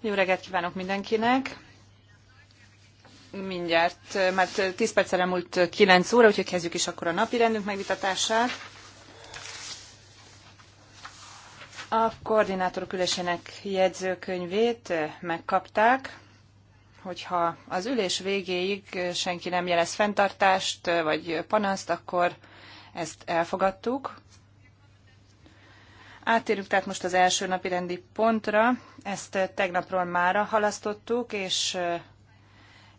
Jó reggelt kívánok mindenkinek! Mindjárt, mert 10 perc elmúlt 9 óra, úgyhogy kezdjük is akkor a napi rendünk megvitatását. A koordinátorok ülésének jegyzőkönyvét megkapták hogyha az ülés végéig senki nem jelez fenntartást vagy panaszt, akkor ezt elfogadtuk. Átérünk tehát most az első napi rendi pontra. Ezt tegnapról mára halasztottuk, és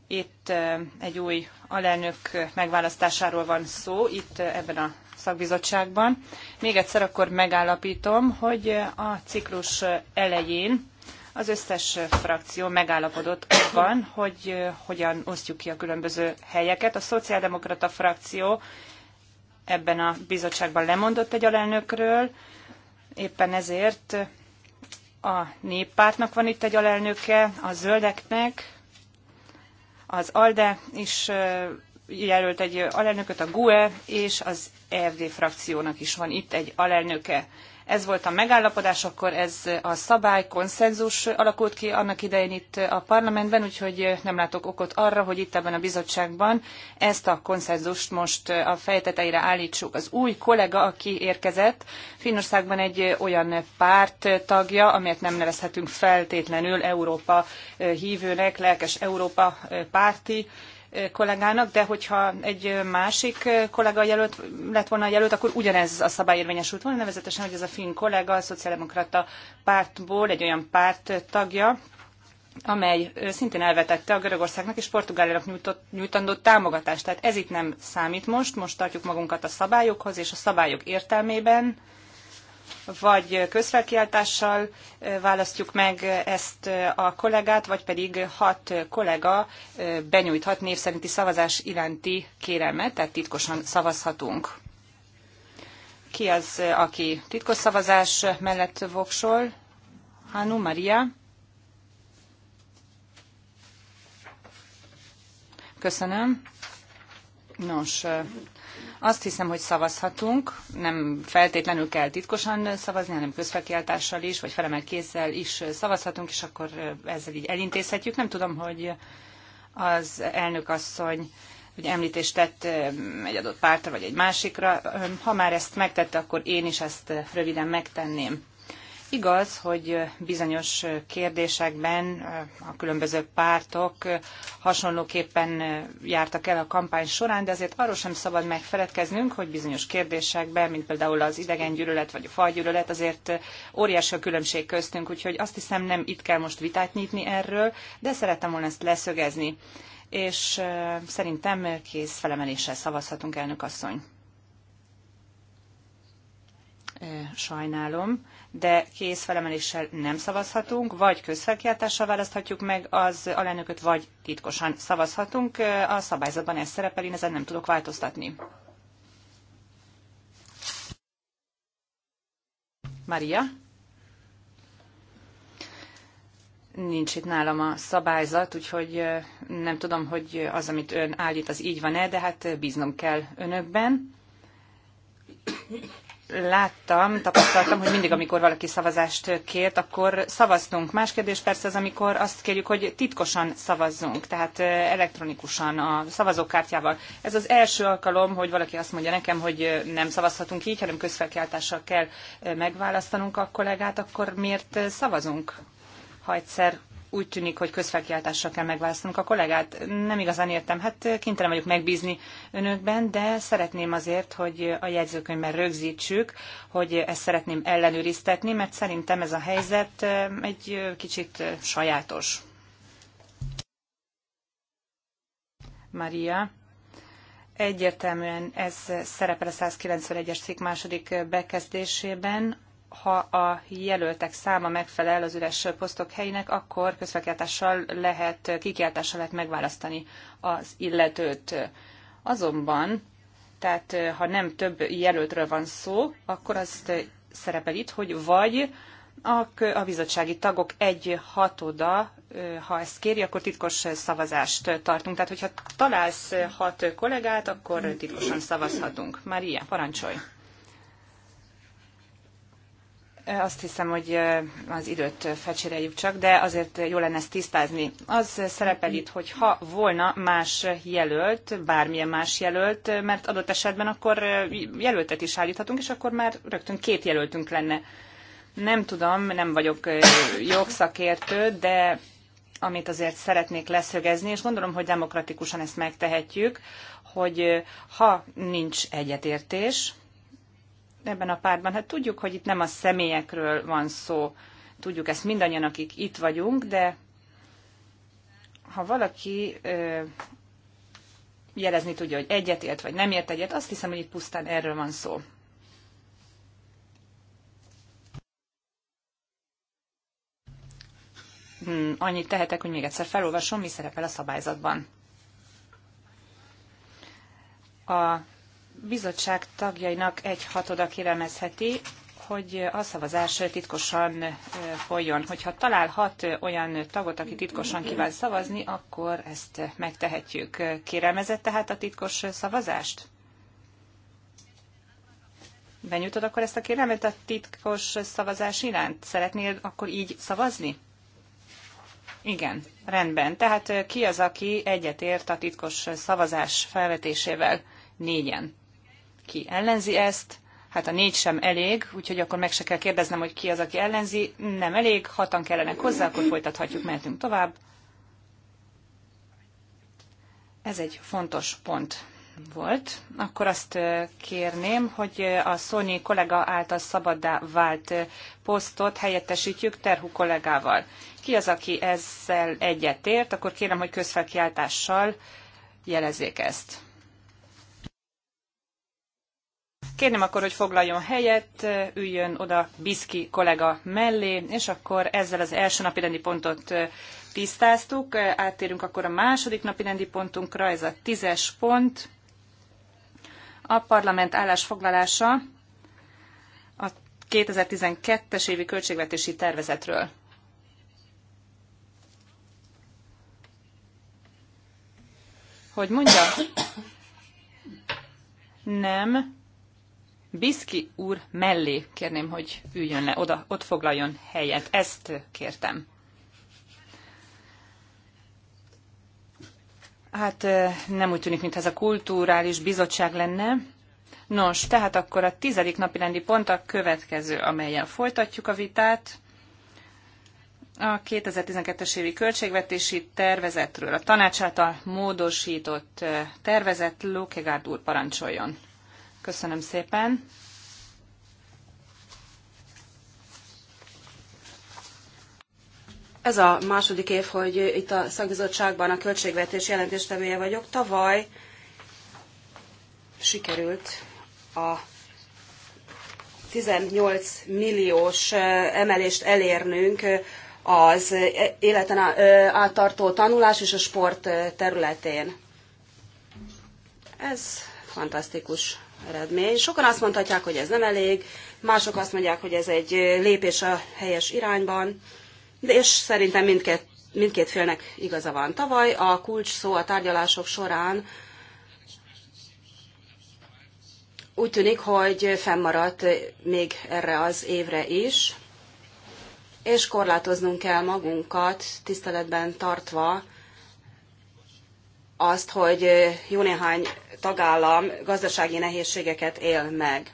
itt egy új alelnök megválasztásáról van szó, itt ebben a szakbizottságban. Még egyszer akkor megállapítom, hogy a ciklus elején az összes frakció megállapodott abban, hogy hogyan osztjuk ki a különböző helyeket. A szociáldemokrata frakció ebben a bizottságban lemondott egy alelnökről, Éppen ezért a néppártnak van itt egy alelnöke, a zöldeknek, az ALDE is jelölt egy alelnököt, a GUE és az EFD frakciónak is van itt egy alelnöke. Ez volt a megállapodás, akkor ez a szabály, konszenzus alakult ki annak idején itt a parlamentben, úgyhogy nem látok okot arra, hogy itt ebben a bizottságban ezt a konszenzust most a fejteteire állítsuk. Az új kollega, aki érkezett, Finnországban egy olyan párt tagja, amelyet nem nevezhetünk feltétlenül Európa hívőnek, lelkes Európa párti, kollégának, de hogyha egy másik kollega jelölt, lett volna jelölt, akkor ugyanez a szabály érvényesült volna, nevezetesen, hogy ez a finn kollega a szociáldemokrata pártból egy olyan párt tagja, amely szintén elvetette a Görögországnak és Portugáliának nyújtandó támogatást. Tehát ez itt nem számít most, most tartjuk magunkat a szabályokhoz, és a szabályok értelmében vagy közfelkiáltással választjuk meg ezt a kollégát, vagy pedig hat kollega benyújthat név szerinti szavazás iránti kérelmet, tehát titkosan szavazhatunk. Ki az, aki titkos szavazás mellett voksol? Hanu Maria. Köszönöm. Nos, azt hiszem, hogy szavazhatunk, nem feltétlenül kell titkosan szavazni, hanem közfelkiáltással is, vagy felemelt kézzel is szavazhatunk, és akkor ezzel így elintézhetjük. Nem tudom, hogy az elnök asszony hogy említést tett egy adott pártra vagy egy másikra. Ha már ezt megtette, akkor én is ezt röviden megtenném. Igaz, hogy bizonyos kérdésekben a különböző pártok hasonlóképpen jártak el a kampány során, de azért arról sem szabad megfeledkeznünk, hogy bizonyos kérdésekben, mint például az idegengyűlölet vagy a fajgyűlölet, azért óriási a különbség köztünk, úgyhogy azt hiszem nem itt kell most vitát nyitni erről, de szeretem volna ezt leszögezni. És szerintem kész felemeléssel szavazhatunk, elnök asszony. Sajnálom de kész felemeléssel nem szavazhatunk, vagy közfelkiáltással választhatjuk meg az alelnököt, vagy titkosan szavazhatunk. A szabályzatban ez szerepel, én ezen nem tudok változtatni. Maria? nincs itt nálam a szabályzat, úgyhogy nem tudom, hogy az, amit ön állít, az így van-e, de hát bíznom kell önökben láttam, tapasztaltam, hogy mindig, amikor valaki szavazást kért, akkor szavaztunk. Más kérdés persze az, amikor azt kérjük, hogy titkosan szavazzunk, tehát elektronikusan a szavazókártyával. Ez az első alkalom, hogy valaki azt mondja nekem, hogy nem szavazhatunk így, hanem közfelkiáltással kell megválasztanunk a kollégát, akkor miért szavazunk? Ha egyszer úgy tűnik, hogy közfelkiáltással kell megválasztanunk a kollégát. Nem igazán értem, hát kénytelen vagyok megbízni önökben, de szeretném azért, hogy a jegyzőkönyvben rögzítsük, hogy ezt szeretném ellenőriztetni, mert szerintem ez a helyzet eh, egy eh, kicsit eh, sajátos. Maria. Egyértelműen ez szerepel a 191-es cikk második bekezdésében, ha a jelöltek száma megfelel az üres posztok helyének, akkor közfelkiáltással lehet, kikiáltással lehet megválasztani az illetőt. Azonban, tehát ha nem több jelöltről van szó, akkor azt szerepel itt, hogy vagy a, a bizottsági tagok egy hatoda, ha ezt kéri, akkor titkos szavazást tartunk. Tehát, hogyha találsz hat kollégát, akkor titkosan szavazhatunk. Maria, parancsolj! Azt hiszem, hogy az időt fecséreljük csak, de azért jó lenne ezt tisztázni. Az szerepel itt, hogy ha volna más jelölt, bármilyen más jelölt, mert adott esetben akkor jelöltet is állíthatunk, és akkor már rögtön két jelöltünk lenne. Nem tudom, nem vagyok jogszakértő, de amit azért szeretnék leszögezni, és gondolom, hogy demokratikusan ezt megtehetjük, hogy ha nincs egyetértés, ebben a pártban. Hát tudjuk, hogy itt nem a személyekről van szó, tudjuk ezt mindannyian, akik itt vagyunk, de ha valaki ö, jelezni tudja, hogy egyet ért vagy nem ért egyet, azt hiszem, hogy itt pusztán erről van szó. Hmm, annyit tehetek, hogy még egyszer felolvasom, mi szerepel a szabályzatban. A bizottság tagjainak egy hatoda kérelmezheti, hogy a szavazás titkosan folyjon. Hogyha talál hat olyan tagot, aki titkosan kíván szavazni, akkor ezt megtehetjük. Kérelmezett tehát a titkos szavazást? Benyújtod akkor ezt a kérelmet a titkos szavazás iránt? Szeretnél akkor így szavazni? Igen, rendben. Tehát ki az, aki egyetért a titkos szavazás felvetésével? Négyen ki ellenzi ezt, hát a négy sem elég, úgyhogy akkor meg se kell kérdeznem, hogy ki az, aki ellenzi, nem elég, hatan kellenek hozzá, akkor folytathatjuk, mehetünk tovább. Ez egy fontos pont volt. Akkor azt kérném, hogy a Sony kollega által szabaddá vált posztot helyettesítjük Terhu kollégával. Ki az, aki ezzel egyetért, akkor kérem, hogy közfelkiáltással jelezzék ezt. Kérném akkor, hogy foglaljon helyet, üljön oda Biszki kollega mellé, és akkor ezzel az első napi rendi pontot tisztáztuk. Áttérünk akkor a második napi rendi pontunkra, ez a tízes pont. A parlament állásfoglalása a 2012-es évi költségvetési tervezetről. Hogy mondja? Nem. Biszki úr mellé kérném, hogy üljön le, oda, ott foglaljon helyet. Ezt kértem. Hát nem úgy tűnik, mintha ez a kulturális bizottság lenne. Nos, tehát akkor a tizedik napi rendi pont a következő, amelyen folytatjuk a vitát. A 2012-es évi költségvetési tervezetről a tanács által módosított tervezet Lókegárd úr parancsoljon. Köszönöm szépen. Ez a második év, hogy itt a szakbizottságban a költségvetés jelentéstevője vagyok. Tavaly sikerült a 18 milliós emelést elérnünk az életen áttartó tanulás és a sport területén. Ez fantasztikus eredmény. Sokan azt mondhatják, hogy ez nem elég, mások azt mondják, hogy ez egy lépés a helyes irányban, de és szerintem mindkét, mindkét félnek igaza van. Tavaly a kulcs szó a tárgyalások során úgy tűnik, hogy fennmaradt még erre az évre is, és korlátoznunk kell magunkat, tiszteletben tartva azt, hogy jó néhány tagállam gazdasági nehézségeket él meg.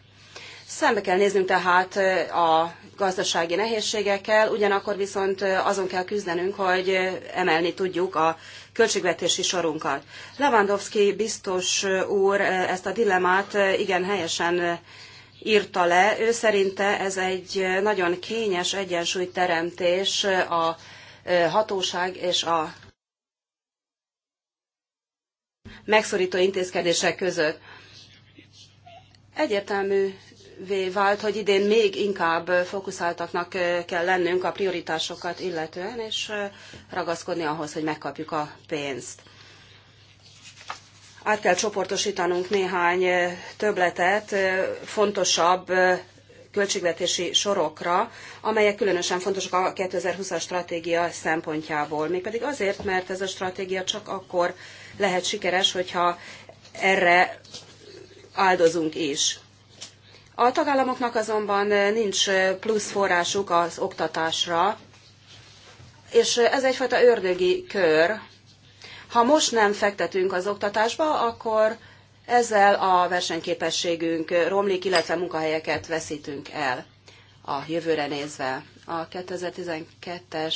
Szembe kell néznünk tehát a gazdasági nehézségekkel, ugyanakkor viszont azon kell küzdenünk, hogy emelni tudjuk a költségvetési sorunkat. Lewandowski biztos úr ezt a dilemmát igen helyesen írta le. Ő szerinte ez egy nagyon kényes egyensúlyteremtés a hatóság és a megszorító intézkedések között. Egyértelmű vált, hogy idén még inkább fókuszáltaknak kell lennünk a prioritásokat illetően, és ragaszkodni ahhoz, hogy megkapjuk a pénzt. Át kell csoportosítanunk néhány töbletet fontosabb költségvetési sorokra, amelyek különösen fontosak a 2020-as stratégia szempontjából. Mégpedig azért, mert ez a stratégia csak akkor lehet sikeres, hogyha erre áldozunk is. A tagállamoknak azonban nincs plusz forrásuk az oktatásra, és ez egyfajta ördögi kör. Ha most nem fektetünk az oktatásba, akkor ezzel a versenyképességünk romlik, illetve munkahelyeket veszítünk el a jövőre nézve. A 2012-es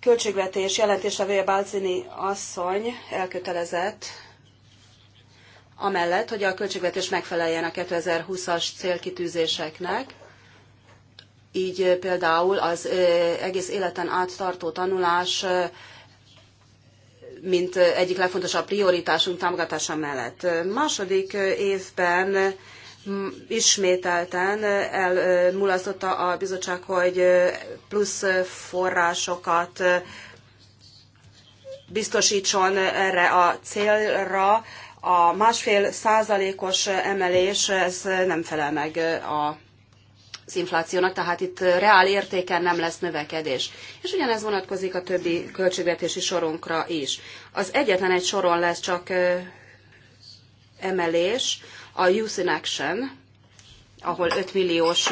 költségvetés jelentéstevője Bálcini asszony elkötelezett amellett, hogy a költségvetés megfeleljen a 2020-as célkitűzéseknek, így például az egész életen át tartó tanulás mint egyik legfontosabb prioritásunk támogatása mellett. Második évben ismételten elmulasztotta a bizottság, hogy plusz forrásokat biztosítson erre a célra. A másfél százalékos emelés ez nem felel meg a az inflációnak, tehát itt reál értéken nem lesz növekedés. És ugyanez vonatkozik a többi költségvetési sorunkra is. Az egyetlen egy soron lesz csak emelés, a Youth in Action, ahol 5 milliós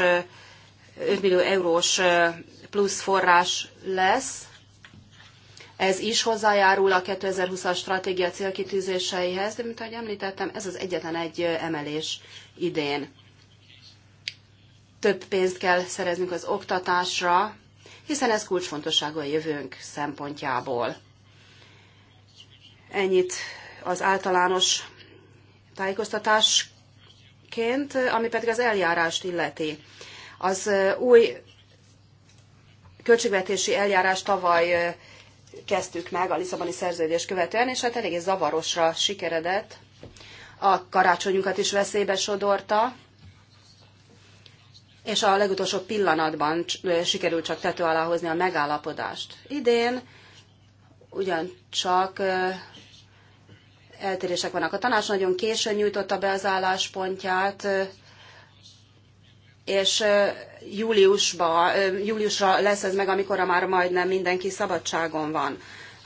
5 millió eurós plusz forrás lesz. Ez is hozzájárul a 2020-as stratégia célkitűzéseihez, de mint ahogy említettem, ez az egyetlen egy emelés idén több pénzt kell szereznünk az oktatásra, hiszen ez kulcsfontosságú a jövőnk szempontjából. Ennyit az általános tájékoztatásként, ami pedig az eljárást illeti. Az uh, új költségvetési eljárást tavaly uh, kezdtük meg a Lisszaboni szerződés követően, és hát eléggé zavarosra sikeredett. A karácsonyunkat is veszélybe sodorta, és a legutolsó pillanatban sikerült csak tető alá hozni a megállapodást. Idén ugyancsak eltérések vannak. A tanács nagyon későn nyújtotta be az álláspontját, és júliusba, júliusra lesz ez meg, amikor már majdnem mindenki szabadságon van.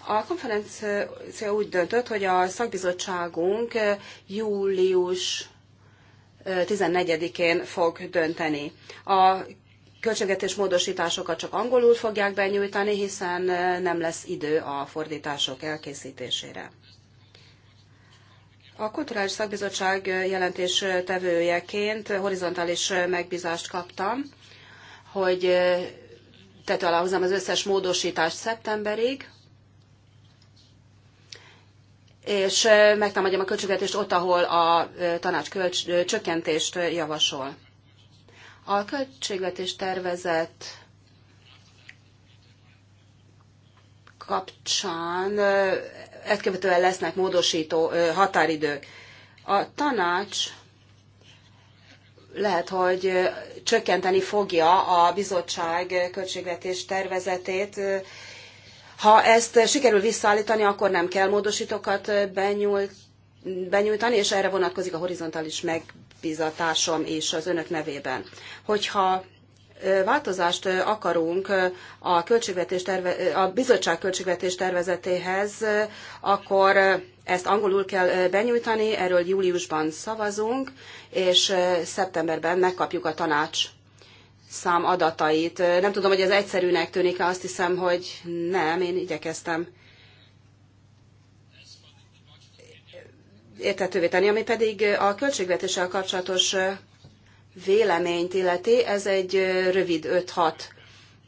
A konferencia úgy döntött, hogy a szakbizottságunk július 14-én fog dönteni. A költségvetés módosításokat csak angolul fogják benyújtani, hiszen nem lesz idő a fordítások elkészítésére. A Kulturális Szakbizottság jelentés tevőjeként horizontális megbízást kaptam, hogy tető alá hozzám az összes módosítást szeptemberig, és megtámadjam a költségvetést ott, ahol a tanács költs- csökkentést javasol. A költségvetés tervezet kapcsán ezt követően lesznek módosító határidők. A tanács lehet, hogy csökkenteni fogja a bizottság költségvetés tervezetét, ha ezt sikerül visszaállítani, akkor nem kell módosítókat benyújt, benyújtani, és erre vonatkozik a horizontális megbizatásom és az önök nevében. Hogyha változást akarunk a, költségvetés terve, a bizottság költségvetés tervezetéhez, akkor ezt angolul kell benyújtani, erről júliusban szavazunk, és szeptemberben megkapjuk a tanács szám adatait. Nem tudom, hogy ez egyszerűnek tűnik, azt hiszem, hogy nem, én igyekeztem értetővé tenni, ami pedig a költségvetéssel kapcsolatos véleményt illeti, ez egy rövid 5-6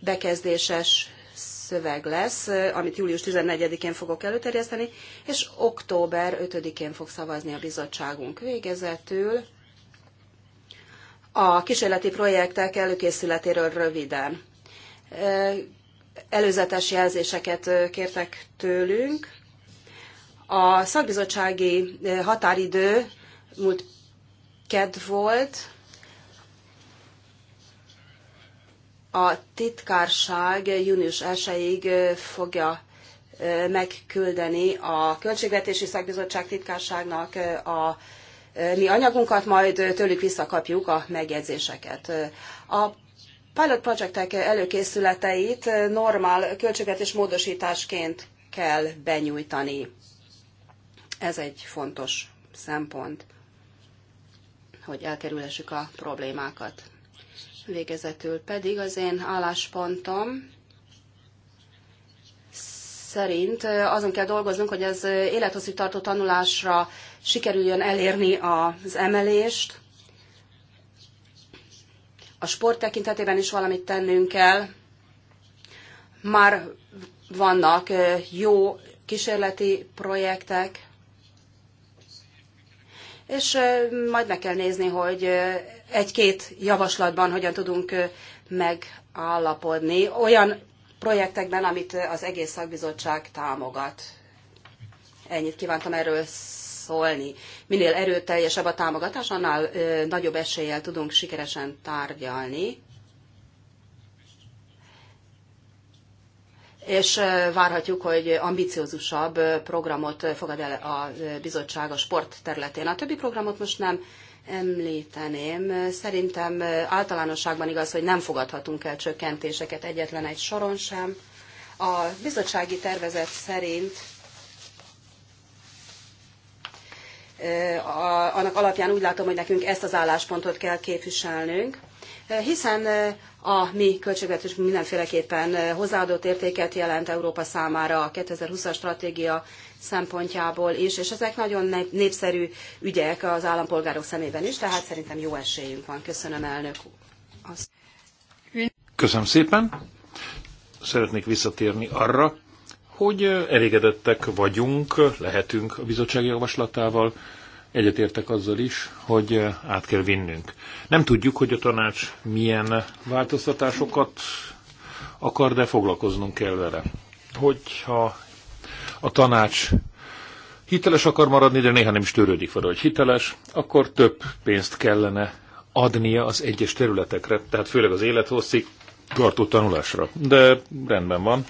bekezdéses szöveg lesz, amit július 14-én fogok előterjeszteni, és október 5-én fog szavazni a bizottságunk végezetül. A kísérleti projektek előkészületéről röviden. Előzetes jelzéseket kértek tőlünk. A szakbizottsági határidő múlt kedd volt, a titkárság június 1-ig fogja megküldeni a Költségvetési Szakbizottság titkárságnak a mi anyagunkat, majd tőlük visszakapjuk a megjegyzéseket. A pilot projektek előkészületeit normál költségvetés módosításként kell benyújtani. Ez egy fontos szempont, hogy elkerülhessük a problémákat. Végezetül pedig az én álláspontom szerint azon kell dolgoznunk, hogy az tartó tanulásra sikerüljön elérni az emelést. A sport tekintetében is valamit tennünk kell. Már vannak jó kísérleti projektek, és majd meg kell nézni, hogy egy-két javaslatban hogyan tudunk megállapodni olyan projektekben, amit az egész szakbizottság támogat. Ennyit kívántam erről szólni. Minél erőteljesebb a támogatás, annál nagyobb eséllyel tudunk sikeresen tárgyalni. és várhatjuk, hogy ambiciózusabb programot fogad el a bizottság a sport területén. A többi programot most nem említeném. Szerintem általánosságban igaz, hogy nem fogadhatunk el csökkentéseket egyetlen egy soron sem. A bizottsági tervezet szerint annak alapján úgy látom, hogy nekünk ezt az álláspontot kell képviselnünk, hiszen a mi költségvetés mindenféleképpen hozzáadott értéket jelent Európa számára a 2020-as stratégia szempontjából is, és ezek nagyon népszerű ügyek az állampolgárok szemében is, tehát szerintem jó esélyünk van. Köszönöm, elnök úr. Köszönöm szépen. Szeretnék visszatérni arra, hogy elégedettek vagyunk, lehetünk a bizottsági javaslatával, egyetértek azzal is, hogy át kell vinnünk. Nem tudjuk, hogy a tanács milyen változtatásokat akar, de foglalkoznunk kell vele. Hogyha a tanács hiteles akar maradni, de néha nem is törődik vele, hogy hiteles, akkor több pénzt kellene adnia az egyes területekre, tehát főleg az élethosszig tartó tanulásra. De rendben van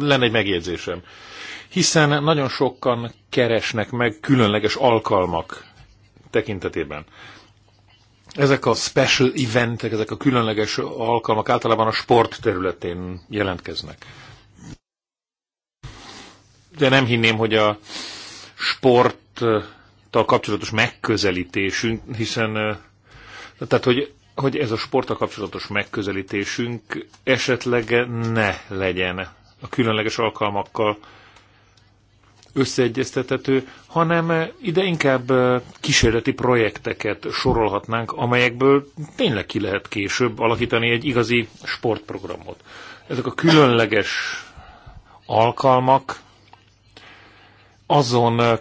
lenne egy megjegyzésem. Hiszen nagyon sokan keresnek meg különleges alkalmak tekintetében. Ezek a special eventek, ezek a különleges alkalmak általában a sport területén jelentkeznek. De nem hinném, hogy a sporttal kapcsolatos megközelítésünk, hiszen tehát, hogy hogy ez a sporttal kapcsolatos megközelítésünk esetleg ne legyen a különleges alkalmakkal összeegyeztethető, hanem eh, ide inkább eh, kísérleti projekteket sorolhatnánk, amelyekből tényleg ki lehet később alakítani egy igazi sportprogramot. Ezek a különleges alkalmak azon eh,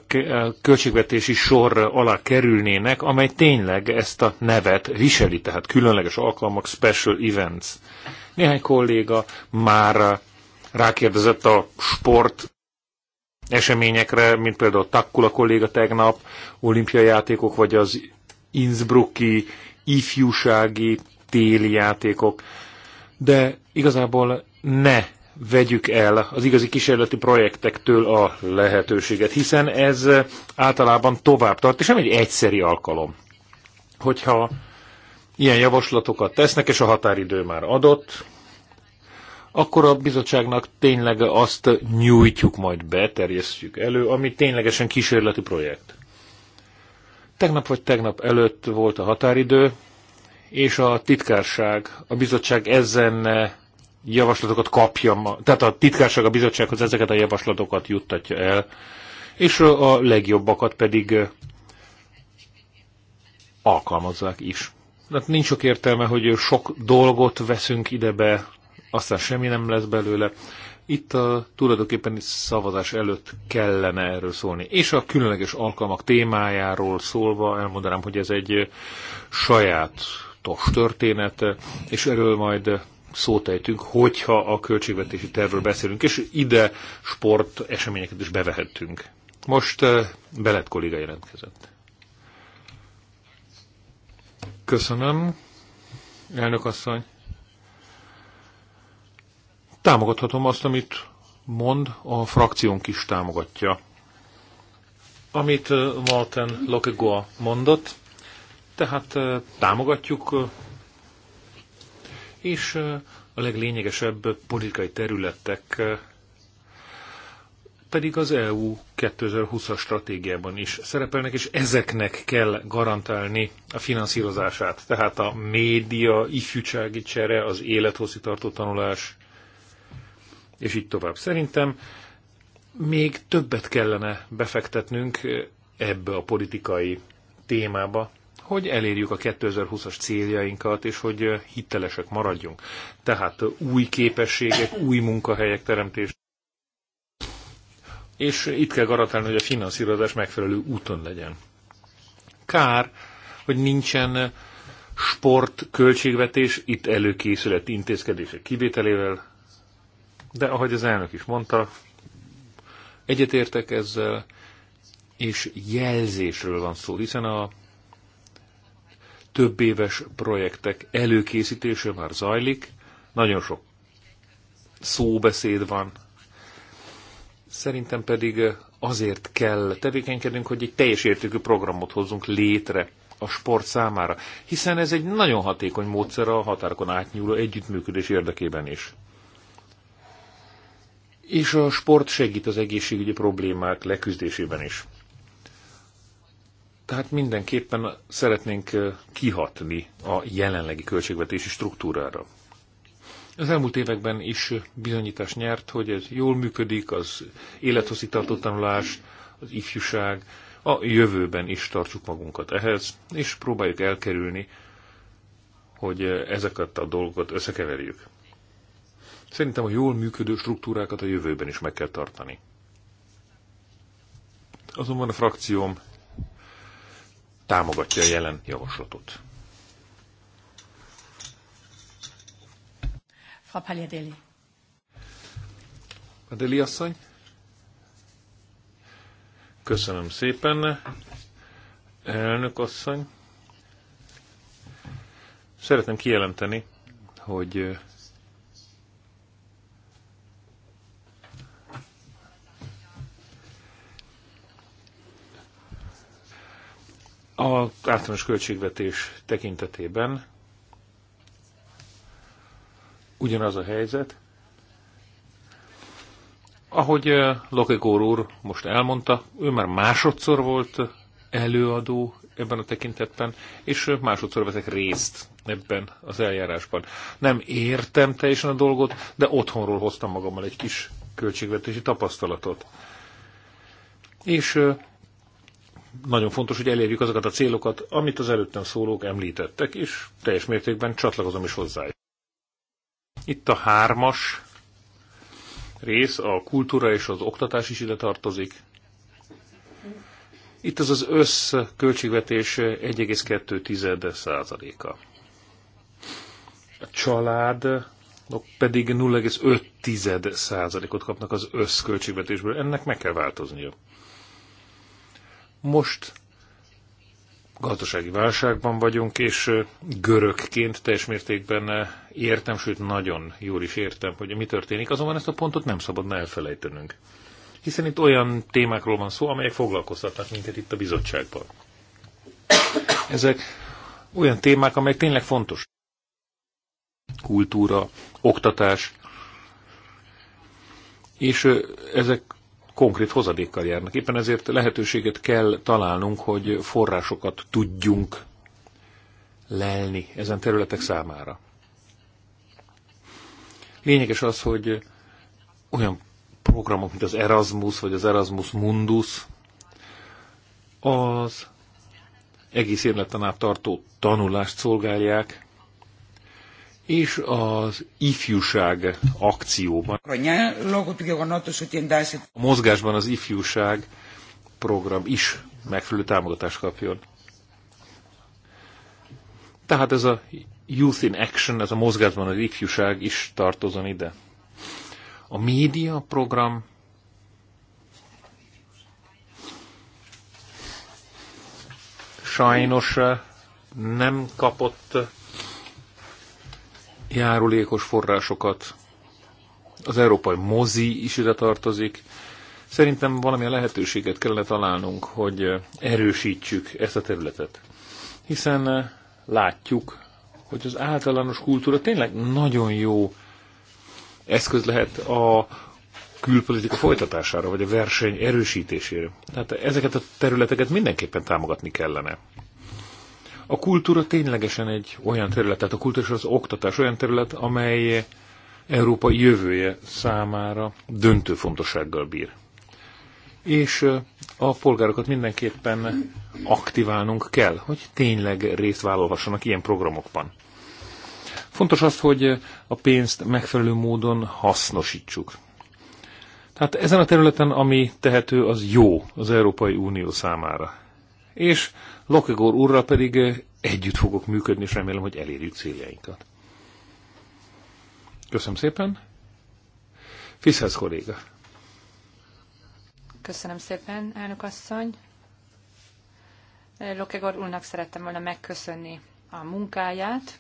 költségvetési sor alá kerülnének, amely tényleg ezt a nevet viseli, tehát különleges alkalmak, special events. Néhány kolléga már rákérdezett a sport eseményekre, mint például a Takkula kolléga tegnap, olimpiai játékok, vagy az Innsbrucki ifjúsági téli játékok. De igazából ne vegyük el az igazi kísérleti projektektől a lehetőséget, hiszen ez általában tovább tart, és nem egy egyszeri alkalom. Hogyha ilyen javaslatokat tesznek, és a határidő már adott, akkor a bizottságnak tényleg azt nyújtjuk majd be, terjesztjük elő, ami ténylegesen kísérleti projekt. Tegnap vagy tegnap előtt volt a határidő, és a titkárság, a bizottság ezen javaslatokat kapja, tehát a titkárság a bizottsághoz ezeket a javaslatokat juttatja el, és a legjobbakat pedig alkalmazzák is. Hát nincs sok értelme, hogy sok dolgot veszünk ide be, aztán semmi nem lesz belőle. Itt a tulajdonképpen szavazás előtt kellene erről szólni. És a különleges alkalmak témájáról szólva elmondanám, hogy ez egy tos történet, és erről majd szót ejtünk, hogyha a költségvetési tervről beszélünk, és ide sport eseményeket is bevehettünk. Most eh, Belet kolléga jelentkezett. Köszönöm, elnök asszony. Támogathatom azt, amit mond, a frakciónk is támogatja. Amit eh, Malten Lokegoa mondott, tehát eh, támogatjuk, eh, és a leglényegesebb politikai területek pedig az EU 2020-as stratégiában is szerepelnek, és ezeknek kell garantálni a finanszírozását. Tehát a média, ifjúsági csere, az élethosszítartó tanulás, és így tovább. Szerintem még többet kellene befektetnünk ebbe a politikai témába, hogy elérjük a 2020-as céljainkat, és hogy hitelesek maradjunk. Tehát új képességek, új munkahelyek teremtés. És itt kell garantálni, hogy a finanszírozás megfelelő úton legyen. Kár, hogy nincsen sport költségvetés, itt előkészület intézkedések kivételével de ahogy az elnök is mondta, egyetértek ezzel, és jelzésről van szó, hiszen a több éves projektek előkészítése már zajlik, nagyon sok szóbeszéd van, szerintem pedig azért kell tevékenykednünk, hogy egy teljes értékű programot hozzunk létre a sport számára, hiszen ez egy nagyon hatékony módszer a határokon átnyúló együttműködés érdekében is és a sport segít az egészségügyi problémák leküzdésében is. Tehát mindenképpen szeretnénk kihatni a jelenlegi költségvetési struktúrára. Az elmúlt években is bizonyítás nyert, hogy ez jól működik, az tartó tanulás, az ifjúság, a jövőben is tartsuk magunkat ehhez, és próbáljuk elkerülni, hogy ezeket a dolgokat összekeverjük. Szerintem a jól működő struktúrákat a jövőben is meg kell tartani. Azonban a frakcióm támogatja a jelen javaslatot. Frau Pagliadeli. Adeli asszony. Köszönöm szépen. Elnök asszony. Szeretném kijelenteni, hogy A általános költségvetés tekintetében ugyanaz a helyzet. Ahogy eh, Lokegór úr most elmondta, ő már másodszor volt előadó ebben a tekintetben, és eh, másodszor vezek részt ebben az eljárásban. Nem értem teljesen a dolgot, de otthonról hoztam magammal egy kis költségvetési tapasztalatot. És eh, nagyon fontos, hogy elérjük azokat a célokat, amit az előttem szólók említettek, és teljes mértékben csatlakozom is hozzá. Itt a hármas rész, a kultúra és az oktatás is ide tartozik. Itt az az össz költségvetés 1,2 százaléka. A család pedig 0,5 százalékot kapnak az összköltségvetésből. Ennek meg kell változnia. Most gazdasági válságban vagyunk, és görögként teljes mértékben értem, sőt nagyon jól is értem, hogy mi történik, azonban ezt a pontot nem szabadna elfelejtenünk. Hiszen itt olyan témákról van szó, amelyek foglalkoztatnak minket itt a bizottságban. Ezek olyan témák, amelyek tényleg fontos. Kultúra, oktatás, és ezek konkrét hozadékkal járnak. Éppen ezért lehetőséget kell találnunk, hogy forrásokat tudjunk lelni ezen területek számára. Lényeges az, hogy olyan programok, mint az Erasmus vagy az Erasmus Mundus, az egész életen át tartó tanulást szolgálják, és az ifjúság akcióban. A mozgásban az ifjúság program is megfelelő támogatást kapjon. Tehát ez a Youth in Action, ez a mozgásban az ifjúság is tartozon ide. A média program sajnos nem kapott járulékos forrásokat, az európai mozi is ide tartozik. Szerintem valamilyen lehetőséget kellene találnunk, hogy erősítsük ezt a területet. Hiszen eh, látjuk, hogy az általános kultúra tényleg nagyon jó eszköz lehet a külpolitika folytatására, vagy a verseny erősítésére. Tehát ezeket a területeket mindenképpen támogatni kellene. A kultúra ténylegesen egy olyan terület, tehát a kultúra és az oktatás olyan terület, amely Európa jövője számára döntő fontossággal bír. És a polgárokat mindenképpen aktiválnunk kell, hogy tényleg részt vállalhassanak ilyen programokban. Fontos az, hogy a pénzt megfelelő módon hasznosítsuk. Tehát ezen a területen, ami tehető, az jó az Európai Unió számára és Lokegor úrral pedig eh, együtt fogok működni, és remélem, hogy elérjük céljainkat. Köszönöm szépen. Fiszhez kolléga. Köszönöm szépen, elnök asszony. Eh, Lokegor úrnak szerettem volna megköszönni a munkáját.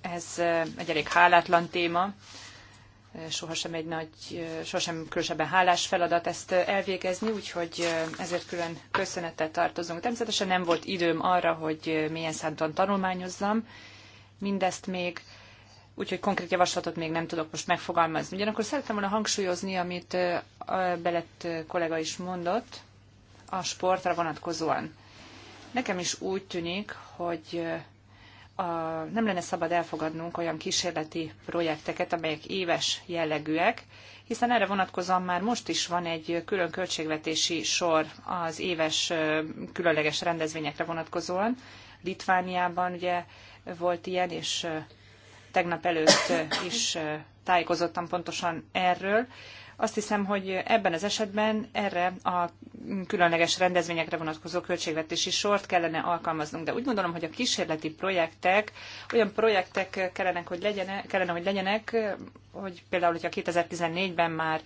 Ez eh, egy elég hálátlan téma, sohasem egy nagy, sohasem különösebben hálás feladat ezt elvégezni, úgyhogy ezért külön köszönettel tartozunk. Természetesen nem volt időm arra, hogy milyen szántan tanulmányozzam mindezt még, úgyhogy konkrét javaslatot még nem tudok most megfogalmazni. Ugyanakkor szerettem volna hangsúlyozni, amit Belett kollega is mondott a sportra vonatkozóan. Nekem is úgy tűnik, hogy a, nem lenne szabad elfogadnunk olyan kísérleti projekteket, amelyek éves jellegűek, hiszen erre vonatkozóan már most is van egy külön költségvetési sor az éves különleges rendezvényekre vonatkozóan. Litvániában ugye volt ilyen, és tegnap előtt is tájékozottam pontosan erről. Azt hiszem, hogy ebben az esetben erre a különleges rendezvényekre vonatkozó költségvetési sort kellene alkalmaznunk, de úgy gondolom, hogy a kísérleti projektek olyan projektek kellene, hogy legyenek, kellene, hogy, legyenek, hogy például, hogyha 2014-ben már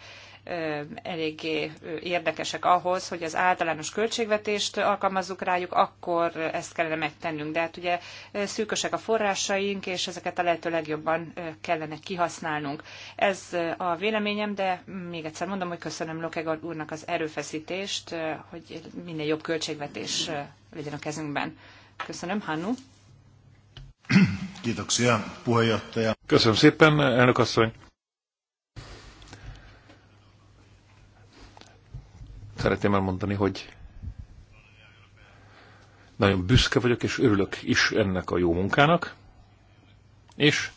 eléggé érdekesek ahhoz, hogy az általános költségvetést alkalmazzuk rájuk, akkor ezt kellene megtennünk. De hát ugye szűkösek a forrásaink, és ezeket a lehető legjobban kellene kihasználnunk. Ez a véleményem, de még egyszer mondom, hogy köszönöm Lokegor úrnak az erőfeszítést, hogy minél jobb költségvetés legyen a kezünkben. Köszönöm, Hannu. Köszönöm szépen, elnök asszony. szeretném elmondani, hogy nagyon büszke vagyok, és örülök is ennek a jó munkának, és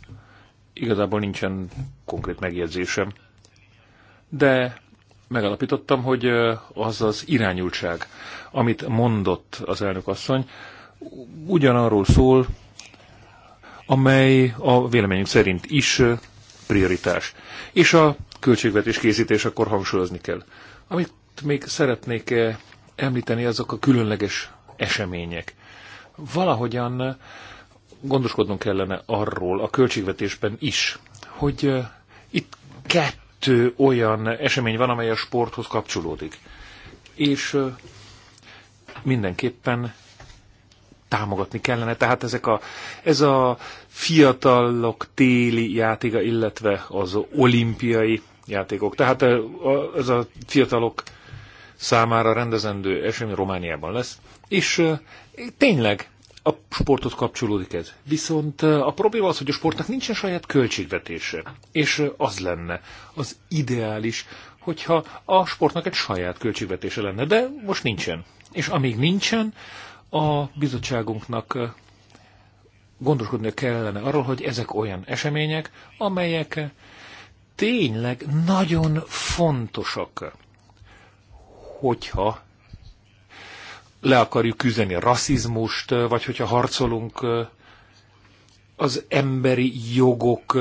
igazából nincsen konkrét megjegyzésem, de megalapítottam, hogy az az irányultság, amit mondott az elnök asszony, ugyanarról szól, amely a véleményünk szerint is prioritás. És a költségvetés készítés akkor hangsúlyozni kell. Amit még szeretnék eh, említeni azok a különleges események. Valahogyan eh, gondoskodnunk kellene arról a költségvetésben is, hogy eh, itt kettő olyan esemény van, amely a sporthoz kapcsolódik. És mindenképpen támogatni kellene. Tehát ezek a, ez a fiatalok téli játéka, illetve az olimpiai játékok. Tehát ez a fiatalok számára rendezendő esemény Romániában lesz, és tényleg a sportot kapcsolódik ez. Viszont a probléma az, hogy a sportnak nincsen saját költségvetése, és az lenne az ideális, hogyha a sportnak egy saját költségvetése lenne, de most nincsen. És amíg nincsen, a bizottságunknak gondoskodnia kellene arról, hogy ezek olyan események, amelyek tényleg nagyon fontosak hogyha le akarjuk küzdeni a rasszizmust, vagy hogyha harcolunk az emberi jogok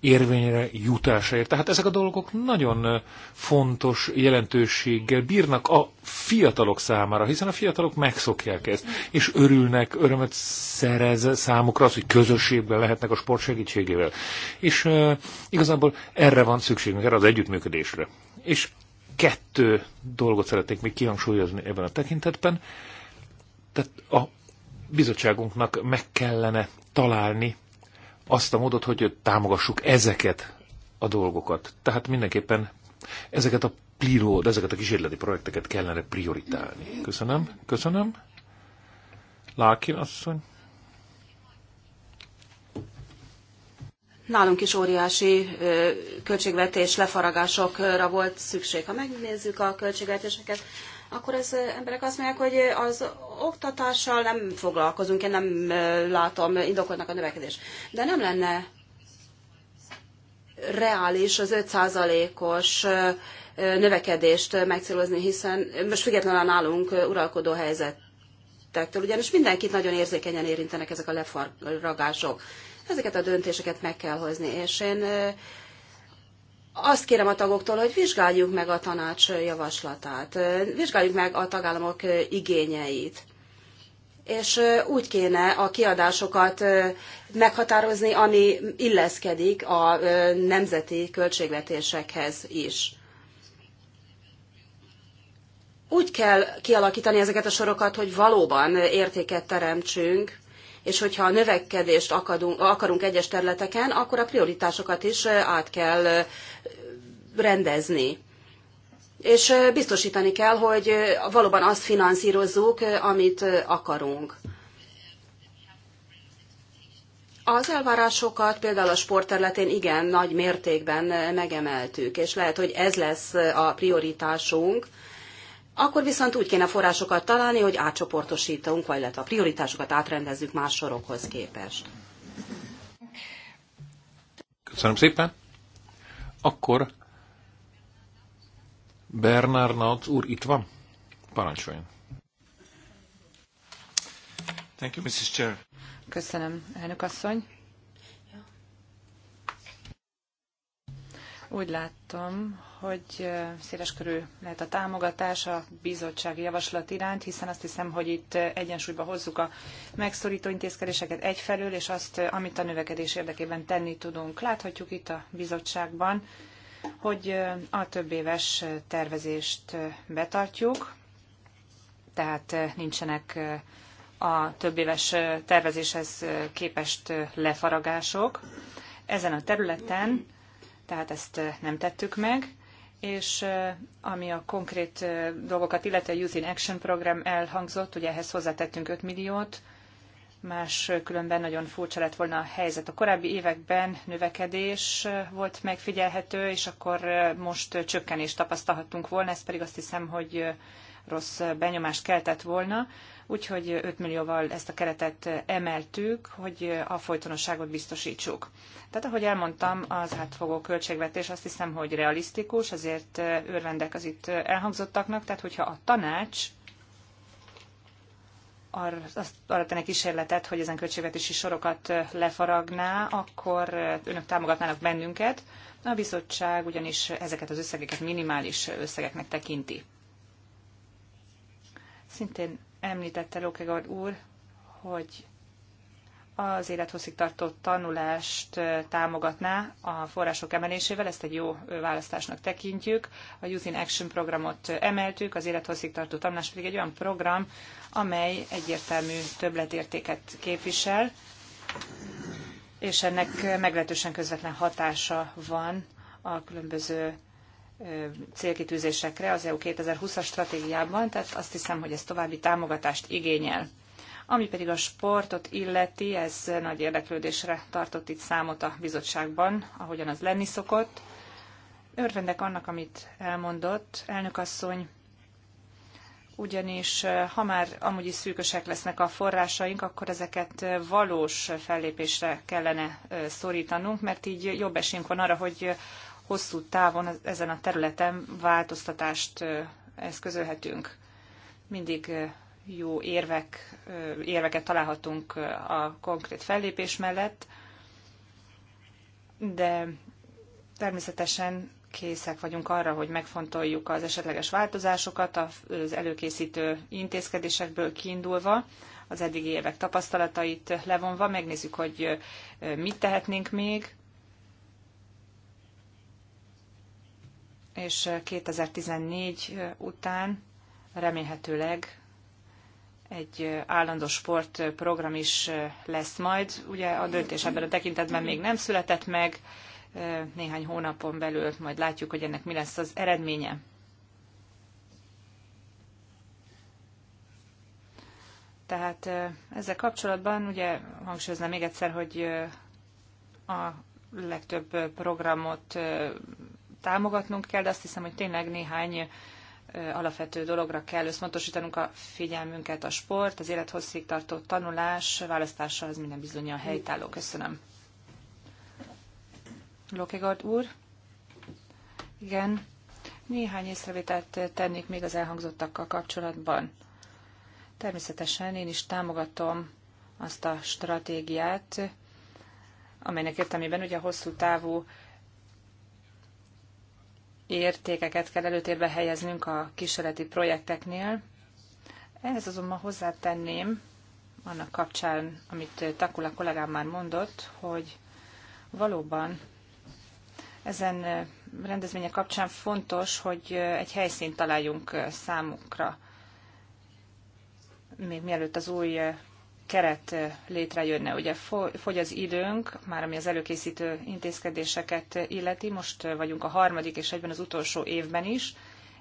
érvényre jutásáért. Tehát ezek a dolgok nagyon fontos jelentőséggel bírnak a fiatalok számára, hiszen a fiatalok megszokják ezt, és örülnek, örömet szerez számukra az, hogy közösségben lehetnek a sport segítségével. És uh, igazából erre van szükségünk, erre az együttműködésre. És kettő dolgot szeretnék még kihangsúlyozni ebben a tekintetben. Tehát a bizottságunknak meg kellene találni azt a módot, hogy támogassuk ezeket a dolgokat. Tehát mindenképpen ezeket a pilót, ezeket a kísérleti projekteket kellene prioritálni. Köszönöm, köszönöm. Lákin asszony. nálunk is óriási költségvetés lefaragásokra volt szükség. Ha megnézzük a költségvetéseket, akkor az emberek azt mondják, hogy az oktatással nem foglalkozunk, én nem látom, indokolnak a növekedés. De nem lenne reális az 5%-os növekedést megcélozni, hiszen most függetlenül a nálunk uralkodó helyzet. ugyanis mindenkit nagyon érzékenyen érintenek ezek a lefaragások ezeket a döntéseket meg kell hozni, és én azt kérem a tagoktól, hogy vizsgáljuk meg a tanács javaslatát, vizsgáljuk meg a tagállamok igényeit. És úgy kéne a kiadásokat meghatározni, ami illeszkedik a nemzeti költségvetésekhez is. Úgy kell kialakítani ezeket a sorokat, hogy valóban értéket teremtsünk, és hogyha a növekedést akadunk, akarunk egyes területeken, akkor a prioritásokat is át kell rendezni. És biztosítani kell, hogy valóban azt finanszírozzuk, amit akarunk. Az elvárásokat például a sportterületén igen nagy mértékben megemeltük, és lehet, hogy ez lesz a prioritásunk, akkor viszont úgy kéne forrásokat találni, hogy átcsoportosítunk, vagy illetve a prioritásokat átrendezzük más sorokhoz képest. Köszönöm szépen. Akkor Bernard Nautz úr itt van? Parancsoljon. Thank you, Mrs. Chair. Köszönöm, elnök asszony. Úgy látom, hogy széleskörű lehet a támogatás a bizottsági javaslat iránt, hiszen azt hiszem, hogy itt egyensúlyba hozzuk a megszorító intézkedéseket egyfelől, és azt, amit a növekedés érdekében tenni tudunk. Láthatjuk itt a bizottságban, hogy a több éves tervezést betartjuk, tehát nincsenek a több éves tervezéshez képest lefaragások. Ezen a területen tehát ezt nem tettük meg, és ami a konkrét dolgokat illeti, a Youth in Action program elhangzott, ugye ehhez hozzátettünk 5 milliót, más különben nagyon furcsa lett volna a helyzet. A korábbi években növekedés volt megfigyelhető, és akkor most csökkenést tapasztalhattunk volna, ez pedig azt hiszem, hogy rossz benyomást keltett volna úgyhogy 5 millióval ezt a keretet emeltük, hogy a folytonosságot biztosítsuk. Tehát ahogy elmondtam, az átfogó költségvetés azt hiszem, hogy realisztikus, azért örvendek az itt elhangzottaknak, tehát hogyha a tanács arra, azt, tenne kísérletet, hogy ezen költségvetési sorokat lefaragná, akkor önök támogatnának bennünket. A bizottság ugyanis ezeket az összegeket minimális összegeknek tekinti. Szintén Említette Lókegard úr, hogy az élethosszig tartó tanulást támogatná a források emelésével, ezt egy jó választásnak tekintjük. A Youth in Action programot emeltük, az élethosszig tartó tanulás pedig egy olyan program, amely egyértelmű többletértéket képvisel, és ennek meglehetősen közvetlen hatása van a különböző célkitűzésekre az EU 2020-as stratégiában, tehát azt hiszem, hogy ez további támogatást igényel. Ami pedig a sportot illeti, ez nagy érdeklődésre tartott itt számot a bizottságban, ahogyan az lenni szokott. Örvendek annak, amit elmondott elnökasszony, ugyanis ha már amúgy is szűkösek lesznek a forrásaink, akkor ezeket valós fellépésre kellene szorítanunk, mert így jobb esélyünk van arra, hogy hosszú távon ezen a területen változtatást eszközölhetünk. Mindig jó érvek, érveket találhatunk a konkrét fellépés mellett, de természetesen készek vagyunk arra, hogy megfontoljuk az esetleges változásokat az előkészítő intézkedésekből kiindulva, az eddigi évek tapasztalatait levonva, megnézzük, hogy mit tehetnénk még, és 2014 után remélhetőleg egy állandó sportprogram is lesz majd. Ugye a döntés ebben a tekintetben még nem született meg, néhány hónapon belül majd látjuk, hogy ennek mi lesz az eredménye. Tehát ezzel kapcsolatban ugye hangsúlyoznám még egyszer, hogy a legtöbb programot támogatnunk kell, de azt hiszem, hogy tényleg néhány alapvető dologra kell összpontosítanunk a figyelmünket, a sport, az élethosszig tartó tanulás, választása az minden bizony a helytálló. Köszönöm. Lokegard úr? Igen. Néhány észrevételt tennék még az elhangzottakkal kapcsolatban. Természetesen én is támogatom azt a stratégiát, amelynek értelmében ugye a hosszú távú értékeket kell előtérbe helyeznünk a kísérleti projekteknél. Ehhez azonban hozzátenném, annak kapcsán, amit Takula kollégám már mondott, hogy valóban ezen rendezvények kapcsán fontos, hogy egy helyszínt találjunk számukra, még mielőtt az új keret eh, létrejönne. Ugye fogy az időnk, már ami az előkészítő intézkedéseket illeti, most eh, vagyunk a harmadik és egyben az utolsó évben is.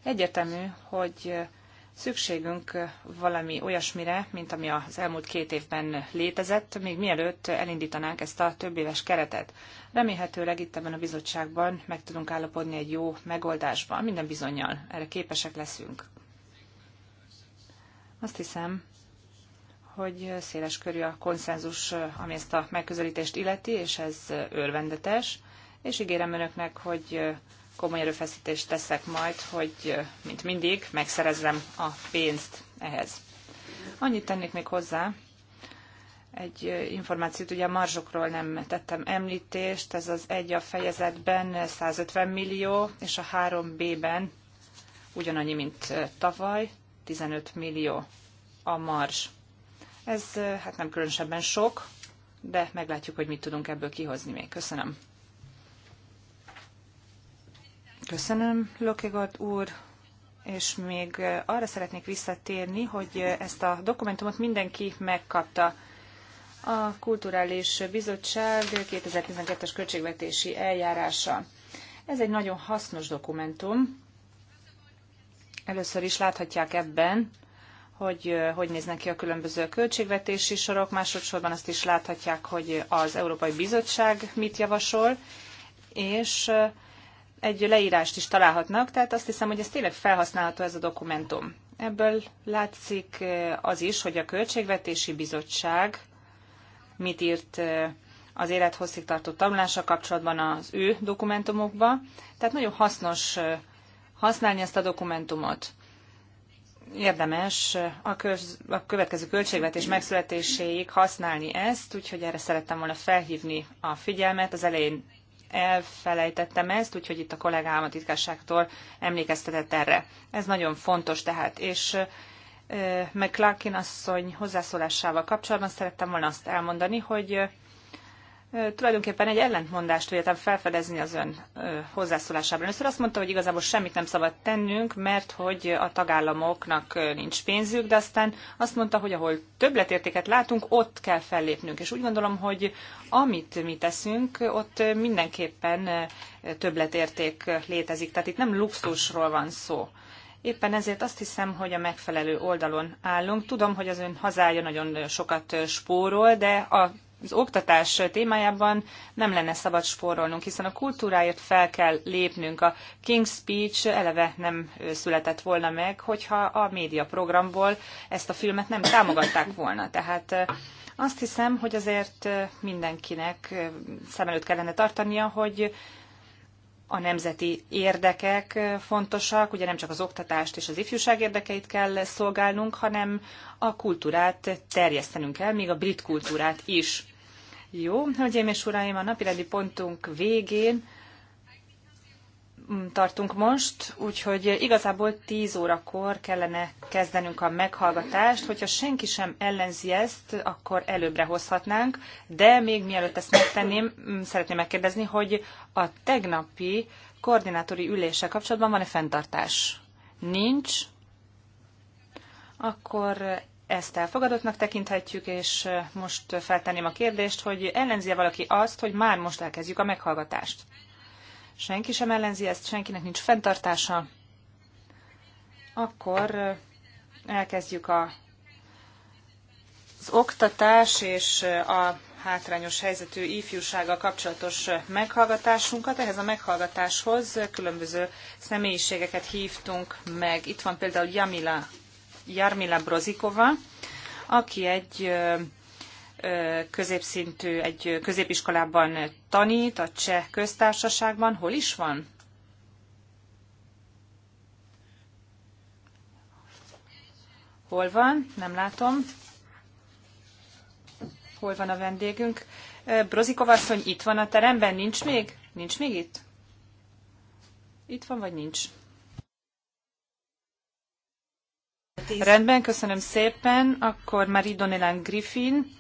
Egyetemű, hogy eh, szükségünk valami olyasmire, mint ami az elmúlt két évben létezett, még mielőtt elindítanánk ezt a több éves keretet. Remélhetőleg itt ebben a bizottságban meg tudunk állapodni egy jó megoldásban, minden bizonyal erre képesek leszünk. Azt hiszem, hogy széles körű a konszenzus, ami ezt a megközelítést illeti, és ez örvendetes, és ígérem önöknek, hogy komoly erőfeszítést teszek majd, hogy, mint mindig, megszerezzem a pénzt ehhez. Annyit tennék még hozzá, egy információt, ugye a marzsokról nem tettem említést, ez az egy a fejezetben 150 millió, és a 3B-ben ugyanannyi, mint tavaly, 15 millió a marzs. Ez hát nem különösebben sok, de meglátjuk, hogy mit tudunk ebből kihozni még. Köszönöm. Köszönöm, Lokegard úr és még arra szeretnék visszatérni, hogy ezt a dokumentumot mindenki megkapta. A Kulturális Bizottság 2012-es költségvetési eljárása. Ez egy nagyon hasznos dokumentum. Először is láthatják ebben, hogy hogy néznek ki a különböző költségvetési sorok. Másodszorban azt is láthatják, hogy az Európai Bizottság mit javasol, és egy leírást is találhatnak, tehát azt hiszem, hogy ez tényleg felhasználható ez a dokumentum. Ebből látszik az is, hogy a Költségvetési Bizottság mit írt az élethosszígtartó tartó tanulása kapcsolatban az ő dokumentumokba. Tehát nagyon hasznos használni ezt a dokumentumot érdemes a, köz, a következő költségvetés megszületéséig használni ezt, úgyhogy erre szerettem volna felhívni a figyelmet. Az elején elfelejtettem ezt, úgyhogy itt a kollégám a titkárságtól emlékeztetett erre. Ez nagyon fontos tehát, és McClarkin asszony hozzászólásával kapcsolatban szerettem volna azt elmondani, hogy tulajdonképpen egy ellentmondást véltem felfedezni az ön hozzászólásában. Először azt mondta, hogy igazából semmit nem szabad tennünk, mert hogy a tagállamoknak nincs pénzük, de aztán azt mondta, hogy ahol többletértéket látunk, ott kell fellépnünk. És úgy gondolom, hogy amit mi teszünk, ott mindenképpen többletérték létezik. Tehát itt nem luxusról van szó. Éppen ezért azt hiszem, hogy a megfelelő oldalon állunk. Tudom, hogy az ön hazája nagyon sokat spórol, de a az oktatás témájában nem lenne szabad spórolnunk, hiszen a kultúráért fel kell lépnünk. A King's Speech eleve nem született volna meg, hogyha a médiaprogramból ezt a filmet nem támogatták volna. Tehát azt hiszem, hogy azért mindenkinek szem előtt kellene tartania, hogy a nemzeti érdekek fontosak, ugye nem csak az oktatást és az ifjúság érdekeit kell szolgálnunk, hanem a kultúrát terjesztenünk kell, még a brit kultúrát is. Jó, hölgyeim és uraim, a napirendi pontunk végén tartunk most, úgyhogy igazából 10 órakor kellene kezdenünk a meghallgatást. Hogyha senki sem ellenzi ezt, akkor előbbre hozhatnánk, de még mielőtt ezt megtenném, mm, szeretném megkérdezni, hogy a tegnapi koordinátori üléssel kapcsolatban van-e fenntartás? Nincs. Akkor ezt elfogadottnak tekinthetjük, és most feltenném a kérdést, hogy ellenzi -e valaki azt, hogy már most elkezdjük a meghallgatást? senki sem ellenzi ezt, senkinek nincs fenntartása, akkor elkezdjük a, az oktatás és a hátrányos helyzetű ifjúsággal kapcsolatos meghallgatásunkat. Ehhez a meghallgatáshoz különböző személyiségeket hívtunk meg. Itt van például Jamila, Jarmila Brozikova, aki egy középszintű, egy középiskolában tanít, a cseh köztársaságban. Hol is van? Hol van? Nem látom. Hol van a vendégünk? Brozikov asszony itt van a teremben? Nincs még? Nincs még itt? Itt van, vagy nincs? Rendben, köszönöm szépen. Akkor Marie Donnellan Griffin,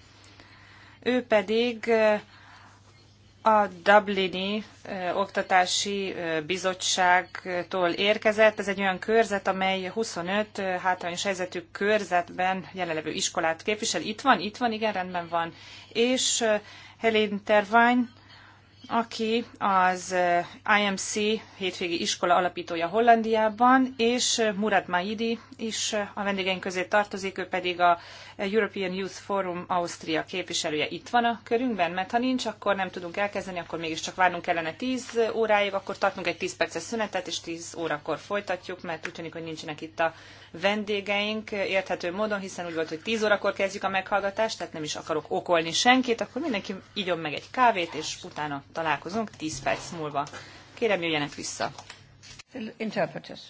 ő pedig a Dublini Oktatási Bizottságtól érkezett. Ez egy olyan körzet, amely 25 hátrányos helyzetű körzetben jelenlevő iskolát képvisel. Itt van, itt van, igen, rendben van. És Helen Tervány, aki az IMC hétvégi iskola alapítója Hollandiában, és Murad Maidi is a vendégeink közé tartozik, ő pedig a European Youth Forum Ausztria képviselője itt van a körünkben, mert ha nincs, akkor nem tudunk elkezdeni, akkor mégiscsak várnunk kellene 10 óráig, akkor tartunk egy 10 perces szünetet, és 10 órakor folytatjuk, mert úgy tűnik, hogy nincsenek itt a vendégeink érthető módon, hiszen úgy volt, hogy 10 órakor kezdjük a meghallgatást, tehát nem is akarok okolni senkit, akkor mindenki igyon meg egy kávét, és utána találkozunk 10 perc múlva. Kérem, jöjjenek vissza. Interpreters.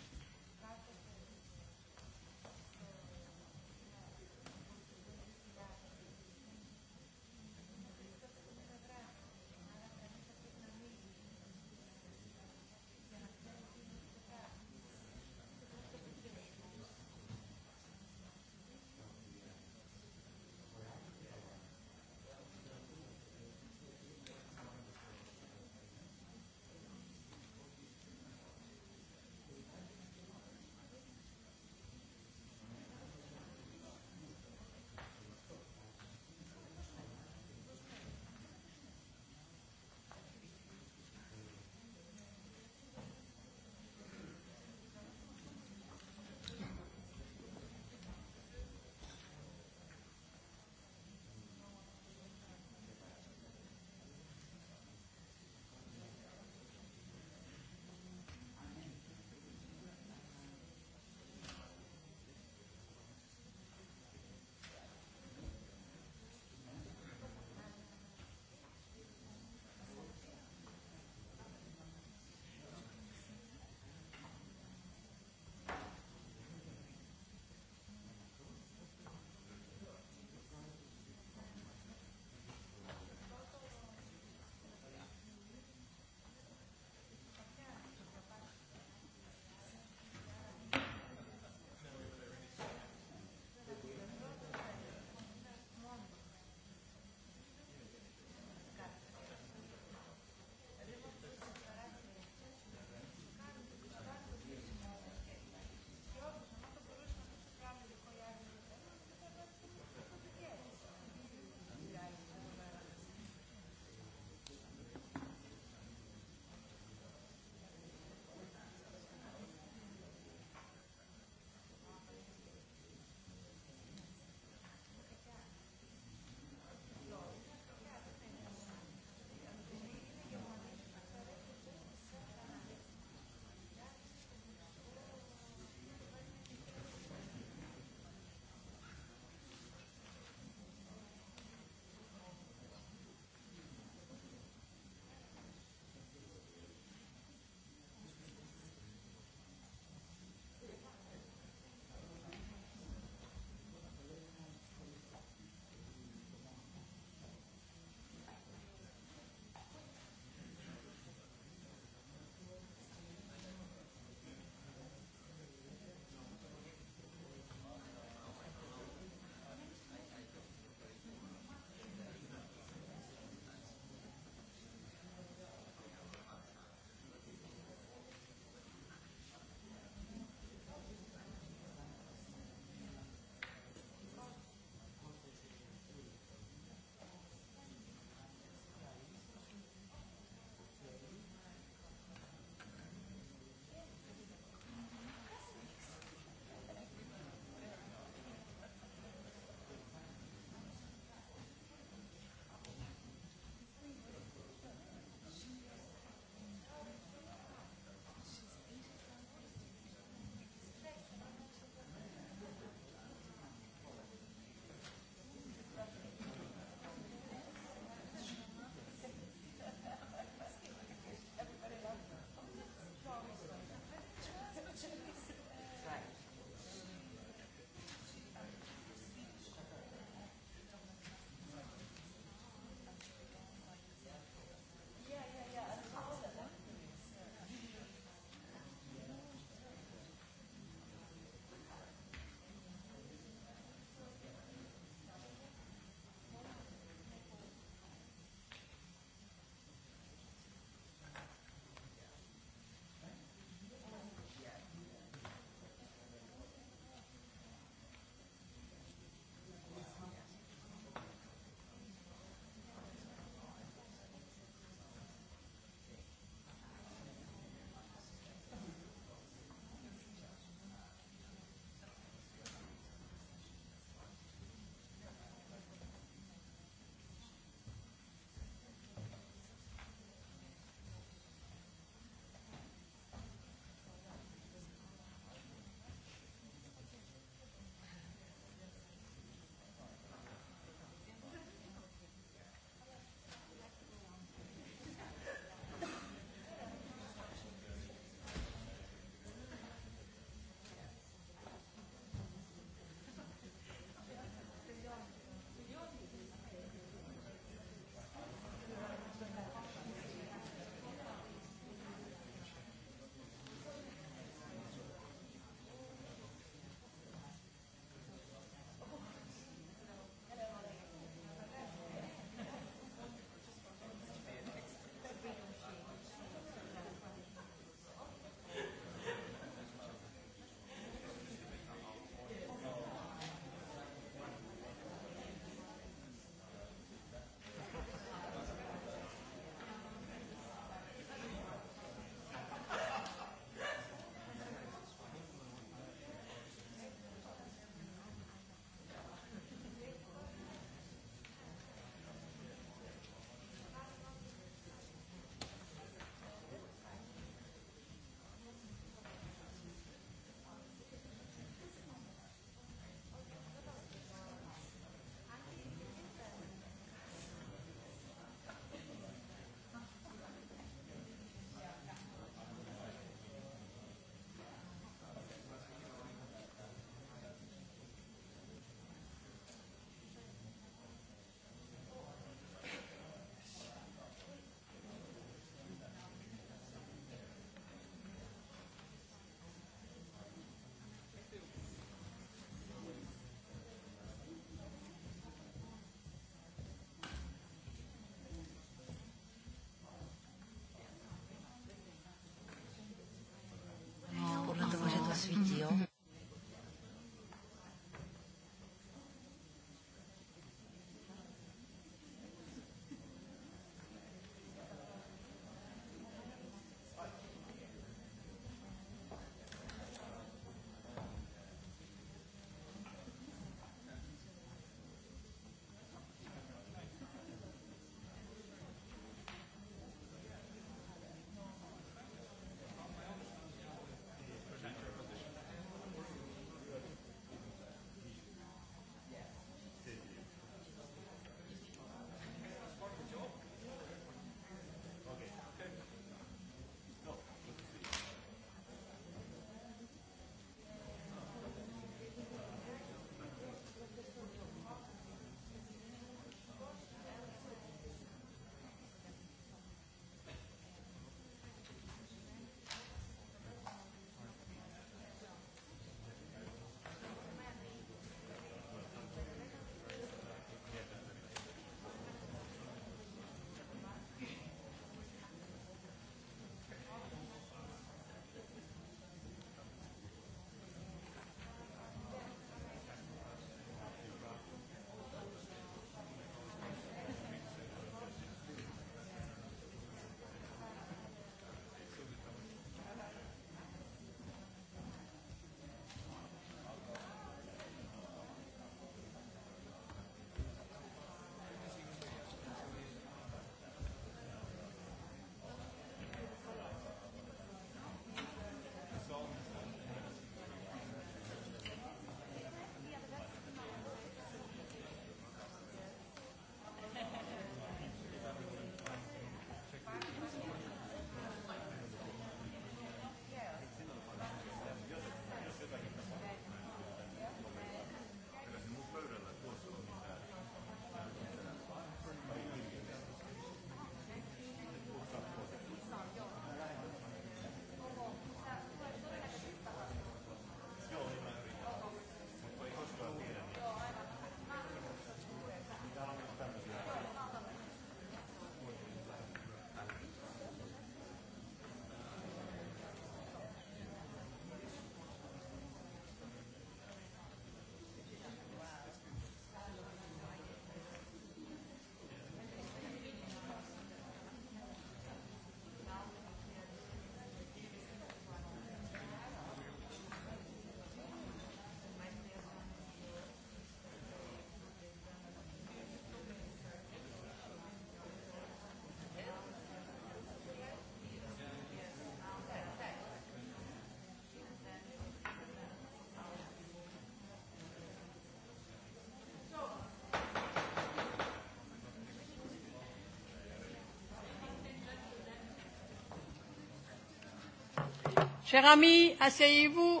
Cher ami, asseyez-vous.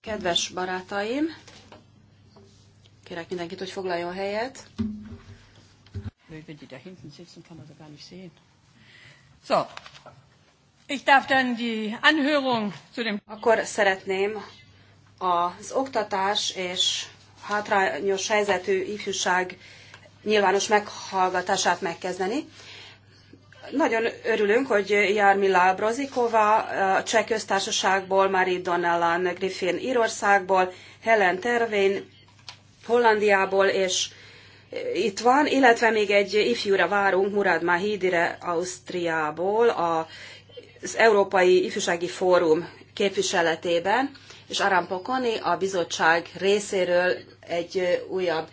Kedves barátaim, kérek mindenkit, hogy foglaljon helyet. Wenn die da hinten sitzen, kann man sie gar nicht sehen. So, ich darf dann die Anhörung zu dem... Akkor szeretném az oktatás és hátrányos helyzetű ifjúság nyilvános meghallgatását megkezdeni. Nagyon örülünk, hogy Jarmila Brozikova a Cseh köztársaságból, Marie Donnellan Griffin Írországból, Helen Tervén Hollandiából, és itt van, illetve még egy ifjúra várunk, Murad Mahidire Ausztriából, az Európai Ifjúsági Fórum képviseletében, és Aram Pokoni a bizottság részéről egy újabb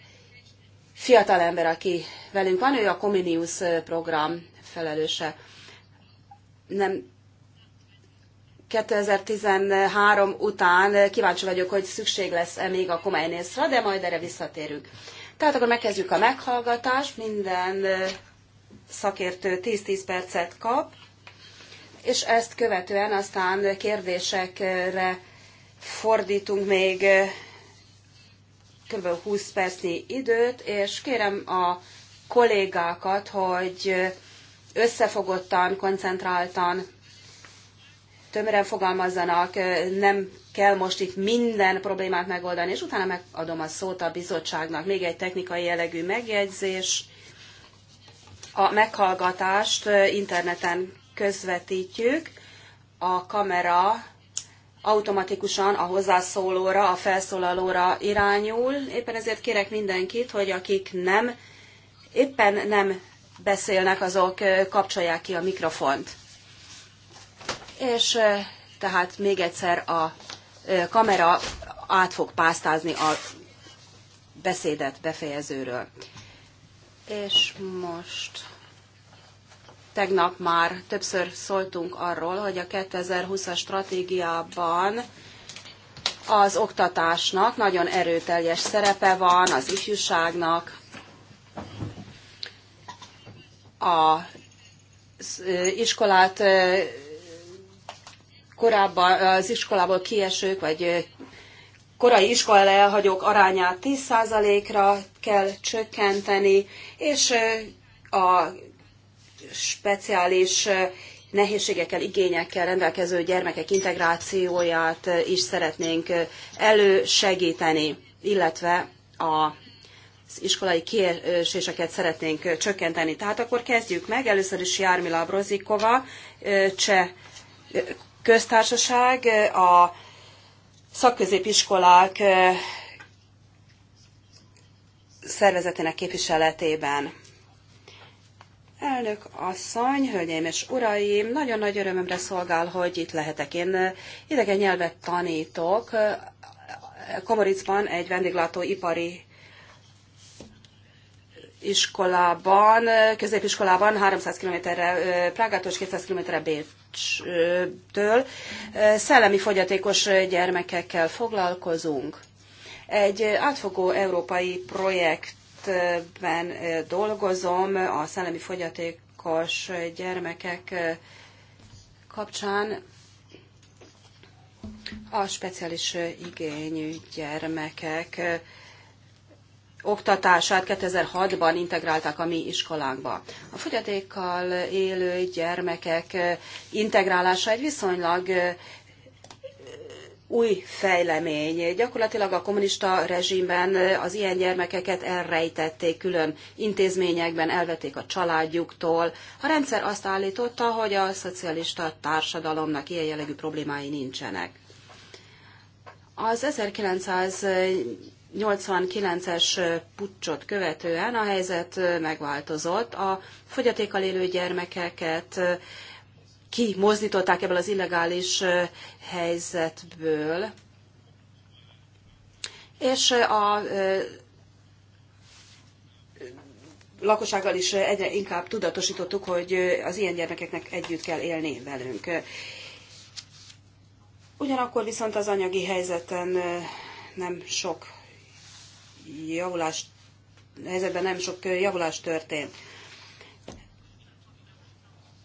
fiatalember, aki velünk van, ő a Comenius program felelőse. Nem 2013 után kíváncsi vagyok, hogy szükség lesz-e még a Komeinészra, de majd erre visszatérünk. Tehát akkor megkezdjük a meghallgatást, minden szakértő 10-10 percet kap, és ezt követően aztán kérdésekre fordítunk még kb. 20 percnyi időt, és kérem a kollégákat, hogy összefogottan, koncentráltan, tömören fogalmazzanak, nem kell most itt minden problémát megoldani, és utána megadom a szót a bizottságnak. Még egy technikai jellegű megjegyzés. A meghallgatást interneten közvetítjük, a kamera automatikusan a hozzászólóra, a felszólalóra irányul. Éppen ezért kérek mindenkit, hogy akik nem, éppen nem beszélnek, azok kapcsolják ki a mikrofont. És tehát még egyszer a kamera át fog pásztázni a beszédet befejezőről. És most tegnap már többször szóltunk arról, hogy a 2020-as stratégiában az oktatásnak nagyon erőteljes szerepe van, az ifjúságnak, a iskolát korábban az iskolából kiesők, vagy korai iskola elhagyók arányát 10%-ra kell csökkenteni, és a speciális nehézségekkel, igényekkel rendelkező gyermekek integrációját is szeretnénk elősegíteni, illetve a iskolai kieséseket szeretnénk csökkenteni. Tehát akkor kezdjük meg. Először is Jármila Brozikova, cseh köztársaság, a szakközépiskolák szervezetének képviseletében. Elnök asszony, hölgyeim és uraim, nagyon nagy örömömre szolgál, hogy itt lehetek. Én idegen nyelvet tanítok, Komoricban egy vendéglátó ipari iskolában, középiskolában 300 kilométerre Prágától és 200 kilométerre Bécstől szellemi fogyatékos gyermekekkel foglalkozunk. Egy átfogó európai projektben dolgozom a szellemi fogyatékos gyermekek kapcsán a speciális igényű gyermekek oktatását 2006-ban integrálták a mi iskolánkba. A fogyatékkal élő gyermekek eh, integrálása egy viszonylag eh, új fejlemény. Gyakorlatilag a kommunista rezsimben eh, az ilyen gyermekeket elrejtették külön intézményekben, elvették a családjuktól. A rendszer azt állította, hogy a szocialista társadalomnak ilyen jellegű problémái nincsenek. Az 1900 89-es pucsot követően a helyzet megváltozott. A fogyatékkal élő gyermekeket kimozdították ebből az illegális helyzetből, és a lakossággal is egyre inkább tudatosítottuk, hogy az ilyen gyermekeknek együtt kell élni velünk. Ugyanakkor viszont az anyagi helyzeten nem sok javulás, helyzetben nem sok javulás történt.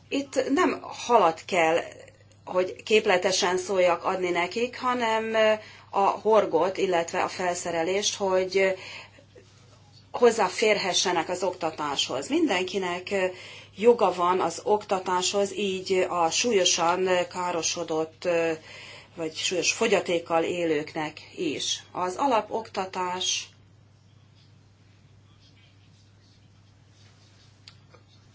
Itt nem halat kell, hogy képletesen szóljak adni nekik, hanem a horgot, illetve a felszerelést, hogy hozzáférhessenek az oktatáshoz. Mindenkinek joga van az oktatáshoz, így a súlyosan károsodott vagy súlyos fogyatékkal élőknek is. Az alapoktatás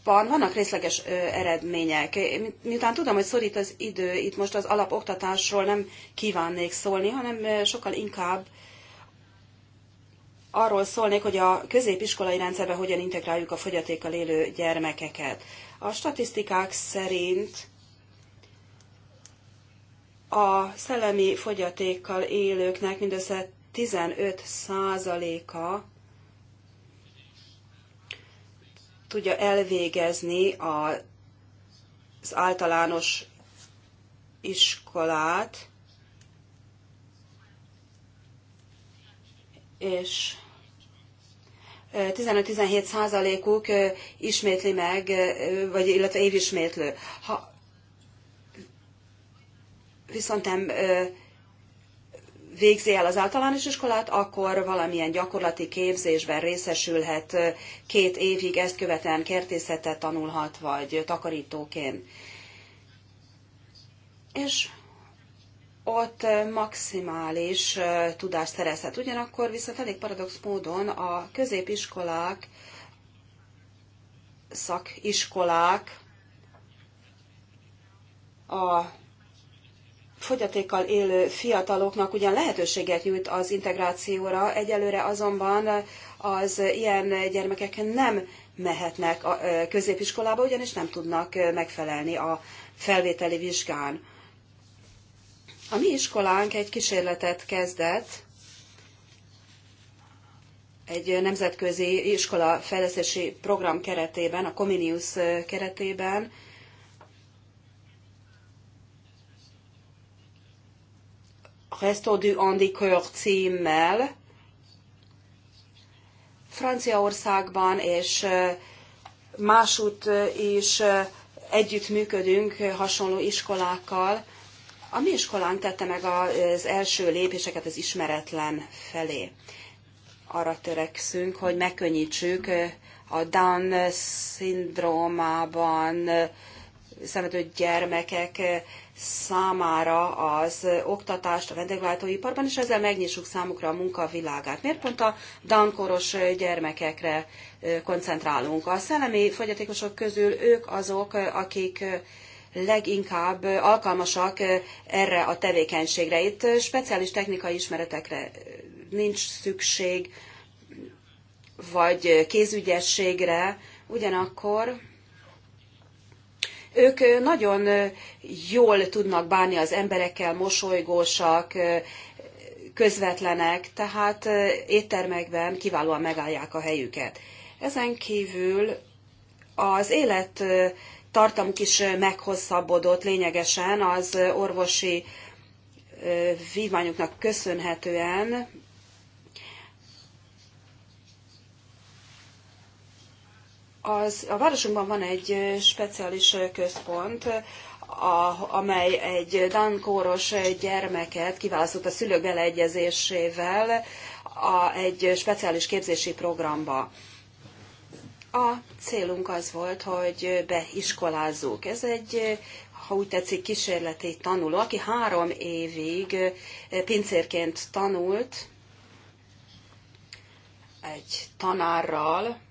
Van, vannak részleges eredmények. Miután tudom, hogy szorít az idő, itt most az alapoktatásról nem kívánnék szólni, hanem sokkal inkább arról szólnék, hogy a középiskolai rendszerbe hogyan integráljuk a fogyatékkal élő gyermekeket. A statisztikák szerint a szellemi fogyatékkal élőknek mindössze 15 százaléka tudja elvégezni az általános iskolát, és 15-17 százalékuk ismétli meg, vagy illetve évismétlő. Ha viszont nem végzi el az általános iskolát, akkor valamilyen gyakorlati képzésben részesülhet két évig, ezt követően kertészetet tanulhat, vagy takarítóként. És ott maximális tudást szerezhet. Ugyanakkor viszont elég paradox módon a középiskolák, szakiskolák a fogyatékkal élő fiataloknak ugyan lehetőséget nyújt az integrációra, egyelőre azonban az ilyen gyermekek nem mehetnek a középiskolába, ugyanis nem tudnak megfelelni a felvételi vizsgán. A mi iskolánk egy kísérletet kezdett, egy nemzetközi iskola fejlesztési program keretében, a Comenius keretében, Resto du Handicœur címmel Franciaországban és másút is együttműködünk hasonló iskolákkal. A mi iskolánk tette meg az első lépéseket az ismeretlen felé. Arra törekszünk, hogy megkönnyítsük a Down szindrómában szenvedő gyermekek számára az oktatást a vendéglátóiparban, és ezzel megnyissuk számukra a munkavilágát. Miért pont a downkoros gyermekekre koncentrálunk? A szellemi fogyatékosok közül ők azok, akik leginkább alkalmasak erre a tevékenységre. Itt speciális technikai ismeretekre nincs szükség, vagy kézügyességre, ugyanakkor ők nagyon jól tudnak bánni az emberekkel, mosolygósak, közvetlenek, tehát éttermekben kiválóan megállják a helyüket. Ezen kívül az élet tartamuk is meghosszabbodott lényegesen az orvosi vívmányoknak köszönhetően, Az, a városunkban van egy speciális központ, a, amely egy dankóros gyermeket kiválasztott a szülők beleegyezésével a, egy speciális képzési programba. A célunk az volt, hogy beiskolázzuk. Ez egy, ha úgy tetszik, kísérleti tanuló, aki három évig pincérként tanult egy tanárral,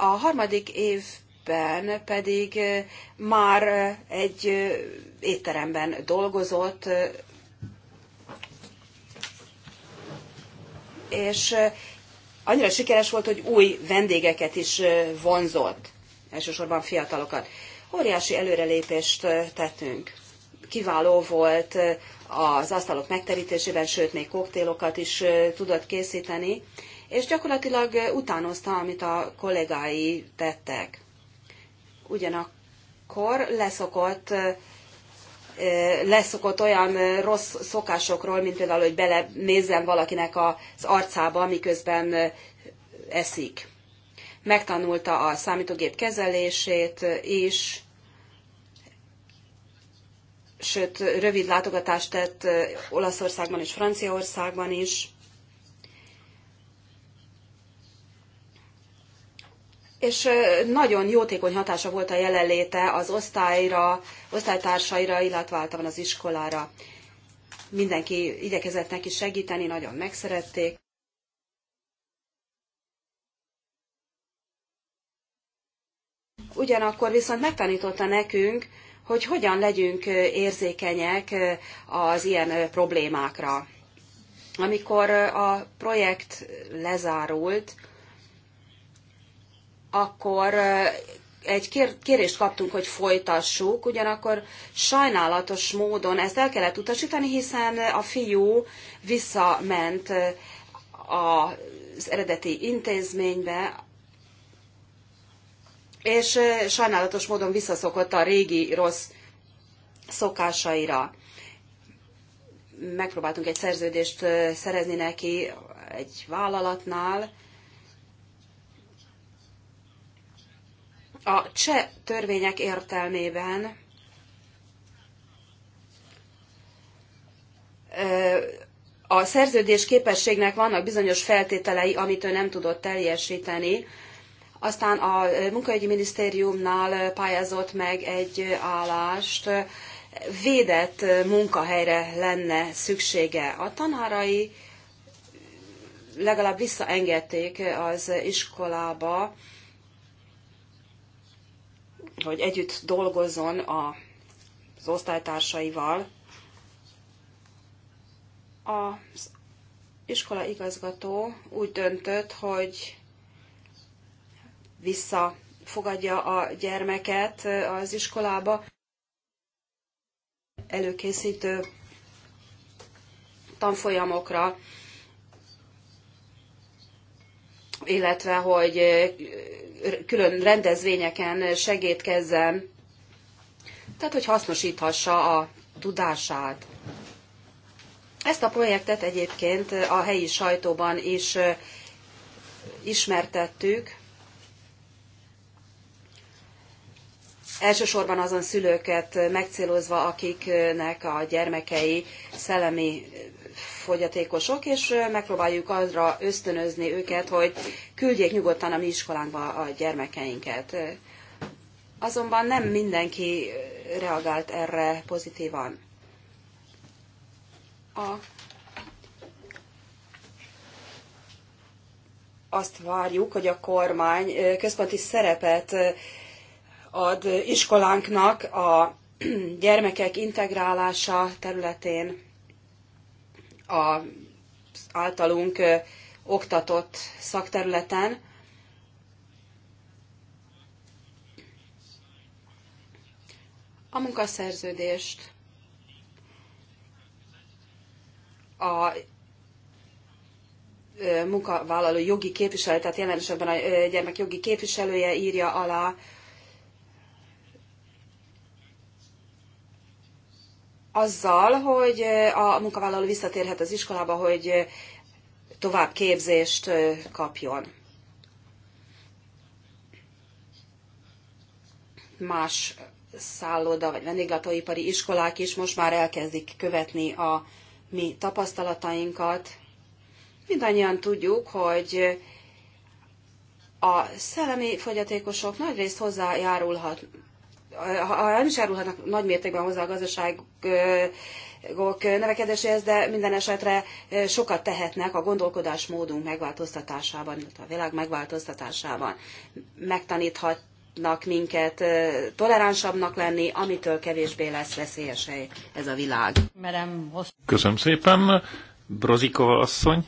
A harmadik évben pedig már egy étteremben dolgozott, és annyira sikeres volt, hogy új vendégeket is vonzott, elsősorban fiatalokat. Óriási előrelépést tettünk. Kiváló volt az asztalok megterítésében, sőt, még koktélokat is tudott készíteni, és gyakorlatilag eh, utánozta, amit a kollégái tettek. Ugyanakkor leszokott eh, eh, leszokott olyan rossz szokásokról, mint például, hogy belenézzen valakinek az arcába, miközben eszik. Megtanulta a számítógép kezelését is, sőt, rövid látogatást tett Olaszországban és Franciaországban is. és nagyon jótékony hatása volt a jelenléte az osztályra, osztálytársaira, illetve általában az iskolára. Mindenki igyekezett neki segíteni, nagyon megszerették. Ugyanakkor viszont megtanította nekünk, hogy hogyan legyünk érzékenyek az ilyen problémákra. Amikor a projekt lezárult, akkor egy kérést kaptunk, hogy folytassuk, ugyanakkor sajnálatos módon ezt el kellett utasítani, hiszen a fiú visszament az eredeti intézménybe, és sajnálatos módon visszaszokott a régi rossz szokásaira. Megpróbáltunk egy szerződést szerezni neki egy vállalatnál, a cseh törvények értelmében a szerződés képességnek vannak bizonyos feltételei, amit ő nem tudott teljesíteni. Aztán a munkaügyi minisztériumnál pályázott meg egy állást, védett munkahelyre lenne szüksége. A tanárai legalább visszaengedték az iskolába, hogy együtt dolgozzon a, az osztálytársaival. Az iskola igazgató úgy döntött, hogy visszafogadja a gyermeket az iskolába előkészítő tanfolyamokra, illetve hogy külön rendezvényeken segítkezzen, tehát hogy hasznosíthassa a tudását. Ezt a projektet egyébként a helyi sajtóban is ismertettük. Elsősorban azon szülőket megcélozva, akiknek a gyermekei szellemi fogyatékosok, és megpróbáljuk arra ösztönözni őket, hogy küldjék nyugodtan a mi iskolánkba a gyermekeinket. Azonban nem mindenki reagált erre pozitívan. A azt várjuk, hogy a kormány központi szerepet ad iskolánknak a gyermekek integrálása területén az általunk oktatott szakterületen. A munkaszerződést a munkavállaló jogi tehát jelen esetben a gyermek jogi képviselője írja alá, azzal, hogy a munkavállaló visszatérhet az iskolába, hogy tovább képzést kapjon. Más szálloda vagy vendéglátóipari iskolák is most már elkezdik követni a mi tapasztalatainkat. Mindannyian tudjuk, hogy a szellemi fogyatékosok nagyrészt hozzájárulhat ha nem is árulhatnak nagy mértékben hozzá a gazdaságok növekedéséhez, de minden esetre sokat tehetnek a gondolkodásmódunk megváltoztatásában, illetve a világ megváltoztatásában. Megtaníthatnak minket toleránsabbnak lenni, amitől kevésbé lesz veszélyes ez a világ. Köszönöm szépen, Brozikova asszony.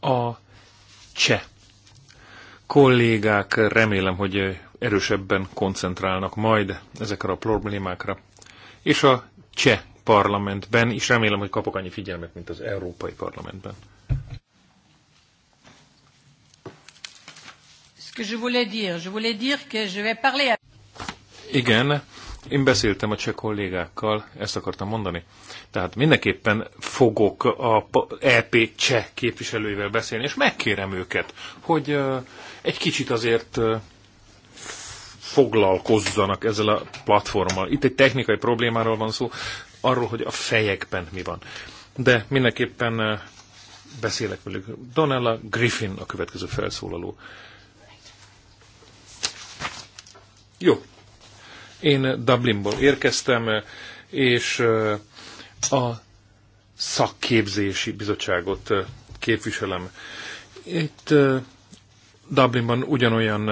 A cseh kollégák remélem, hogy erősebben koncentrálnak majd ezekre a problémákra. És a cseh parlamentben is remélem, hogy kapok annyi figyelmet, mint az európai parlamentben. Igen, én beszéltem a cseh kollégákkal, ezt akartam mondani. Tehát mindenképpen fogok a EP e cseh képviselőivel beszélni, és megkérem őket, hogy egy kicsit azért foglalkozzanak ezzel a platformmal. Itt egy technikai problémáról van szó, arról, hogy a fejekben mi van. De mindenképpen beszélek velük. Donella Griffin a következő felszólaló. Jó. Én Dublinból érkeztem, és a szakképzési bizottságot képviselem. Itt Dublinban ugyanolyan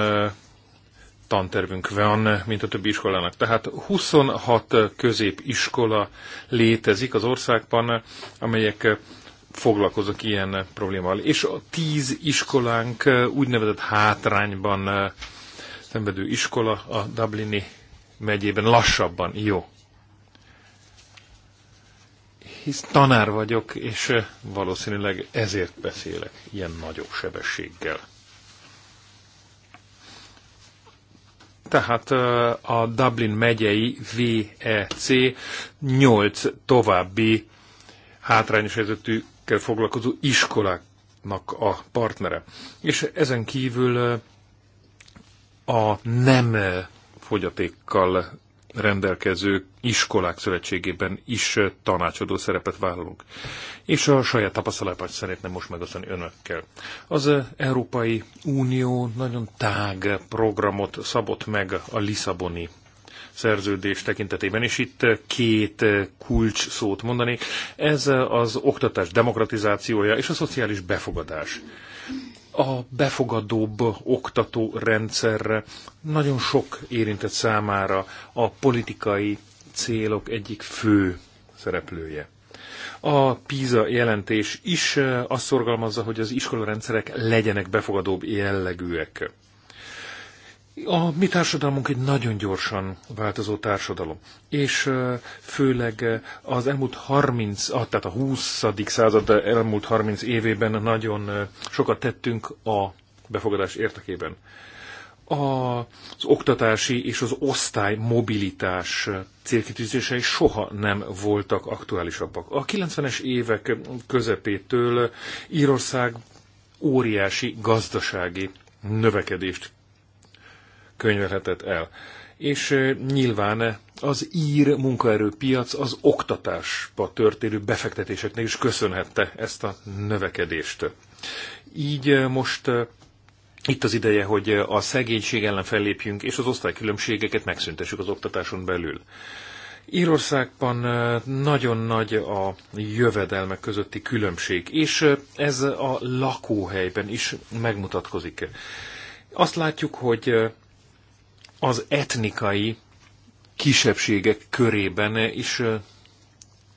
tantervünk van, mint a többi iskolának. Tehát 26 középiskola létezik az országban, amelyek foglalkozok ilyen problémával. És a 10 iskolánk úgynevezett hátrányban szenvedő iskola a Dublini megyében lassabban jó. Hisz tanár vagyok, és valószínűleg ezért beszélek ilyen nagyobb sebességgel. Tehát a Dublin megyei VEC 8 további hátrányos helyzetűkkel foglalkozó iskoláknak a partnere. És ezen kívül a nem fogyatékkal rendelkező iskolák szövetségében is tanácsadó szerepet vállalunk. És a saját tapasztalatot szeretném most megosztani önökkel. Az Európai Unió nagyon tág programot szabott meg a Lisszaboni szerződés tekintetében, és itt két kulcs szót mondani. Ez az oktatás demokratizációja és a szociális befogadás a befogadóbb oktató rendszerre, nagyon sok érintett számára a politikai célok egyik fő szereplője. A PISA jelentés is eh, azt szorgalmazza, hogy az iskolarendszerek legyenek befogadóbb jellegűek. A mi társadalmunk egy nagyon gyorsan változó társadalom, és főleg az elmúlt 30, tehát a 20. század elmúlt 30 évében nagyon sokat tettünk a befogadás értekében. Az oktatási és az osztály mobilitás célkitűzései soha nem voltak aktuálisabbak. A 90-es évek közepétől Írország óriási gazdasági növekedést könyvelhetett el. És nyilván az ír munkaerőpiac az oktatásba történő befektetéseknek is köszönhette ezt a növekedést. Így most itt az ideje, hogy a szegénység ellen fellépjünk, és az osztálykülönbségeket megszüntessük az oktatáson belül. Írországban nagyon nagy a jövedelmek közötti különbség, és ez a lakóhelyben is megmutatkozik. Azt látjuk, hogy az etnikai kisebbségek körében is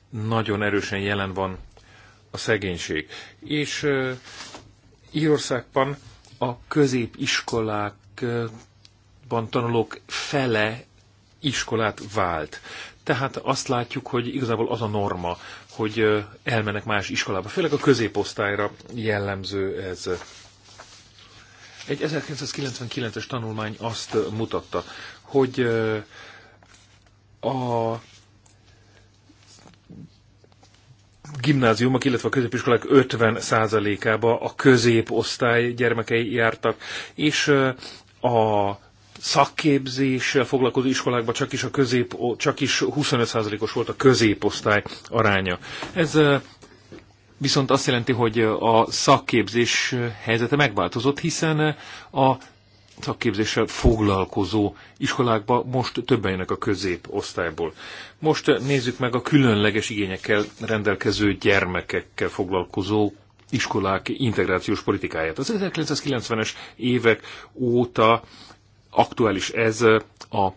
nagyon erősen jelen van a szegénység. És Írországban a középiskolákban tanulók fele iskolát vált. Tehát azt látjuk, hogy igazából az a norma, hogy elmennek más iskolába. Főleg a középosztályra jellemző ez. Egy 1999-es tanulmány azt mutatta, hogy a gimnáziumok, illetve a középiskolák 50%-ába a középosztály gyermekei jártak, és a szakképzéssel foglalkozó iskolákban csak is, a közép, csak is 25%-os volt a középosztály aránya. Ez viszont azt jelenti, hogy a szakképzés helyzete megváltozott, hiszen a szakképzéssel foglalkozó iskolákba most többen jönnek a középosztályból. Most nézzük meg a különleges igényekkel rendelkező gyermekekkel foglalkozó iskolák integrációs politikáját. Az 1990-es évek óta aktuális ez a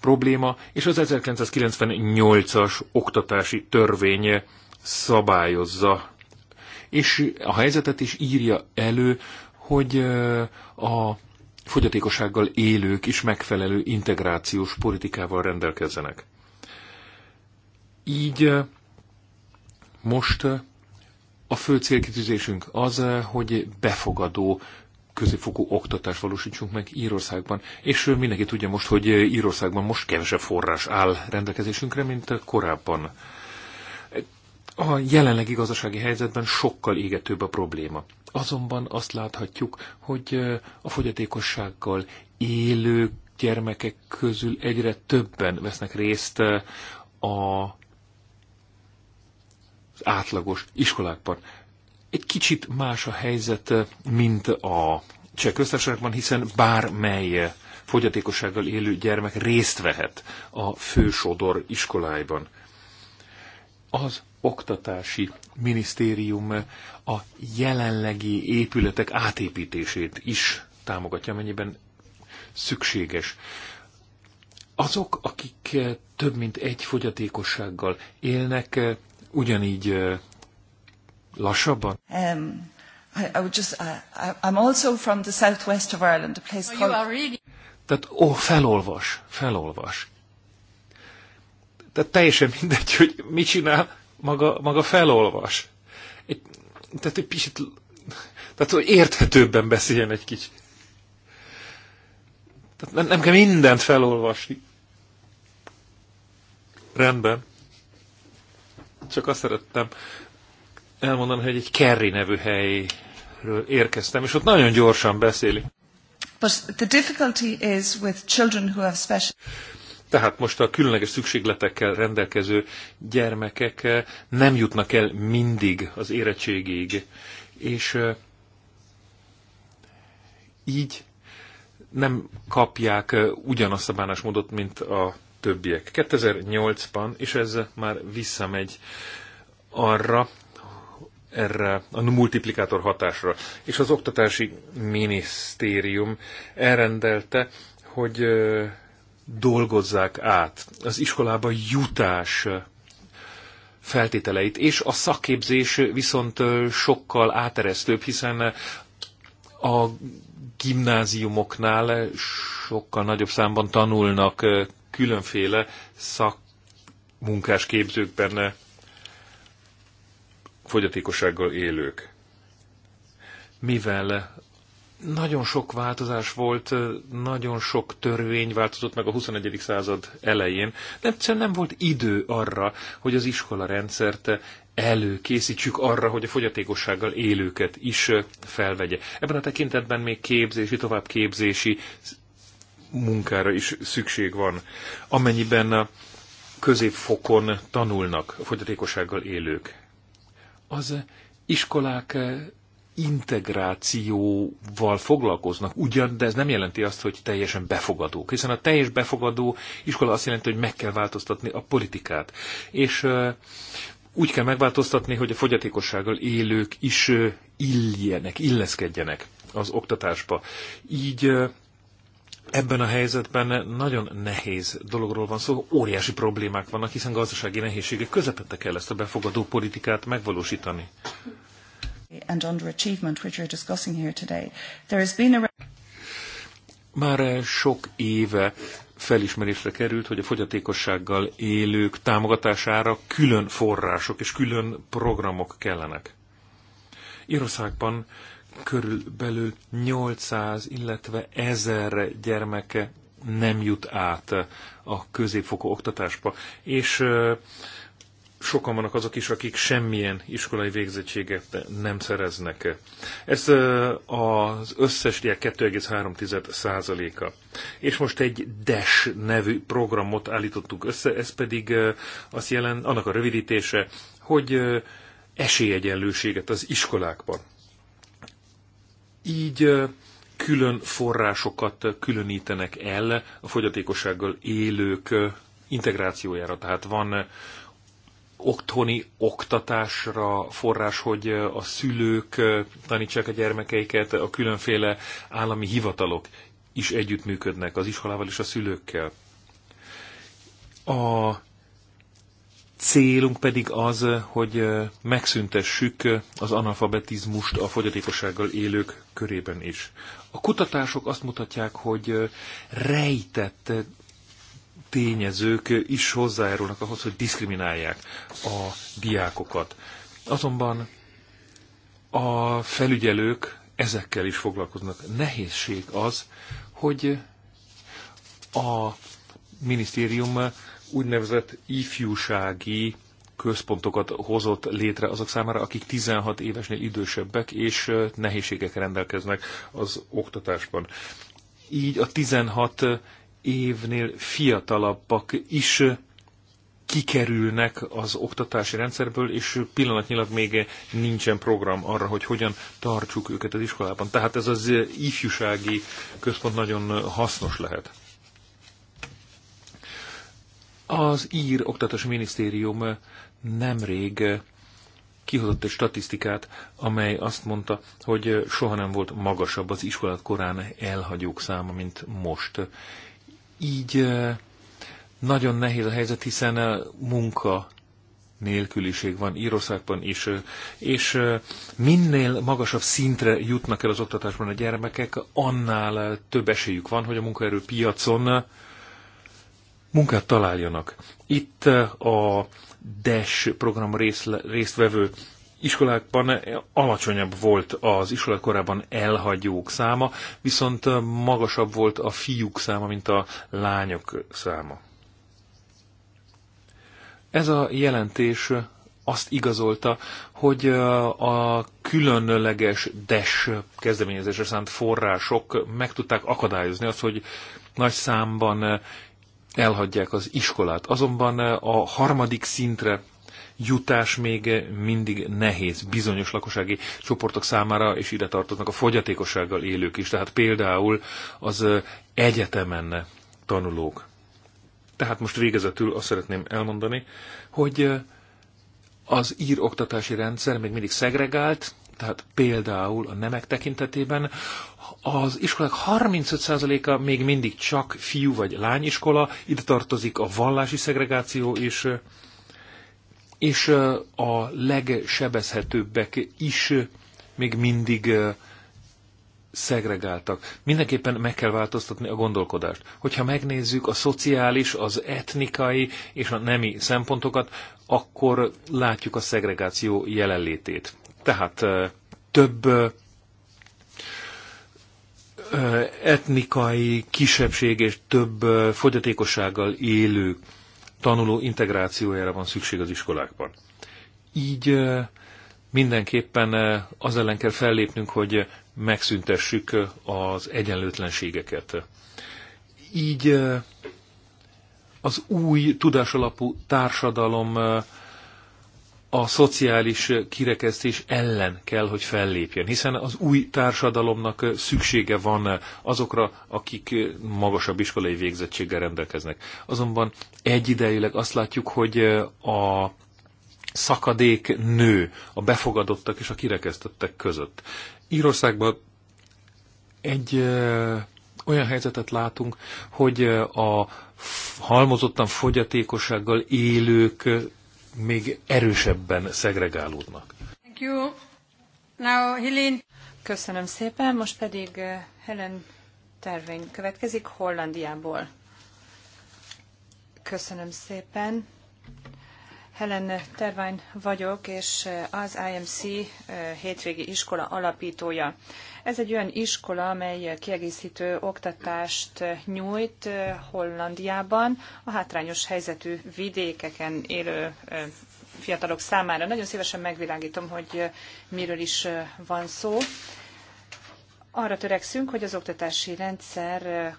probléma, és az 1998-as oktatási törvény szabályozza, és a helyzetet is írja elő, hogy a fogyatékossággal élők is megfelelő integrációs politikával rendelkezzenek. Így most a fő célkitűzésünk az, hogy befogadó középfokú oktatást valósítsunk meg Írországban. És mindenki tudja most, hogy Írországban most kevesebb forrás áll rendelkezésünkre, mint korábban. A jelenlegi gazdasági helyzetben sokkal égetőbb a probléma. Azonban azt láthatjuk, hogy a fogyatékossággal élő gyermekek közül egyre többen vesznek részt a, az átlagos iskolákban. Egy kicsit más a helyzet, mint a cseh köztársaságban, hiszen bármely fogyatékossággal élő gyermek részt vehet a fősodor iskoláiban. Az Oktatási Minisztérium a jelenlegi épületek átépítését is támogatja, amennyiben szükséges. Azok, akik több mint egy fogyatékossággal élnek, ugyanígy lassabban? Um, I, I would just, uh, I, I'm also from the southwest of Ireland, a place well, oh, called... Really... Tehát, ó, felolvas, felolvas. Tehát teljesen mindegy, hogy mit csinál, maga, maga felolvas. Egy, tehát egy picit, tehát hogy érthetőbben beszéljen egy kicsit. Tehát nem, nem kell mindent felolvasni. Rendben. Csak azt szerettem elmondani, hogy egy Kerry nevű helyről érkeztem, és ott nagyon gyorsan beszéli. But the difficulty is with children who have special... Tehát most a különleges szükségletekkel rendelkező gyermekek eh, nem jutnak el mindig az érettségig, és eh, így nem kapják eh, ugyanazt a bánásmódot, mint a többiek. 2008-ban, és ez már visszamegy arra, erre a multiplikátor hatásra. És az oktatási minisztérium elrendelte, hogy dolgozzák át az iskolába jutás feltételeit, és a szakképzés viszont sokkal áteresztőbb, hiszen a gimnáziumoknál sokkal nagyobb számban tanulnak különféle szakmunkás képzőkben fogyatékossággal élők. Mivel nagyon sok változás volt, nagyon sok törvény változott meg a 21. század elején. Nem, nem volt idő arra, hogy az iskola rendszert előkészítsük arra, hogy a fogyatékossággal élőket is felvegye. Ebben a tekintetben még képzési, továbbképzési munkára is szükség van. Amennyiben a középfokon tanulnak a fogyatékossággal élők, az iskolák integrációval foglalkoznak, ugyan, de ez nem jelenti azt, hogy teljesen befogadók, hiszen a teljes befogadó iskola azt jelenti, hogy meg kell változtatni a politikát. És úgy kell megváltoztatni, hogy a fogyatékossággal élők is illjenek, illeszkedjenek az oktatásba. Így ebben a helyzetben nagyon nehéz dologról van szó, óriási problémák vannak, hiszen gazdasági nehézségek közepette kell ezt a befogadó politikát megvalósítani and underachievement which you're discussing here today. There has been a... Már sok éve felismerésre került, hogy a fogyatékossággal élők támogatására külön források és külön programok kellenek. Írországban körülbelül 800, illetve 1000 gyermeke nem jut át a középfokú oktatásba, és sokan vannak azok is, akik semmilyen iskolai végzettséget nem szereznek. Ez az összes diák 2,3%-a. És most egy DES nevű programot állítottuk össze, ez pedig azt jelent, annak a rövidítése, hogy esélyegyenlőséget az iskolákban. Így külön forrásokat különítenek el a fogyatékossággal élők integrációjára. Tehát van otthoni oktatásra forrás, hogy a szülők tanítsák a gyermekeiket, a különféle állami hivatalok is együttműködnek az iskolával és a szülőkkel. A célunk pedig az, hogy megszüntessük az analfabetizmust a fogyatékossággal élők körében is. A kutatások azt mutatják, hogy rejtett tényezők is hozzájárulnak ahhoz, hogy diszkriminálják a diákokat. Azonban a felügyelők ezekkel is foglalkoznak. Nehézség az, hogy a minisztérium úgynevezett ifjúsági központokat hozott létre azok számára, akik 16 évesnél idősebbek és nehézségek rendelkeznek az oktatásban. Így a 16 évnél fiatalabbak is kikerülnek az oktatási rendszerből, és pillanatnyilag még nincsen program arra, hogy hogyan tartsuk őket az iskolában. Tehát ez az ifjúsági központ nagyon hasznos lehet. Az ír oktatási minisztérium nemrég kihozott egy statisztikát, amely azt mondta, hogy soha nem volt magasabb az iskolát korán elhagyók száma, mint most így nagyon nehéz a helyzet, hiszen munka nélküliség van Írországban is, és minél magasabb szintre jutnak el az oktatásban a gyermekek, annál több esélyük van, hogy a munkaerőpiacon munkát találjanak. Itt a DES program résztvevő iskolákban alacsonyabb volt az iskolák korában elhagyók száma, viszont magasabb volt a fiúk száma, mint a lányok száma. Ez a jelentés azt igazolta, hogy a különleges DES kezdeményezésre szánt források meg tudták akadályozni azt, hogy nagy számban elhagyják az iskolát. Azonban a harmadik szintre jutás még mindig nehéz bizonyos lakossági csoportok számára, és ide tartoznak a fogyatékossággal élők is, tehát például az egyetemen tanulók. Tehát most végezetül azt szeretném elmondani, hogy az ír oktatási rendszer még mindig szegregált, tehát például a nemek tekintetében az iskolák 35%-a még mindig csak fiú vagy lányiskola, ide tartozik a vallási szegregáció is, és a legsebezhetőbbek is még mindig szegregáltak. Mindenképpen meg kell változtatni a gondolkodást. Hogyha megnézzük a szociális, az etnikai és a nemi szempontokat, akkor látjuk a szegregáció jelenlétét. Tehát több etnikai kisebbség és több fogyatékossággal élő tanuló integrációjára van szükség az iskolákban. Így mindenképpen az ellen kell fellépnünk, hogy megszüntessük az egyenlőtlenségeket. Így az új tudásalapú társadalom a szociális kirekesztés ellen kell, hogy fellépjen, hiszen az új társadalomnak szüksége van azokra, akik magasabb iskolai végzettséggel rendelkeznek. Azonban egyidejűleg azt látjuk, hogy a szakadék nő a befogadottak és a kirekesztettek között. Írországban egy olyan helyzetet látunk, hogy a halmozottan fogyatékossággal élők még erősebben szegregálódnak. Thank you. Now, Helene. Köszönöm szépen, most pedig eh, Helen Tervény következik Hollandiából. Köszönöm szépen. Helen Tervány vagyok, és eh, az IMC eh, hétvégi iskola alapítója. Ez egy olyan iskola, amely kiegészítő oktatást nyújt eh, Hollandiában a hátrányos helyzetű vidékeken élő eh, fiatalok számára. Nagyon szívesen megvilágítom, hogy eh, miről is van szó. Arra törekszünk, hogy az oktatási rendszer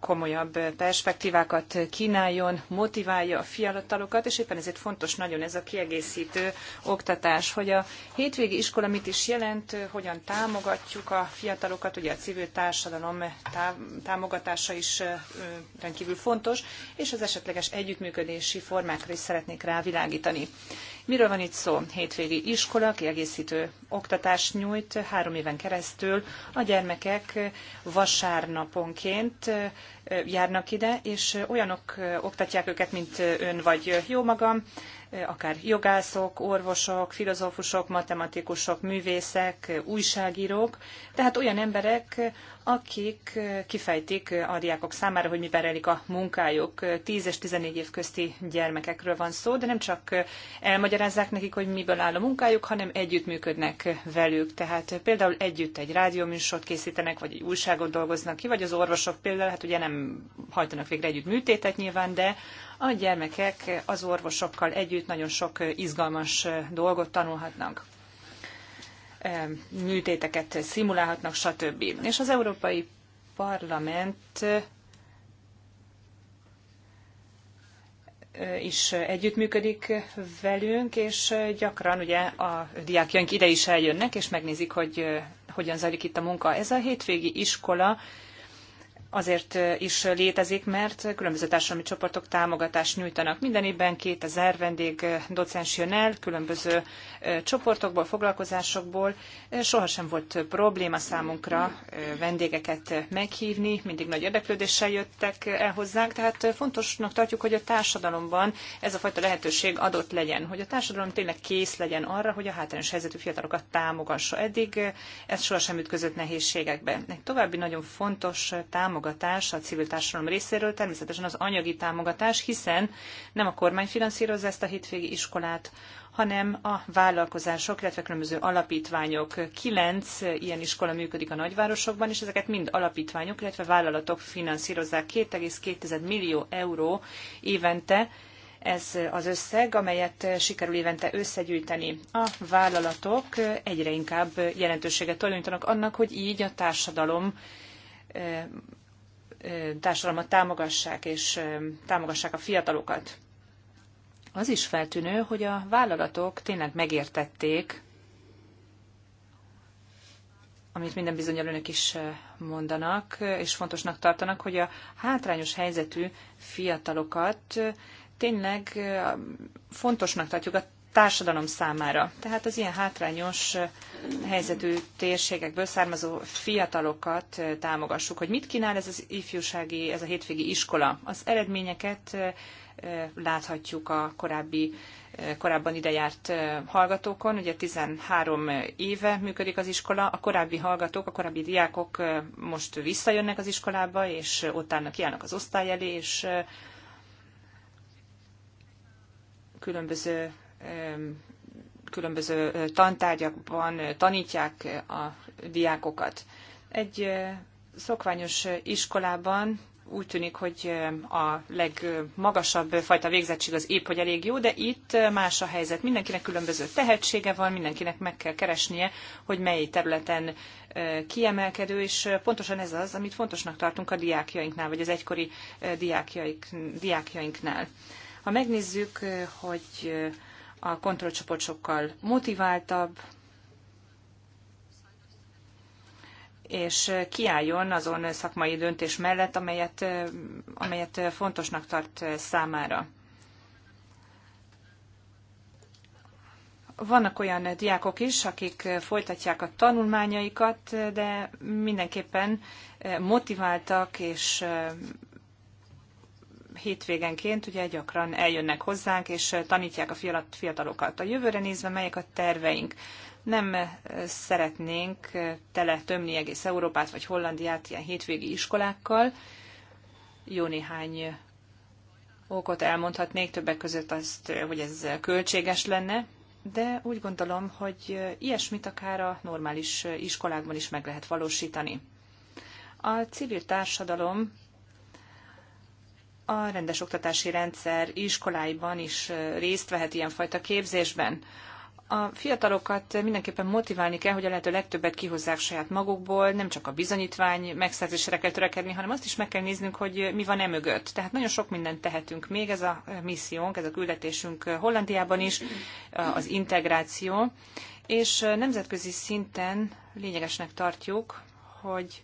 komolyabb perspektívákat kínáljon, motiválja a fiatalokat, és éppen ezért fontos nagyon ez a kiegészítő oktatás, hogy a hétvégi iskola mit is jelent, hogyan támogatjuk a fiatalokat, ugye a civil társadalom támogatása is rendkívül fontos, és az esetleges együttműködési formákra is szeretnék rávilágítani. Miről van itt szó? Hétvégi iskola kiegészítő oktatást nyújt három éven keresztül. A gyermekek vasárnaponként járnak ide, és olyanok oktatják őket, mint ön vagy jó magam, akár jogászok, orvosok, filozófusok, matematikusok, művészek, újságírók, tehát olyan emberek, akik kifejtik a diákok számára, hogy miben rejlik a munkájuk. 10 és 14 év közti gyermekekről van szó, de nem csak elmagyarázzák nekik, hogy miből áll a munkájuk, hanem együttműködnek velük. Tehát például együtt egy rádióműsort készítenek, vagy egy újságot dolgoznak ki, vagy az orvosok például, hát ugye nem hajtanak végre együtt műtétet nyilván, de a gyermekek az orvosokkal együtt nagyon sok izgalmas dolgot tanulhatnak műtéteket szimulálhatnak, stb. És az Európai Parlament is együttműködik velünk, és gyakran ugye a diákjaink ide is eljönnek, és megnézik, hogy hogyan zajlik itt a munka. Ez a hétvégi iskola azért is létezik, mert különböző társadalmi csoportok támogatást nyújtanak. Minden évben 2000 vendég docens jön el, különböző csoportokból, foglalkozásokból. Sohasem volt probléma számunkra vendégeket meghívni, mindig nagy érdeklődéssel jöttek el hozzánk, tehát fontosnak tartjuk, hogy a társadalomban ez a fajta lehetőség adott legyen, hogy a társadalom tényleg kész legyen arra, hogy a hátrányos helyzetű fiatalokat támogassa. Eddig ez sohasem ütközött nehézségekbe. Egy további nagyon fontos támogatás támogatás a civil társadalom részéről, természetesen az anyagi támogatás, hiszen nem a kormány finanszírozza ezt a hétvégi iskolát, hanem a vállalkozások, illetve különböző alapítványok. Kilenc ilyen iskola működik a nagyvárosokban, és ezeket mind alapítványok, illetve vállalatok finanszírozzák. 2,2 millió euró évente ez az összeg, amelyet sikerül évente összegyűjteni. A vállalatok egyre inkább jelentőséget tulajdonítanak annak, hogy így a társadalom társadalmat támogassák, és támogassák a fiatalokat. Az is feltűnő, hogy a vállalatok tényleg megértették, amit minden bizonyal önök is mondanak, és fontosnak tartanak, hogy a hátrányos helyzetű fiatalokat tényleg fontosnak tartjuk a társadalom számára. Tehát az ilyen hátrányos helyzetű térségekből származó fiatalokat támogassuk. Hogy mit kínál ez az ifjúsági, ez a hétvégi iskola? Az eredményeket láthatjuk a korábbi, korábban idejárt hallgatókon. Ugye 13 éve működik az iskola, a korábbi hallgatók, a korábbi diákok most visszajönnek az iskolába, és ott állnak, kiállnak az osztály elé, és különböző különböző tantárgyakban tanítják a diákokat. Egy szokványos iskolában úgy tűnik, hogy a legmagasabb fajta végzettség az épp, hogy elég jó, de itt más a helyzet. Mindenkinek különböző tehetsége van, mindenkinek meg kell keresnie, hogy mely területen kiemelkedő, és pontosan ez az, amit fontosnak tartunk a diákjainknál, vagy az egykori diákjaink, diákjainknál. Ha megnézzük, hogy a kontrollcsoport sokkal motiváltabb, és kiálljon azon szakmai döntés mellett, amelyet, amelyet fontosnak tart számára. Vannak olyan diákok is, akik folytatják a tanulmányaikat, de mindenképpen motiváltak és hétvégenként ugye gyakran eljönnek hozzánk, és tanítják a fiatalokat. A jövőre nézve melyek a terveink? Nem szeretnénk tele tömni egész Európát vagy Hollandiát ilyen hétvégi iskolákkal. Jó néhány okot elmondhatnék, többek között azt, hogy ez költséges lenne, de úgy gondolom, hogy ilyesmit akár a normális iskolákban is meg lehet valósítani. A civil társadalom a rendes oktatási rendszer iskoláiban is részt vehet ilyenfajta képzésben. A fiatalokat mindenképpen motiválni kell, hogy a lehető legtöbbet kihozzák saját magukból, nem csak a bizonyítvány megszerzésre kell törekedni, hanem azt is meg kell néznünk, hogy mi van e mögött. Tehát nagyon sok mindent tehetünk még, ez a missziónk, ez a küldetésünk Hollandiában is, az integráció, és nemzetközi szinten lényegesnek tartjuk, hogy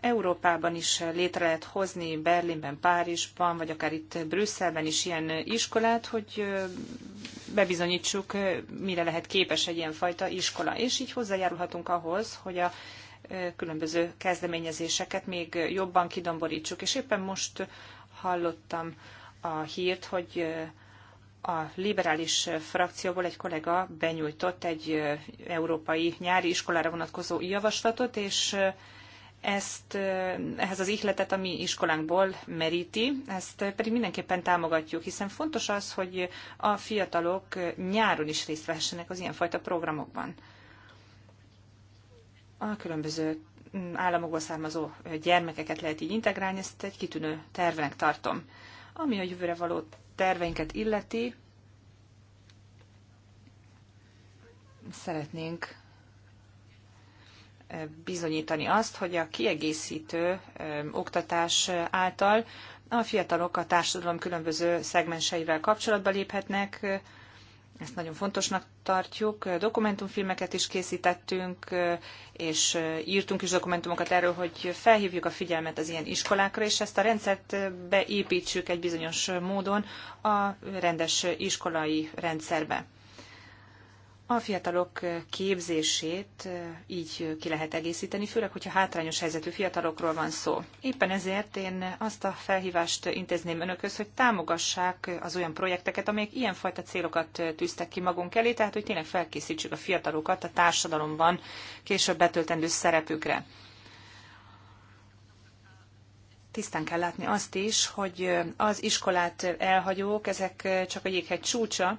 Európában is létre lehet hozni, Berlinben, Párizsban, vagy akár itt Brüsszelben is ilyen iskolát, hogy bebizonyítsuk, mire lehet képes egy ilyen fajta iskola. És így hozzájárulhatunk ahhoz, hogy a különböző kezdeményezéseket még jobban kidomborítsuk. És éppen most hallottam a hírt, hogy a liberális frakcióból egy kollega benyújtott egy európai nyári iskolára vonatkozó javaslatot, és ezt, ehhez az ihletet a mi iskolánkból meríti, ezt pedig mindenképpen támogatjuk, hiszen fontos az, hogy a fiatalok nyáron is részt vehessenek az ilyenfajta programokban. A különböző mm, államokból származó gyermekeket lehet így integrálni, ezt egy kitűnő tervnek tartom. Ami a jövőre való terveinket illeti, szeretnénk bizonyítani azt, hogy a kiegészítő oktatás által a fiatalok a társadalom különböző szegmenseivel kapcsolatba léphetnek, ezt nagyon fontosnak tartjuk. Dokumentumfilmeket is készítettünk, és írtunk is dokumentumokat erről, hogy felhívjuk a figyelmet az ilyen iskolákra, és ezt a rendszert beépítsük egy bizonyos módon a rendes iskolai rendszerbe a fiatalok képzését így ki lehet egészíteni, főleg, hogyha hátrányos helyzetű fiatalokról van szó. Éppen ezért én azt a felhívást intézném önökhöz, hogy támogassák az olyan projekteket, amelyek ilyenfajta célokat tűztek ki magunk elé, tehát hogy tényleg felkészítsük a fiatalokat a társadalomban később betöltendő szerepükre. Tisztán kell látni azt is, hogy az iskolát elhagyók, ezek csak a jéghegy csúcsa,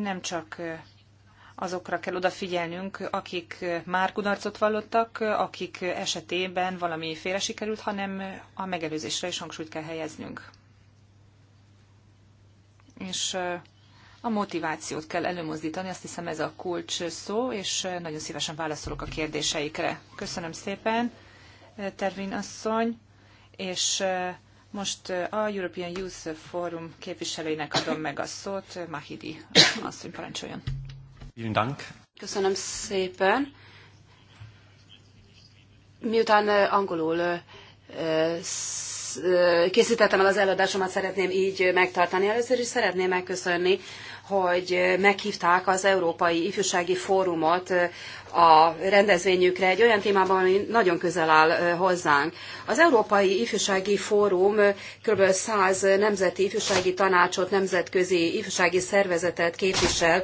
nem csak azokra kell odafigyelnünk, akik már kudarcot vallottak, akik esetében valami félre sikerült, hanem a megelőzésre is hangsúlyt kell helyeznünk. És a motivációt kell előmozdítani, azt hiszem ez a kulcs szó, és nagyon szívesen válaszolok a kérdéseikre. Köszönöm szépen, Tervin asszony, és most a European Youth Forum képviselőinek adom meg a szót. Mahidi asszony parancsoljon. Köszönöm szépen. Miután angolul készítettem el az előadásomat, szeretném így megtartani. Először is szeretném megköszönni hogy meghívták az Európai Ifjúsági Fórumot a rendezvényükre egy olyan témában, ami nagyon közel áll hozzánk. Az Európai Ifjúsági Fórum kb. 100 nemzeti ifjúsági tanácsot, nemzetközi ifjúsági szervezetet képvisel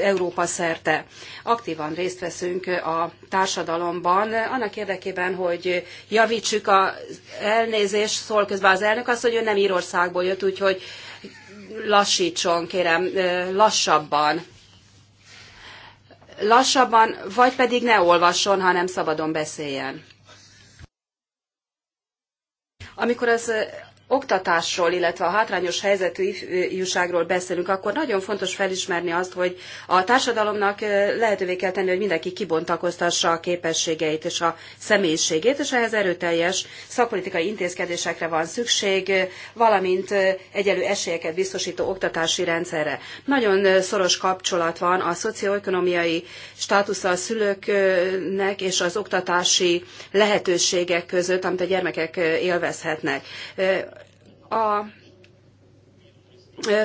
Európa szerte. Aktívan részt veszünk a társadalomban, annak érdekében, hogy javítsuk a elnézést, szól közben az elnök azt, hogy ő nem Írországból jött, úgyhogy lassítson, kérem, lassabban. Lassabban, vagy pedig ne olvasson, hanem szabadon beszéljen. Amikor az oktatásról, illetve a hátrányos helyzetű ifjúságról beszélünk, akkor nagyon fontos felismerni azt, hogy a társadalomnak lehetővé kell tenni, hogy mindenki kibontakoztassa a képességeit és a személyiségét, és ehhez erőteljes szakpolitikai intézkedésekre van szükség, valamint egyelő esélyeket biztosító oktatási rendszerre. Nagyon szoros kapcsolat van a szocioekonomiai státusza a szülőknek és az oktatási lehetőségek között, amit a gyermekek élvezhetnek a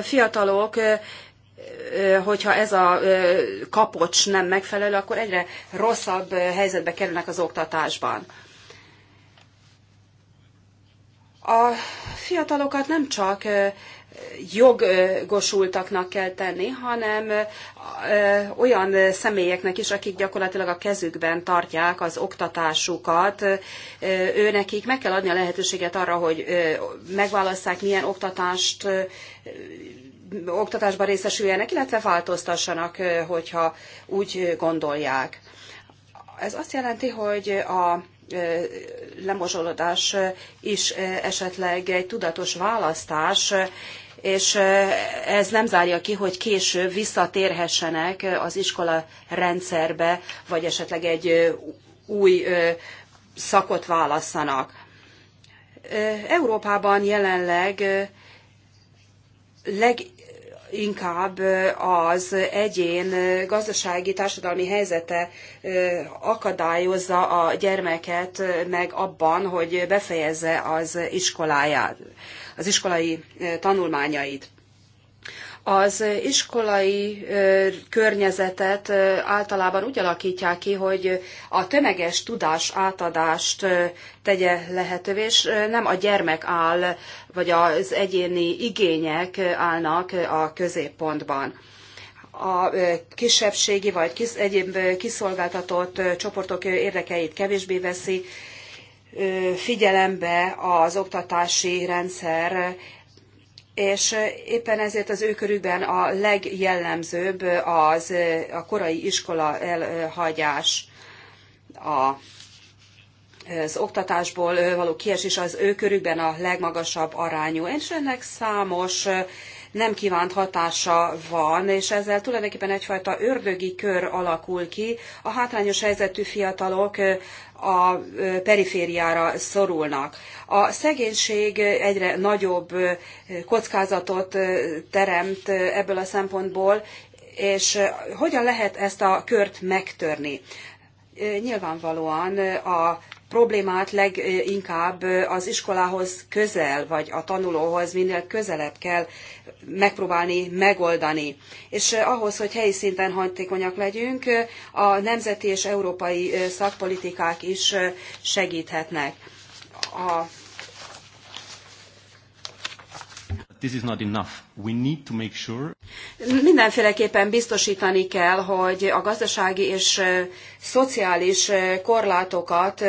fiatalok hogyha ez a kapocs nem megfelelő, akkor egyre rosszabb helyzetbe kerülnek az oktatásban. A fiatalokat nem csak jogosultaknak kell tenni, hanem olyan személyeknek is, akik gyakorlatilag a kezükben tartják az oktatásukat, őnekik meg kell adni a lehetőséget arra, hogy megválasszák, milyen oktatást oktatásban részesüljenek, illetve változtassanak, hogyha úgy gondolják. Ez azt jelenti, hogy a lemozsolódás is esetleg egy tudatos választás, és ez nem zárja ki, hogy később visszatérhessenek az iskola rendszerbe, vagy esetleg egy új szakot válasszanak. Európában jelenleg leginkább az egyén gazdasági, társadalmi helyzete akadályozza a gyermeket meg abban, hogy befejezze az iskoláját az iskolai tanulmányait. Az iskolai környezetet általában úgy alakítják ki, hogy a tömeges tudás átadást tegye lehetővé, és nem a gyermek áll, vagy az egyéni igények állnak a középpontban a kisebbségi vagy egyéb kiszolgáltatott csoportok érdekeit kevésbé veszi figyelembe az oktatási rendszer, és éppen ezért az ő körükben a legjellemzőbb az a korai iskola elhagyás, a, az oktatásból való kiesés az ő körükben a legmagasabb arányú, és ennek számos nem kívánt hatása van, és ezzel tulajdonképpen egyfajta ördögi kör alakul ki. A hátrányos helyzetű fiatalok a perifériára szorulnak. A szegénység egyre nagyobb kockázatot teremt ebből a szempontból, és hogyan lehet ezt a kört megtörni? Nyilvánvalóan a problémát leginkább az iskolához közel, vagy a tanulóhoz minél közelebb kell megpróbálni megoldani. És ahhoz, hogy helyi szinten hatékonyak legyünk, a nemzeti és európai szakpolitikák is segíthetnek. A this is not enough. We need to make sure. Mindenféleképpen biztosítani kell, hogy a gazdasági és szociális korlátokat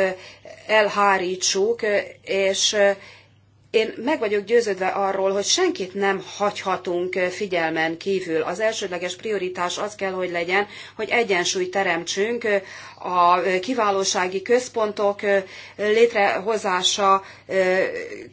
elhárítsuk, és én meg vagyok győződve arról, hogy senkit nem hagyhatunk figyelmen kívül. Az elsődleges prioritás az kell, hogy legyen, hogy egyensúlyt teremtsünk a kiválósági központok létrehozása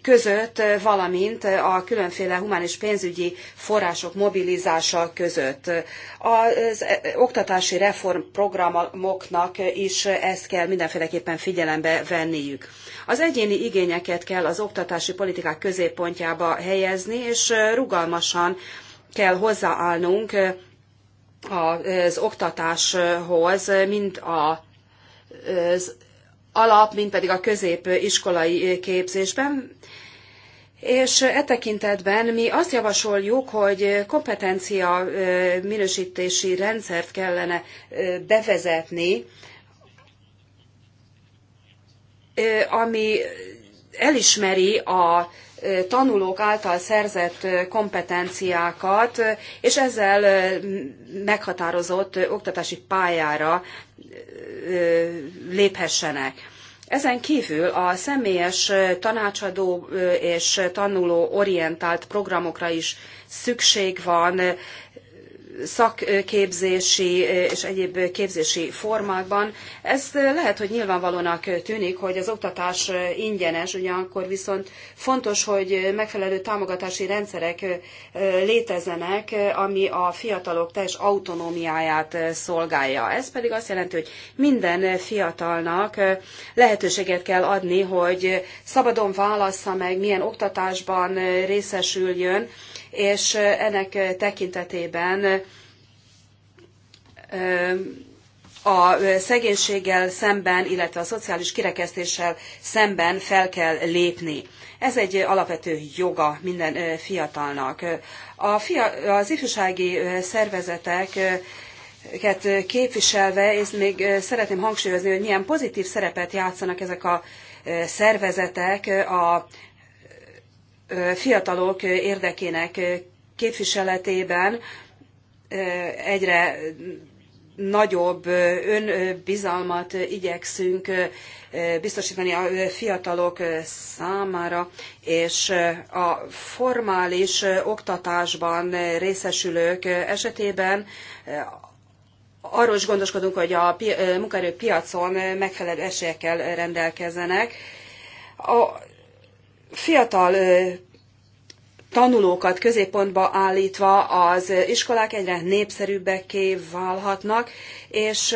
között, valamint a különféle humán és pénzügyi források mobilizása között. Az oktatási reformprogramoknak is ezt kell mindenféleképpen figyelembe venniük. Az egyéni igényeket kell az oktatási politikák középpontjába helyezni, és rugalmasan kell hozzáállnunk az oktatáshoz, mind a az alap, mint pedig a középiskolai képzésben. És e tekintetben mi azt javasoljuk, hogy kompetencia minősítési rendszert kellene bevezetni ami elismeri a tanulók által szerzett kompetenciákat, és ezzel meghatározott oktatási pályára léphessenek. Ezen kívül a személyes tanácsadó és tanuló orientált programokra is szükség van, szakképzési és egyéb képzési formákban. Ez lehet, hogy nyilvánvalónak tűnik, hogy az oktatás ingyenes, ugyanakkor viszont fontos, hogy megfelelő támogatási rendszerek létezzenek, ami a fiatalok teljes autonómiáját szolgálja. Ez pedig azt jelenti, hogy minden fiatalnak lehetőséget kell adni, hogy szabadon válassza meg, milyen oktatásban részesüljön, és ennek tekintetében a szegénységgel szemben, illetve a szociális kirekesztéssel szemben fel kell lépni. Ez egy alapvető joga minden fiatalnak. A fia, az ifjúsági szervezetek képviselve, és még szeretném hangsúlyozni, hogy milyen pozitív szerepet játszanak ezek a szervezetek a fiatalok érdekének képviseletében egyre nagyobb önbizalmat igyekszünk biztosítani a fiatalok számára, és a formális oktatásban részesülők esetében arról is gondoskodunk, hogy a munkaerőpiacon megfelelő esélyekkel rendelkezzenek. A fiatal tanulókat középpontba állítva az iskolák egyre népszerűbbeké válhatnak, és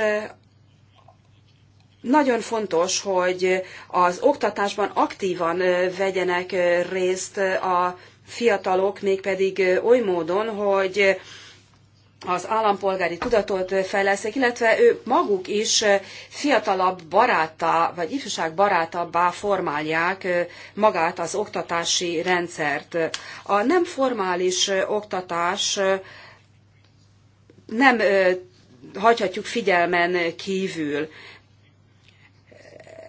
nagyon fontos, hogy az oktatásban aktívan vegyenek részt a fiatalok, mégpedig oly módon, hogy az állampolgári tudatot fejleszték, illetve ők maguk is fiatalabb baráta vagy ifjúság barátabbá formálják magát az oktatási rendszert. A nem formális oktatás nem hagyhatjuk figyelmen kívül.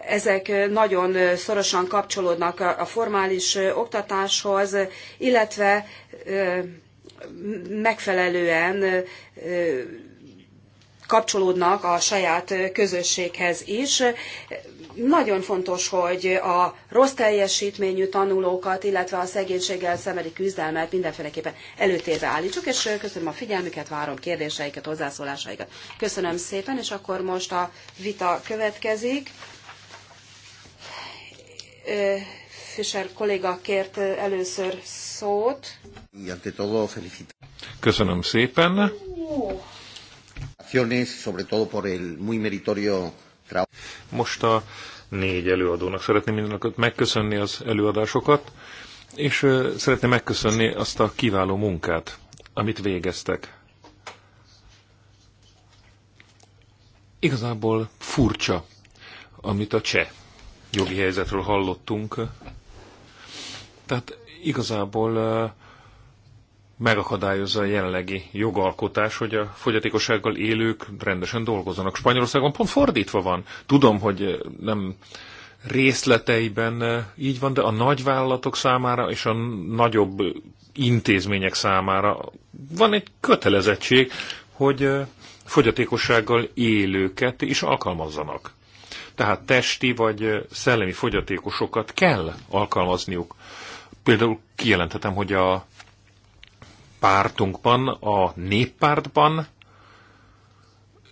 Ezek nagyon szorosan kapcsolódnak a formális oktatáshoz, illetve megfelelően kapcsolódnak a saját közösséghez is. Nagyon fontos, hogy a rossz teljesítményű tanulókat, illetve a szegénységgel szembeni küzdelmet mindenféleképpen előtérbe állítsuk, és köszönöm a figyelmüket, várom kérdéseiket, hozzászólásaikat. Köszönöm szépen, és akkor most a vita következik. Fischer kolléga kért először szót. Köszönöm szépen. Most a négy előadónak szeretném mindenkit megköszönni az előadásokat, és szeretném megköszönni azt a kiváló munkát, amit végeztek. Igazából furcsa, amit a cseh jogi helyzetről hallottunk, tehát igazából megakadályozza a jelenlegi jogalkotás, hogy a fogyatékossággal élők rendesen dolgozzanak. Spanyolországban pont fordítva van. Tudom, hogy nem részleteiben így van, de a nagyvállalatok számára és a nagyobb intézmények számára van egy kötelezettség, hogy fogyatékossággal élőket is alkalmazzanak. Tehát testi vagy szellemi fogyatékosokat kell alkalmazniuk. Például kijelenthetem, hogy a pártunkban, a néppártban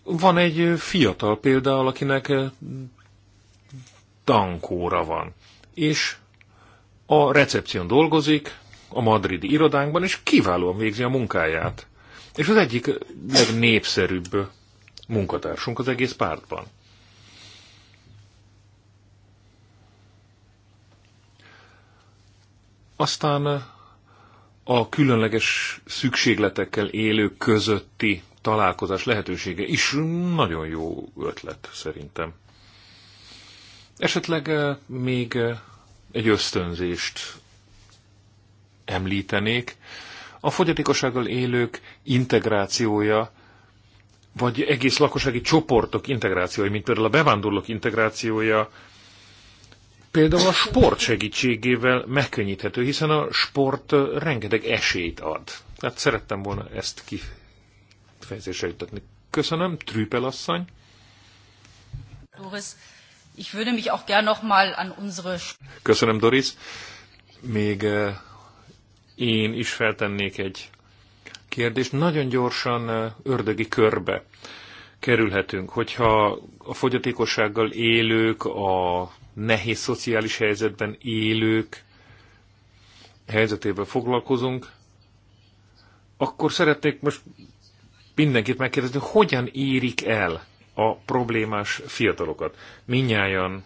van egy fiatal például, akinek tankóra eh, van, és a recepción dolgozik, a madridi irodánkban, és kiválóan végzi a munkáját. És az egyik legnépszerűbb munkatársunk az egész pártban. Aztán eh, a különleges szükségletekkel élők közötti találkozás lehetősége is nagyon jó ötlet szerintem. Esetleg eh, még eh, egy ösztönzést említenék. A fogyatékossággal élők integrációja, vagy egész lakossági csoportok integrációja, mint például a bevándorlók integrációja például a sport segítségével megkönnyíthető, hiszen a sport rengeteg esélyt ad. Tehát szerettem volna ezt kifejezésre jutatni. Köszönöm, Trüpel asszony. Doris, ich würde mich auch gern noch mal an unsere... Köszönöm, Doris. Még én is feltennék egy kérdést. Nagyon gyorsan ördögi körbe kerülhetünk, hogyha a fogyatékossággal élők, a nehéz szociális helyzetben élők helyzetével foglalkozunk, akkor szeretnék most mindenkit megkérdezni, hogyan érik el a problémás fiatalokat. Minnyáján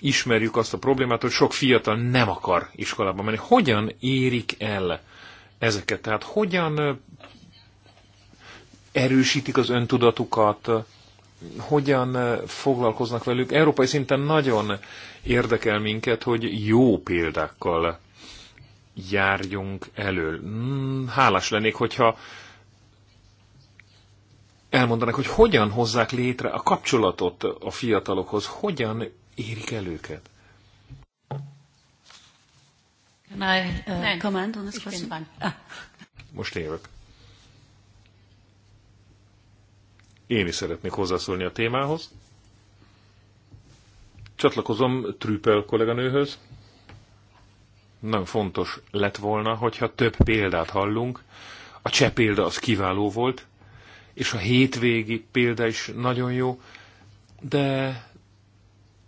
ismerjük azt a problémát, hogy sok fiatal nem akar iskolába menni. Hogyan érik el ezeket? Tehát hogyan erősítik az öntudatukat, hogyan foglalkoznak velük. Európai szinten nagyon érdekel minket, hogy jó példákkal járjunk elő. Hmm, hálás lennék, hogyha elmondanak, hogy hogyan hozzák létre a kapcsolatot a fiatalokhoz, hogyan érik el őket. Can I uh, on this ah. Most évek. Én is szeretnék hozzászólni a témához. Csatlakozom Trüppel kolléganőhöz. Nagyon fontos lett volna, hogyha több példát hallunk. A cseh példa az kiváló volt, és a hétvégi példa is nagyon jó, de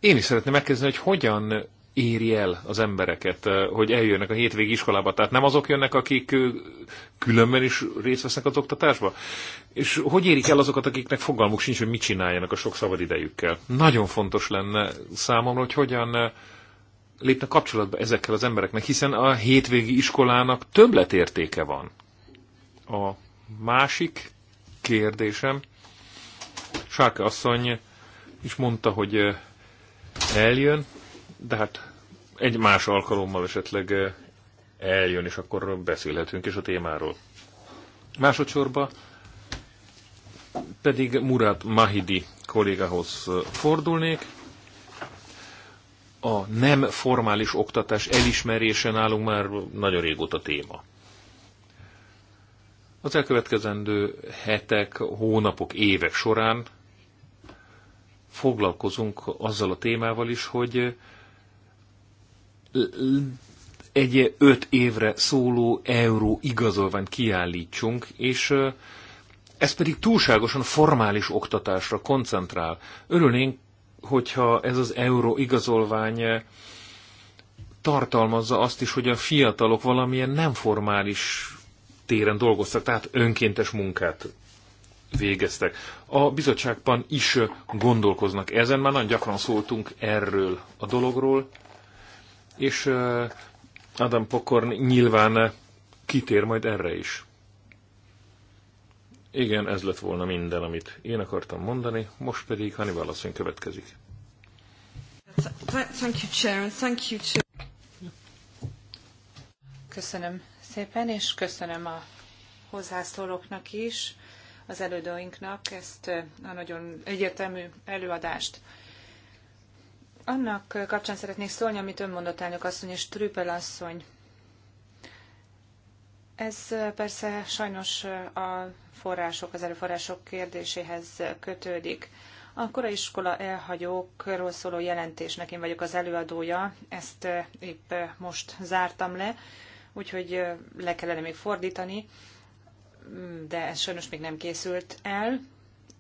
én is szeretném megkezdeni, hogy hogyan éri el az embereket, eh, hogy eljönnek a hétvégi iskolába. Tehát nem azok jönnek, akik eh, különben is részt vesznek az oktatásba? És hogy érik el azokat, akiknek fogalmuk sincs, hogy mit csináljanak a sok idejükkel? Nagyon fontos lenne számomra, hogy hogyan eh, lépnek kapcsolatba ezekkel az embereknek, hiszen a hétvégi iskolának többletértéke van. A másik kérdésem, Sárka asszony is mondta, hogy eljön, de hát egy más alkalommal esetleg eh, eljön, és akkor beszélhetünk is a témáról. Másodszorban pedig Murat Mahidi kollégához eh, fordulnék. A nem formális oktatás elismerése nálunk már nagyon régóta téma. Az elkövetkezendő hetek, hónapok, évek során foglalkozunk azzal a témával is, hogy egy öt évre szóló euró igazolványt kiállítsunk, és ez pedig túlságosan formális oktatásra koncentrál. Örülnénk, hogyha ez az euró igazolvány tartalmazza azt is, hogy a fiatalok valamilyen nem formális téren dolgoztak, tehát önkéntes munkát végeztek. A bizottságban is gondolkoznak ezen, már nagyon gyakran szóltunk erről a dologról, és Adam Pokorn nyilván kitér majd erre is. Igen, ez lett volna minden, amit én akartam mondani, most pedig Hannibal asszony következik. Köszönöm szépen, és köszönöm a hozzászólóknak is, az elődőinknak ezt a nagyon egyetemű előadást annak kapcsán szeretnék szólni, amit ön mondott, elnök asszony és Trüppel asszony. Ez persze sajnos a források, az erőforrások kérdéséhez kötődik. A korai iskola elhagyókról szóló jelentésnek én vagyok az előadója, ezt épp most zártam le, úgyhogy le kellene még fordítani, de ez sajnos még nem készült el.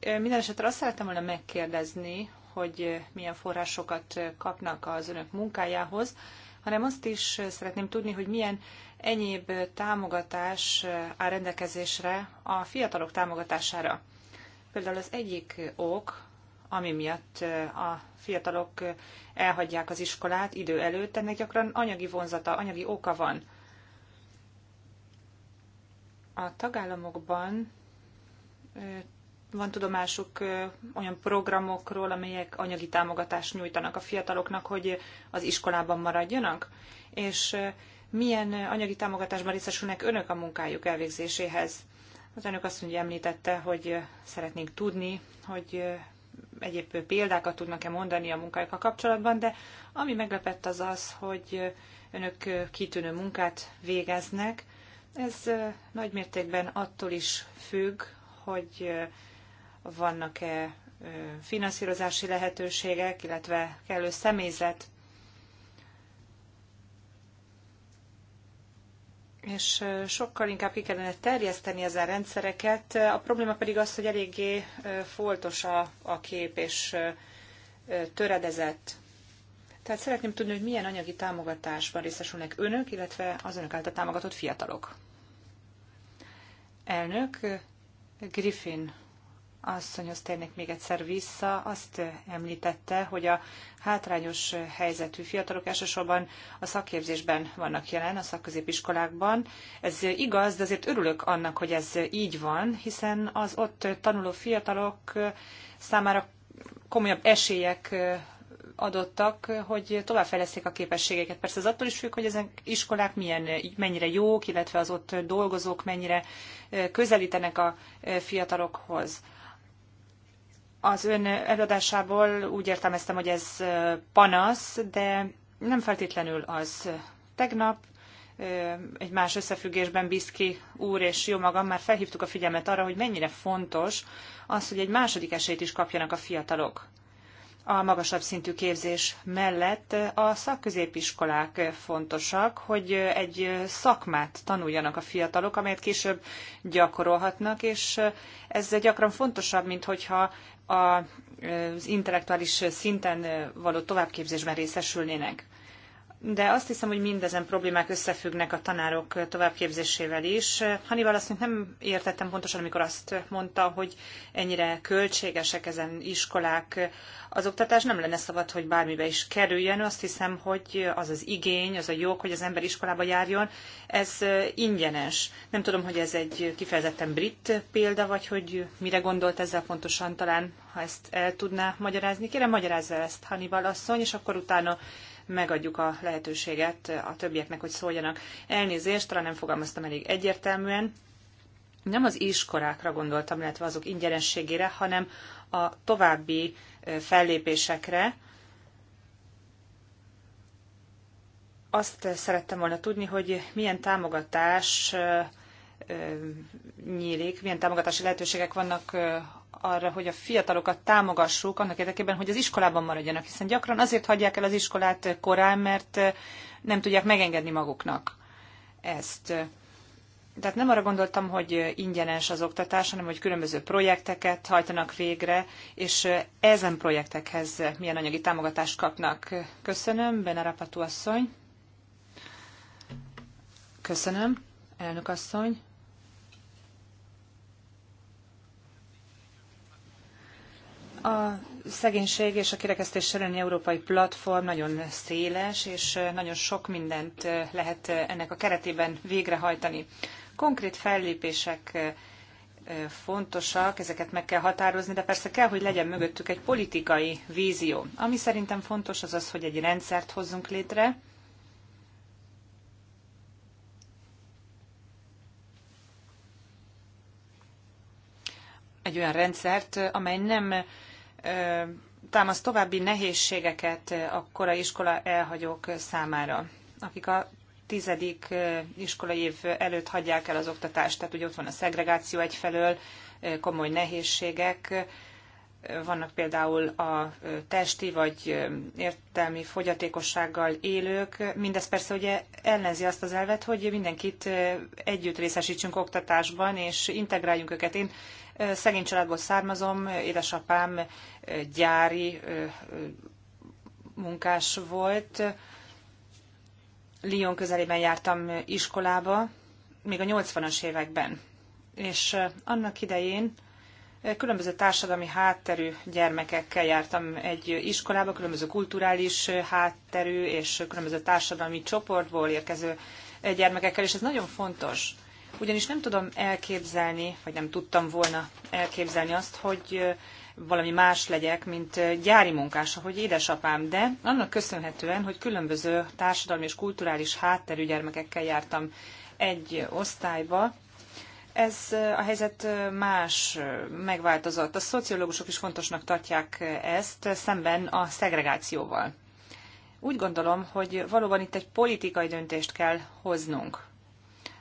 Minden esetre azt szerettem volna megkérdezni, hogy milyen forrásokat kapnak az önök munkájához, hanem azt is szeretném tudni, hogy milyen enyéb támogatás áll rendelkezésre a fiatalok támogatására. Például az egyik ok, ami miatt a fiatalok elhagyják az iskolát idő előtt, ennek gyakran anyagi vonzata, anyagi oka van. A tagállamokban van tudomásuk olyan programokról, amelyek anyagi támogatást nyújtanak a fiataloknak, hogy az iskolában maradjanak? És milyen anyagi támogatásban részesülnek önök a munkájuk elvégzéséhez? Az önök azt mondja, említette, hogy szeretnénk tudni, hogy egyéb példákat tudnak-e mondani a munkájukkal kapcsolatban, de ami meglepett az az, hogy önök kitűnő munkát végeznek. Ez nagy mértékben attól is függ, hogy vannak-e finanszírozási lehetőségek, illetve kellő személyzet. És sokkal inkább ki kellene terjeszteni ezen rendszereket. A probléma pedig az, hogy eléggé foltos a, a kép és töredezett. Tehát szeretném tudni, hogy milyen anyagi támogatásban részesülnek önök, illetve az önök által támogatott fiatalok. Elnök Griffin asszonyhoz térnék még egyszer vissza. Azt említette, hogy a hátrányos helyzetű fiatalok elsősorban a szakképzésben vannak jelen, a szakközépiskolákban. Ez igaz, de azért örülök annak, hogy ez így van, hiszen az ott tanuló fiatalok számára komolyabb esélyek adottak, hogy továbbfejleszték a képességeket. Persze az attól is függ, hogy ezen iskolák milyen, mennyire jók, illetve az ott dolgozók mennyire közelítenek a fiatalokhoz az ön előadásából úgy értelmeztem, hogy ez panasz, de nem feltétlenül az. Tegnap egy más összefüggésben Biszki úr és jó magam már felhívtuk a figyelmet arra, hogy mennyire fontos az, hogy egy második esélyt is kapjanak a fiatalok a magasabb szintű képzés mellett a szakközépiskolák fontosak, hogy egy szakmát tanuljanak a fiatalok, amelyet később gyakorolhatnak, és ez gyakran fontosabb, mint hogyha az intellektuális szinten való továbbképzésben részesülnének de azt hiszem, hogy mindezen problémák összefüggnek a tanárok továbbképzésével is. Hanival azt nem értettem pontosan, amikor azt mondta, hogy ennyire költségesek ezen iskolák. Az oktatás nem lenne szabad, hogy bármibe is kerüljön. Azt hiszem, hogy az az igény, az a jog, hogy az ember iskolába járjon, ez ingyenes. Nem tudom, hogy ez egy kifejezetten brit példa, vagy hogy mire gondolt ezzel pontosan, talán ha ezt el tudná magyarázni. Kérem, magyarázza ezt Hannibal asszony, és akkor utána megadjuk a lehetőséget a többieknek, hogy szóljanak. Elnézést, talán nem fogalmaztam elég egyértelműen. Nem az iskolákra gondoltam, illetve azok ingyenességére, hanem a további fellépésekre, azt szerettem volna tudni, hogy milyen támogatás nyílik, milyen támogatási lehetőségek vannak arra, hogy a fiatalokat támogassuk annak érdekében, hogy az iskolában maradjanak, hiszen gyakran azért hagyják el az iskolát korán, mert nem tudják megengedni maguknak ezt. Tehát nem arra gondoltam, hogy ingyenes az oktatás, hanem hogy különböző projekteket hajtanak végre, és ezen projektekhez milyen anyagi támogatást kapnak. Köszönöm, Benarapatú asszony. Köszönöm, elnök asszony. A szegénység és a kirekesztés elleni európai platform nagyon széles, és nagyon sok mindent lehet ennek a keretében végrehajtani. Konkrét fellépések fontosak, ezeket meg kell határozni, de persze kell, hogy legyen mögöttük egy politikai vízió. Ami szerintem fontos, az az, hogy egy rendszert hozzunk létre, egy olyan rendszert, amely nem támaszt további nehézségeket a korai iskola elhagyók számára, akik a tizedik iskolai év előtt hagyják el az oktatást. Tehát ugye ott van a szegregáció egyfelől, komoly nehézségek, vannak például a testi vagy értelmi fogyatékossággal élők. Mindez persze ugye ellenzi azt az elvet, hogy mindenkit együtt részesítsünk oktatásban, és integráljunk őket. Én Szegény családból származom, édesapám gyári munkás volt. Lyon közelében jártam iskolába, még a 80-as években. És annak idején különböző társadalmi hátterű gyermekekkel jártam egy iskolába, különböző kulturális hátterű és különböző társadalmi csoportból érkező gyermekekkel, és ez nagyon fontos ugyanis nem tudom elképzelni, vagy nem tudtam volna elképzelni azt, hogy valami más legyek, mint gyári munkás, ahogy édesapám, de annak köszönhetően, hogy különböző társadalmi és kulturális hátterű gyermekekkel jártam egy osztályba, ez a helyzet más, megváltozott. A szociológusok is fontosnak tartják ezt szemben a szegregációval. Úgy gondolom, hogy valóban itt egy politikai döntést kell hoznunk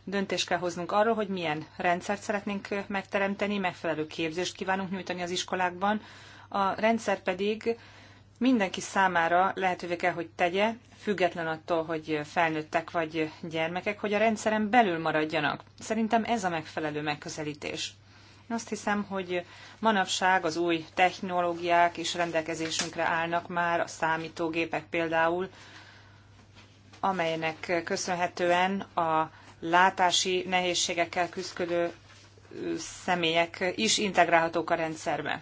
döntést kell hoznunk arról, hogy milyen rendszert szeretnénk megteremteni, megfelelő képzést kívánunk nyújtani az iskolákban. A rendszer pedig mindenki számára lehetővé kell, hogy tegye, független attól, hogy felnőttek vagy gyermekek, hogy a rendszeren belül maradjanak. Szerintem ez a megfelelő megközelítés. azt hiszem, hogy manapság az új technológiák is rendelkezésünkre állnak már, a számítógépek például, amelynek köszönhetően a látási nehézségekkel küzdködő személyek is integrálhatók a rendszerbe.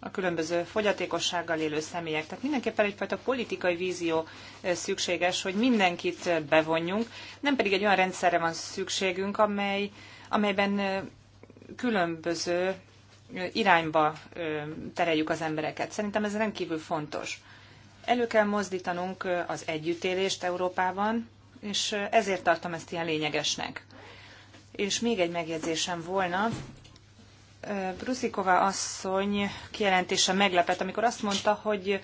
A különböző fogyatékossággal élő személyek. Tehát mindenképpen egyfajta politikai vízió szükséges, hogy mindenkit bevonjunk, nem pedig egy olyan rendszerre van szükségünk, amely, amelyben különböző irányba tereljük az embereket. Szerintem ez rendkívül fontos. Elő kell mozdítanunk az együttélést Európában, és ezért tartom ezt ilyen lényegesnek. És még egy megjegyzésem volna. Brusikova asszony kijelentése meglepett, amikor azt mondta, hogy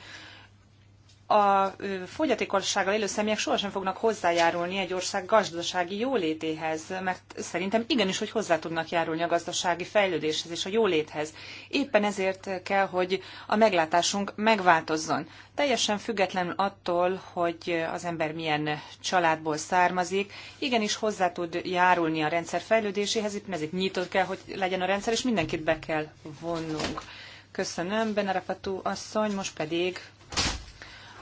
a fogyatékossággal élő személyek sohasem fognak hozzájárulni egy ország gazdasági jólétéhez, mert szerintem igenis, hogy hozzá tudnak járulni a gazdasági fejlődéshez és a jóléthez. Éppen ezért kell, hogy a meglátásunk megváltozzon. Teljesen függetlenül attól, hogy az ember milyen családból származik, igenis hozzá tud járulni a rendszer fejlődéséhez, éppen ezért nyitott kell, hogy legyen a rendszer, és mindenkit be kell vonnunk. Köszönöm, Benarapatú asszony, most pedig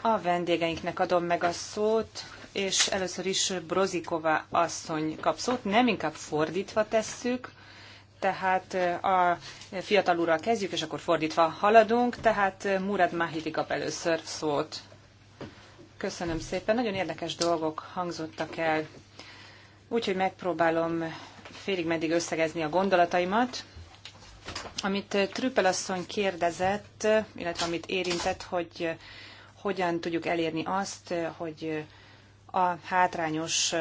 a vendégeinknek adom meg a szót, és először is Brozikova asszony kap szót. Nem inkább fordítva tesszük, tehát eh, a fiatal úrral kezdjük, és akkor fordítva haladunk, tehát eh, Murad Mahidi kap először szót. Köszönöm szépen, nagyon érdekes dolgok hangzottak el, úgyhogy megpróbálom félig meddig összegezni a gondolataimat. Amit eh, Trüppel asszony kérdezett, illetve amit érintett, hogy hogyan tudjuk elérni azt, hogy a hátrányos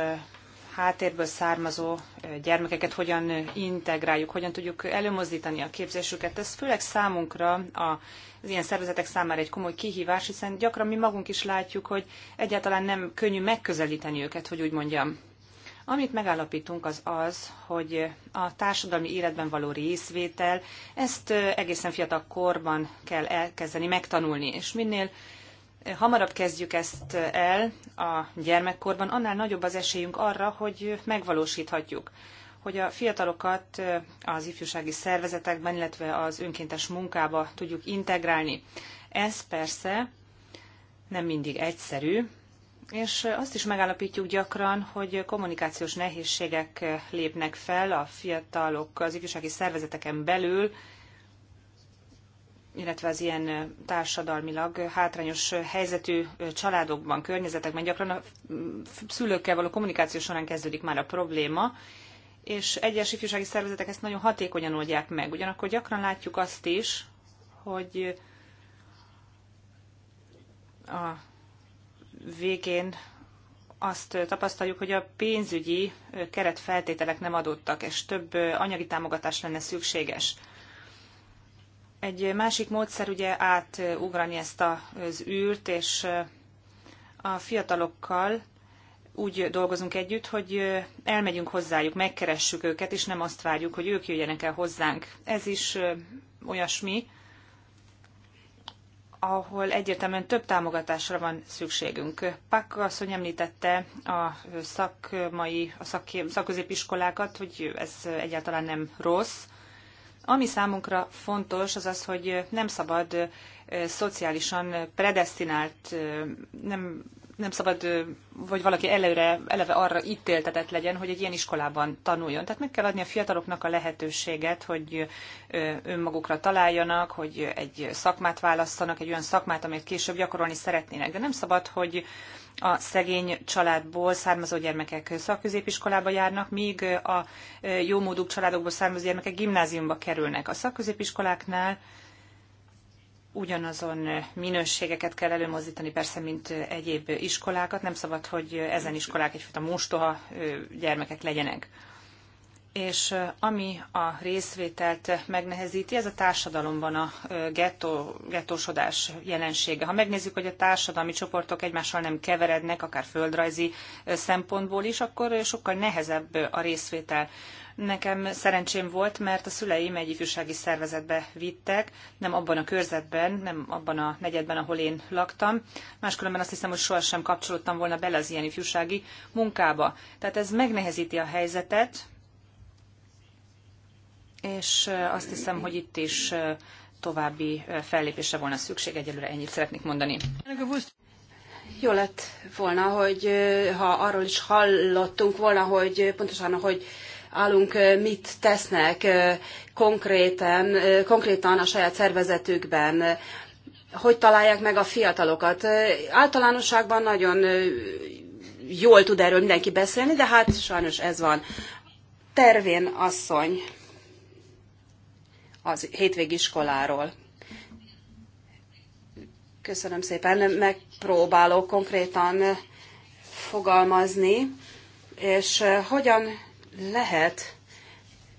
háttérből származó gyermekeket hogyan integráljuk, hogyan tudjuk előmozdítani a képzésüket. Ez főleg számunkra, az ilyen szervezetek számára egy komoly kihívás, hiszen gyakran mi magunk is látjuk, hogy egyáltalán nem könnyű megközelíteni őket, hogy úgy mondjam. Amit megállapítunk az az, hogy a társadalmi életben való részvétel, ezt egészen fiatal korban kell elkezdeni megtanulni, és minél hamarabb kezdjük ezt el a gyermekkorban, annál nagyobb az esélyünk arra, hogy megvalósíthatjuk hogy a fiatalokat az ifjúsági szervezetekben, illetve az önkéntes munkába tudjuk integrálni. Ez persze nem mindig egyszerű, és azt is megállapítjuk gyakran, hogy kommunikációs nehézségek lépnek fel a fiatalok az ifjúsági szervezeteken belül, illetve az ilyen társadalmilag hátrányos helyzetű családokban, környezetekben gyakran a szülőkkel való kommunikáció során kezdődik már a probléma, és egyes ifjúsági szervezetek ezt nagyon hatékonyan oldják meg. Ugyanakkor gyakran látjuk azt is, hogy a végén azt tapasztaljuk, hogy a pénzügyi keretfeltételek nem adottak, és több anyagi támogatás lenne szükséges. Egy másik módszer ugye átugrani ezt az űrt, és a fiatalokkal úgy dolgozunk együtt, hogy elmegyünk hozzájuk, megkeressük őket, és nem azt várjuk, hogy ők jöjjenek el hozzánk. Ez is olyasmi, ahol egyértelműen több támogatásra van szükségünk. Pak asszony említette a szakmai, a szakkép, szakközépiskolákat, hogy ez egyáltalán nem rossz, ami számunkra fontos, az az, hogy nem szabad szociálisan predestinált, nem, nem szabad, vagy valaki előre, eleve arra ítéltetett legyen, hogy egy ilyen iskolában tanuljon. Tehát meg kell adni a fiataloknak a lehetőséget, hogy önmagukra találjanak, hogy egy szakmát választanak, egy olyan szakmát, amit később gyakorolni szeretnének. De nem szabad, hogy a szegény családból származó gyermekek szakközépiskolába járnak, míg a jómódú családokból származó gyermekek gimnáziumba kerülnek. A szakközépiskoláknál ugyanazon minőségeket kell előmozdítani, persze, mint egyéb iskolákat. Nem szabad, hogy ezen iskolák egyfajta mostoha gyermekek legyenek és ami a részvételt megnehezíti, ez a társadalomban a gettó, gettósodás jelensége. Ha megnézzük, hogy a társadalmi csoportok egymással nem keverednek, akár földrajzi szempontból is, akkor sokkal nehezebb a részvétel. Nekem szerencsém volt, mert a szüleim egy ifjúsági szervezetbe vittek, nem abban a körzetben, nem abban a negyedben, ahol én laktam. Máskülönben azt hiszem, hogy sohasem kapcsolódtam volna bele az ilyen ifjúsági munkába. Tehát ez megnehezíti a helyzetet, és azt hiszem, hogy itt is további fellépésre volna szükség. Egyelőre ennyit szeretnék mondani. Jó lett volna, hogy ha arról is hallottunk volna, hogy pontosan, hogy állunk, mit tesznek konkrétan, konkrétan a saját szervezetükben, hogy találják meg a fiatalokat. Általánosságban nagyon jól tud erről mindenki beszélni, de hát sajnos ez van. Tervén asszony az hétvégi iskoláról. Köszönöm szépen, megpróbálok konkrétan fogalmazni, és hogyan lehet,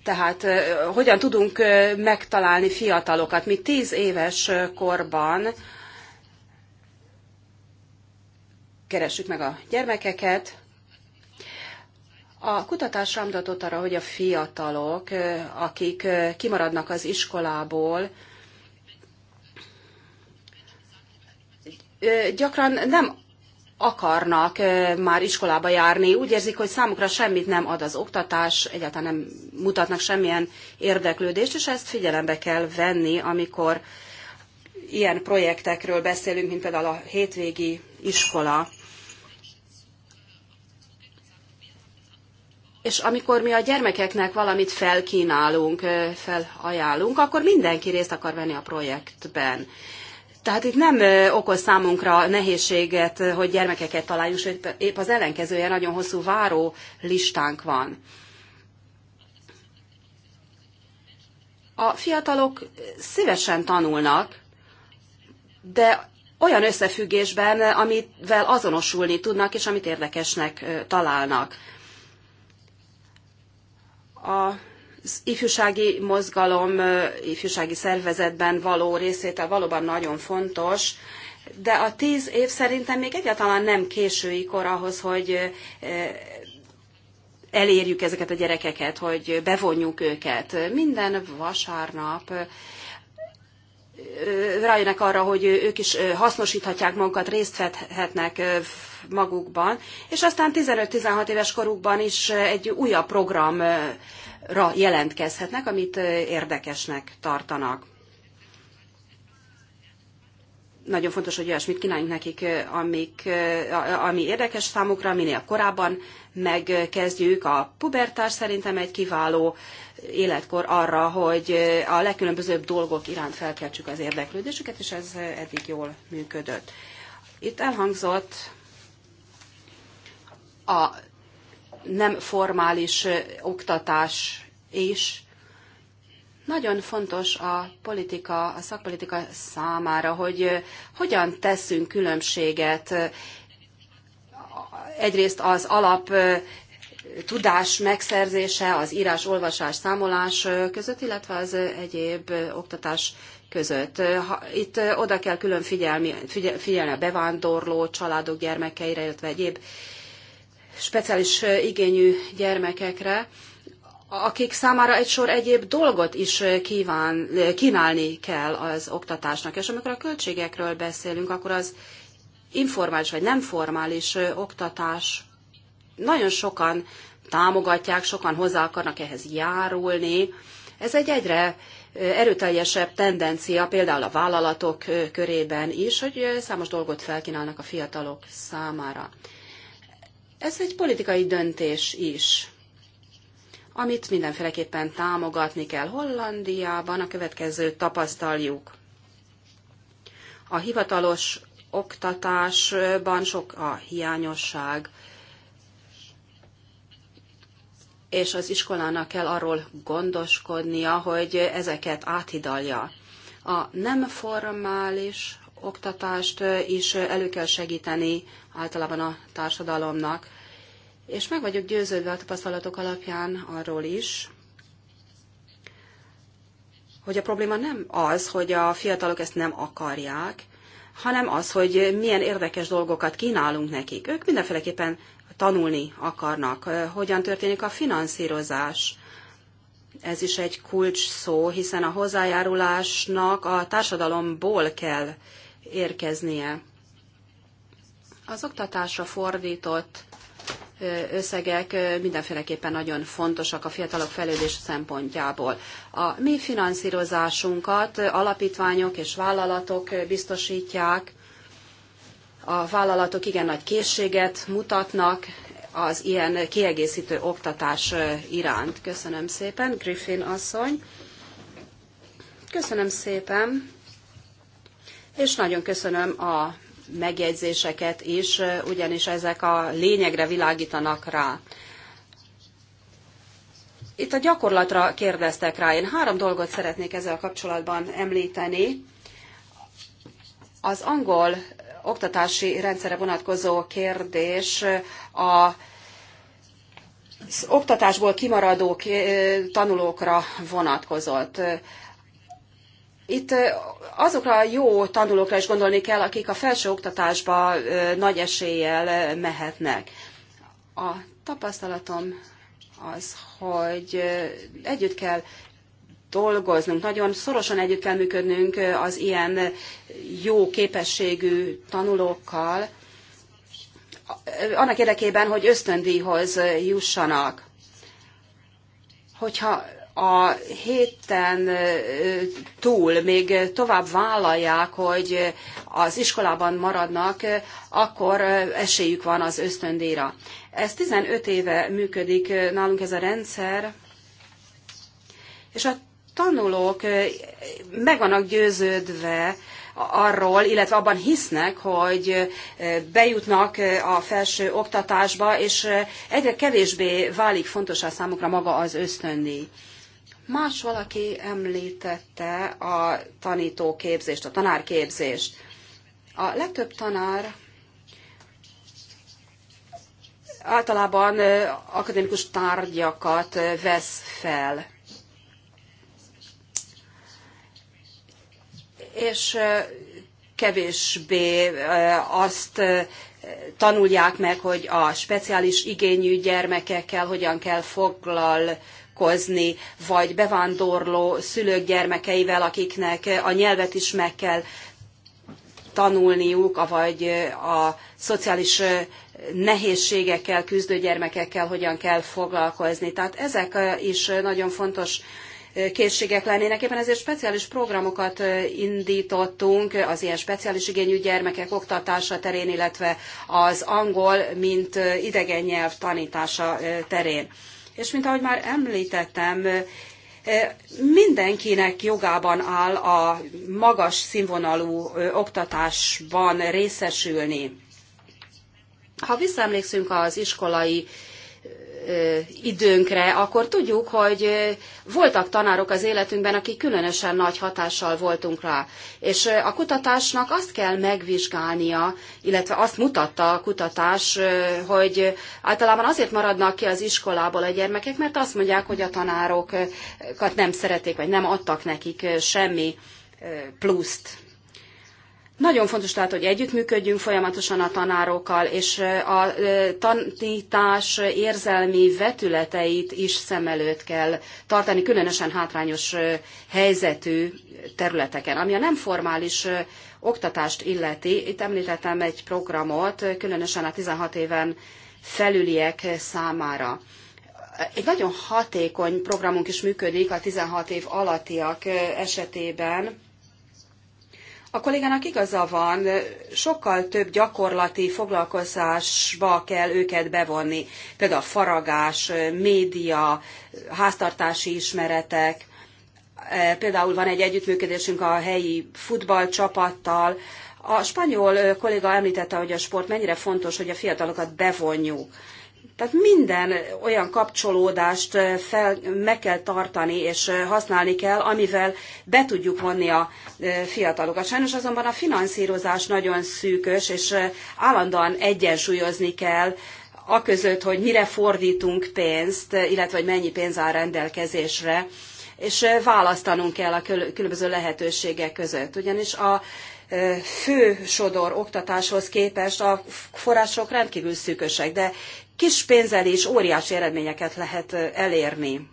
tehát hogyan tudunk megtalálni fiatalokat. Mi tíz éves korban keressük meg a gyermekeket, a kutatás rámutatott arra, hogy a fiatalok, akik kimaradnak az iskolából, gyakran nem akarnak már iskolába járni, úgy érzik, hogy számukra semmit nem ad az oktatás, egyáltalán nem mutatnak semmilyen érdeklődést, és ezt figyelembe kell venni, amikor ilyen projektekről beszélünk, mint például a hétvégi iskola. és amikor mi a gyermekeknek valamit felkínálunk, felajánlunk, akkor mindenki részt akar venni a projektben. Tehát itt nem okoz számunkra nehézséget, hogy gyermekeket találjunk, sőt épp az ellenkezője nagyon hosszú váró listánk van. A fiatalok szívesen tanulnak, de olyan összefüggésben, amivel azonosulni tudnak, és amit érdekesnek találnak az ifjúsági mozgalom, ifjúsági szervezetben való részvétel valóban nagyon fontos, de a tíz év szerintem még egyáltalán nem késői kor ahhoz, hogy elérjük ezeket a gyerekeket, hogy bevonjuk őket. Minden vasárnap rájönnek arra, hogy ők is hasznosíthatják magukat, részt vethetnek magukban, és aztán 15-16 éves korukban is eh, egy újabb programra jelentkezhetnek, amit eh, érdekesnek tartanak. Nagyon fontos, hogy olyasmit kínáljunk nekik, eh, amik, ami érdekes számukra, minél korábban megkezdjük. A pubertás szerintem egy kiváló életkor arra, hogy a legkülönbözőbb dolgok iránt felkeltsük az érdeklődésüket, és ez eddig jól működött. Itt elhangzott a nem formális oktatás is. Nagyon fontos a politika, a szakpolitika számára, hogy hogyan teszünk különbséget egyrészt az alap tudás megszerzése, az írás, olvasás, számolás között, illetve az egyéb oktatás között. Itt oda kell külön figyelni, figyelni a bevándorló családok gyermekeire, illetve egyéb speciális igényű gyermekekre, akik számára egy sor egyéb dolgot is kíván, kínálni kell az oktatásnak. És amikor a költségekről beszélünk, akkor az informális vagy nem formális oktatás nagyon sokan támogatják, sokan hozzá akarnak ehhez járulni. Ez egy egyre erőteljesebb tendencia például a vállalatok körében is, hogy számos dolgot felkínálnak a fiatalok számára. Ez egy politikai döntés is, amit mindenféleképpen támogatni kell Hollandiában, a következő tapasztaljuk. A hivatalos oktatásban sok a hiányosság, és az iskolának kell arról gondoskodnia, hogy ezeket áthidalja. A nem formális oktatást is elő kell segíteni általában a társadalomnak, és meg vagyok győződve a tapasztalatok alapján arról is, hogy a probléma nem az, hogy a fiatalok ezt nem akarják, hanem az, hogy milyen érdekes dolgokat kínálunk nekik. Ők mindenféleképpen tanulni akarnak, hogyan történik a finanszírozás. Ez is egy kulcs szó, hiszen a hozzájárulásnak a társadalomból kell érkeznie. Az oktatásra fordított összegek mindenféleképpen nagyon fontosak a fiatalok fejlődés szempontjából. A mi finanszírozásunkat alapítványok és vállalatok biztosítják, a vállalatok igen nagy készséget mutatnak az ilyen kiegészítő oktatás iránt. Köszönöm szépen, Griffin asszony. Köszönöm szépen, és nagyon köszönöm a megjegyzéseket is, ugyanis ezek a lényegre világítanak rá. Itt a gyakorlatra kérdeztek rá. Én három dolgot szeretnék ezzel kapcsolatban említeni. Az angol oktatási rendszerre vonatkozó kérdés a az oktatásból kimaradó tanulókra vonatkozott. Itt azokra a jó tanulókra is gondolni kell, akik a felsőoktatásba nagy eséllyel mehetnek. A tapasztalatom az, hogy együtt kell dolgoznunk, nagyon szorosan együtt kell működnünk az ilyen jó képességű tanulókkal, annak érdekében, hogy ösztöndíjhoz jussanak. Hogyha a héten túl még tovább vállalják, hogy az iskolában maradnak, akkor esélyük van az ösztöndíjra. Ez 15 éve működik nálunk ez a rendszer, és a tanulók meg vannak győződve arról, illetve abban hisznek, hogy bejutnak a felső oktatásba, és egyre kevésbé válik fontos a számukra maga az ösztöndíj. Más valaki említette a tanítóképzést, a tanárképzést. A legtöbb tanár általában akadémikus tárgyakat vesz fel. És kevésbé azt tanulják meg, hogy a speciális igényű gyermekekkel hogyan kell foglalkozni találkozni, vagy bevándorló szülők gyermekeivel, akiknek a nyelvet is meg kell tanulniuk, vagy a szociális nehézségekkel küzdő gyermekekkel hogyan kell foglalkozni. Tehát ezek is nagyon fontos készségek lennének. Éppen ezért speciális programokat indítottunk az ilyen speciális igényű gyermekek oktatása terén, illetve az angol, mint idegen nyelv tanítása terén. És mint ahogy már említettem, mindenkinek jogában áll a magas színvonalú oktatásban részesülni. Ha visszaemlékszünk az iskolai időnkre, akkor tudjuk, hogy voltak tanárok az életünkben, akik különösen nagy hatással voltunk rá. És a kutatásnak azt kell megvizsgálnia, illetve azt mutatta a kutatás, hogy általában azért maradnak ki az iskolából a gyermekek, mert azt mondják, hogy a tanárokat nem szerették, vagy nem adtak nekik semmi pluszt. Nagyon fontos tehát, hogy együttműködjünk folyamatosan a tanárokkal, és a tanítás érzelmi vetületeit is szem előtt kell tartani, különösen hátrányos helyzetű területeken. Ami a nem formális oktatást illeti, itt említettem egy programot, különösen a 16 éven felüliek számára. Egy nagyon hatékony programunk is működik a 16 év alattiak esetében, a kollégának igaza van, sokkal több gyakorlati foglalkozásba kell őket bevonni, például a faragás, média, háztartási ismeretek. E, például van egy együttműködésünk a helyi futballcsapattal. A spanyol kolléga említette, hogy a sport mennyire fontos, hogy a fiatalokat bevonjuk. Tehát minden olyan kapcsolódást eh, fel, meg kell tartani és eh, használni kell, amivel be tudjuk vonni a eh, fiatalokat. Sajnos azonban a finanszírozás nagyon szűkös, és állandóan egyensúlyozni kell aközött, hogy mire fordítunk pénzt, illetve hogy mennyi pénz áll rendelkezésre, és választanunk kell a különböző lehetőségek között. Ugyanis a fő sodor oktatáshoz képest a források rendkívül szűkösek, de kis pénzzel is óriási eredményeket lehet elérni.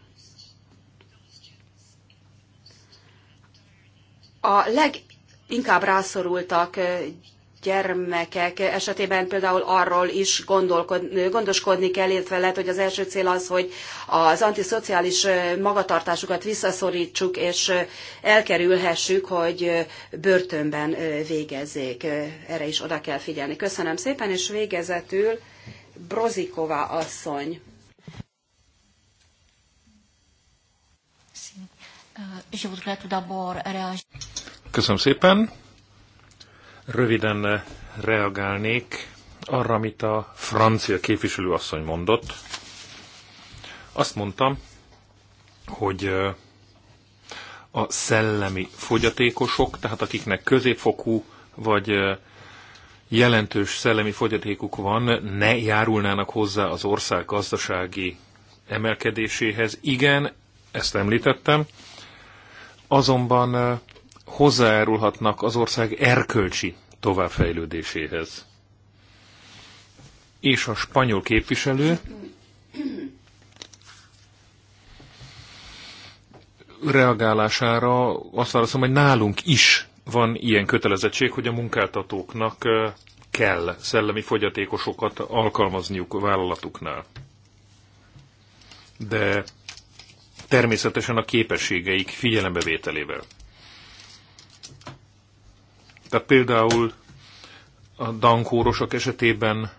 A leginkább rászorultak gyermekek esetében például arról is gondoskodni kell, illetve lehet, hogy az első cél az, hogy az antiszociális magatartásukat visszaszorítsuk, és elkerülhessük, hogy börtönben végezzék. Erre is oda kell figyelni. Köszönöm szépen, és végezetül Brozikova asszony. Köszönöm szépen. Röviden reagálnék arra, amit a francia képviselő asszony mondott. Azt mondtam, hogy a szellemi fogyatékosok, tehát akiknek középfokú vagy jelentős szellemi fogyatékuk van, ne járulnának hozzá az ország gazdasági emelkedéséhez. Igen, ezt említettem, azonban hozzájárulhatnak az ország erkölcsi továbbfejlődéséhez. És a spanyol képviselő reagálására azt válaszolom, hogy nálunk is van ilyen kötelezettség, hogy a munkáltatóknak kell szellemi fogyatékosokat alkalmazniuk vállalatuknál. De természetesen a képességeik figyelembevételével. Tehát például a dankórosok esetében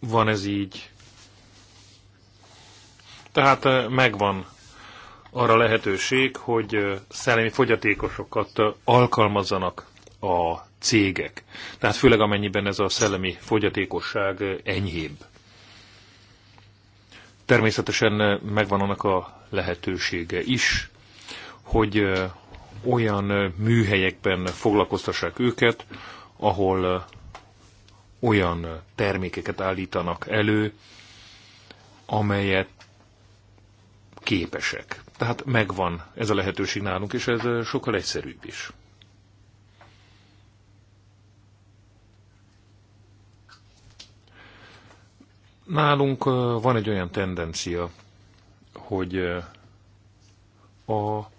van ez így. Tehát megvan arra lehetőség, hogy szellemi fogyatékosokat alkalmazzanak a cégek. Tehát főleg amennyiben ez a szellemi fogyatékosság enyhébb. Természetesen megvan annak a lehetősége is, hogy olyan műhelyekben foglalkoztassák őket, ahol olyan termékeket állítanak elő, amelyet képesek tehát megvan ez a lehetőség nálunk, és ez sokkal egyszerűbb is. Nálunk van egy olyan tendencia, hogy a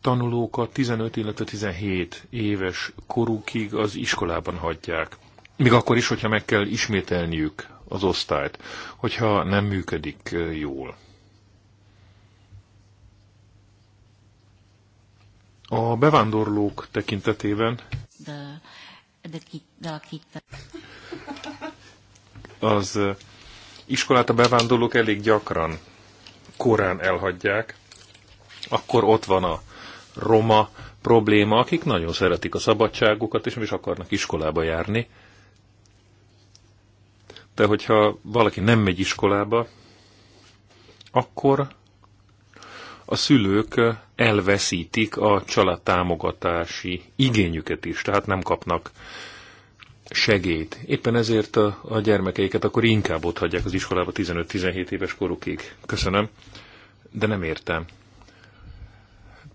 tanulókat 15, illetve 17 éves korukig az iskolában hagyják. Még akkor is, hogyha meg kell ismételniük az osztályt, hogyha nem működik jól A bevándorlók tekintetében az iskolát a bevándorlók elég gyakran korán elhagyják, akkor ott van a roma probléma, akik nagyon szeretik a szabadságukat, és nem is akarnak iskolába járni. De hogyha valaki nem megy iskolába, akkor a szülők elveszítik a családtámogatási igényüket is, tehát nem kapnak segélyt. Éppen ezért a, a gyermekeiket akkor inkább ott hagyják az iskolába 15-17 éves korukig. Köszönöm, de nem értem.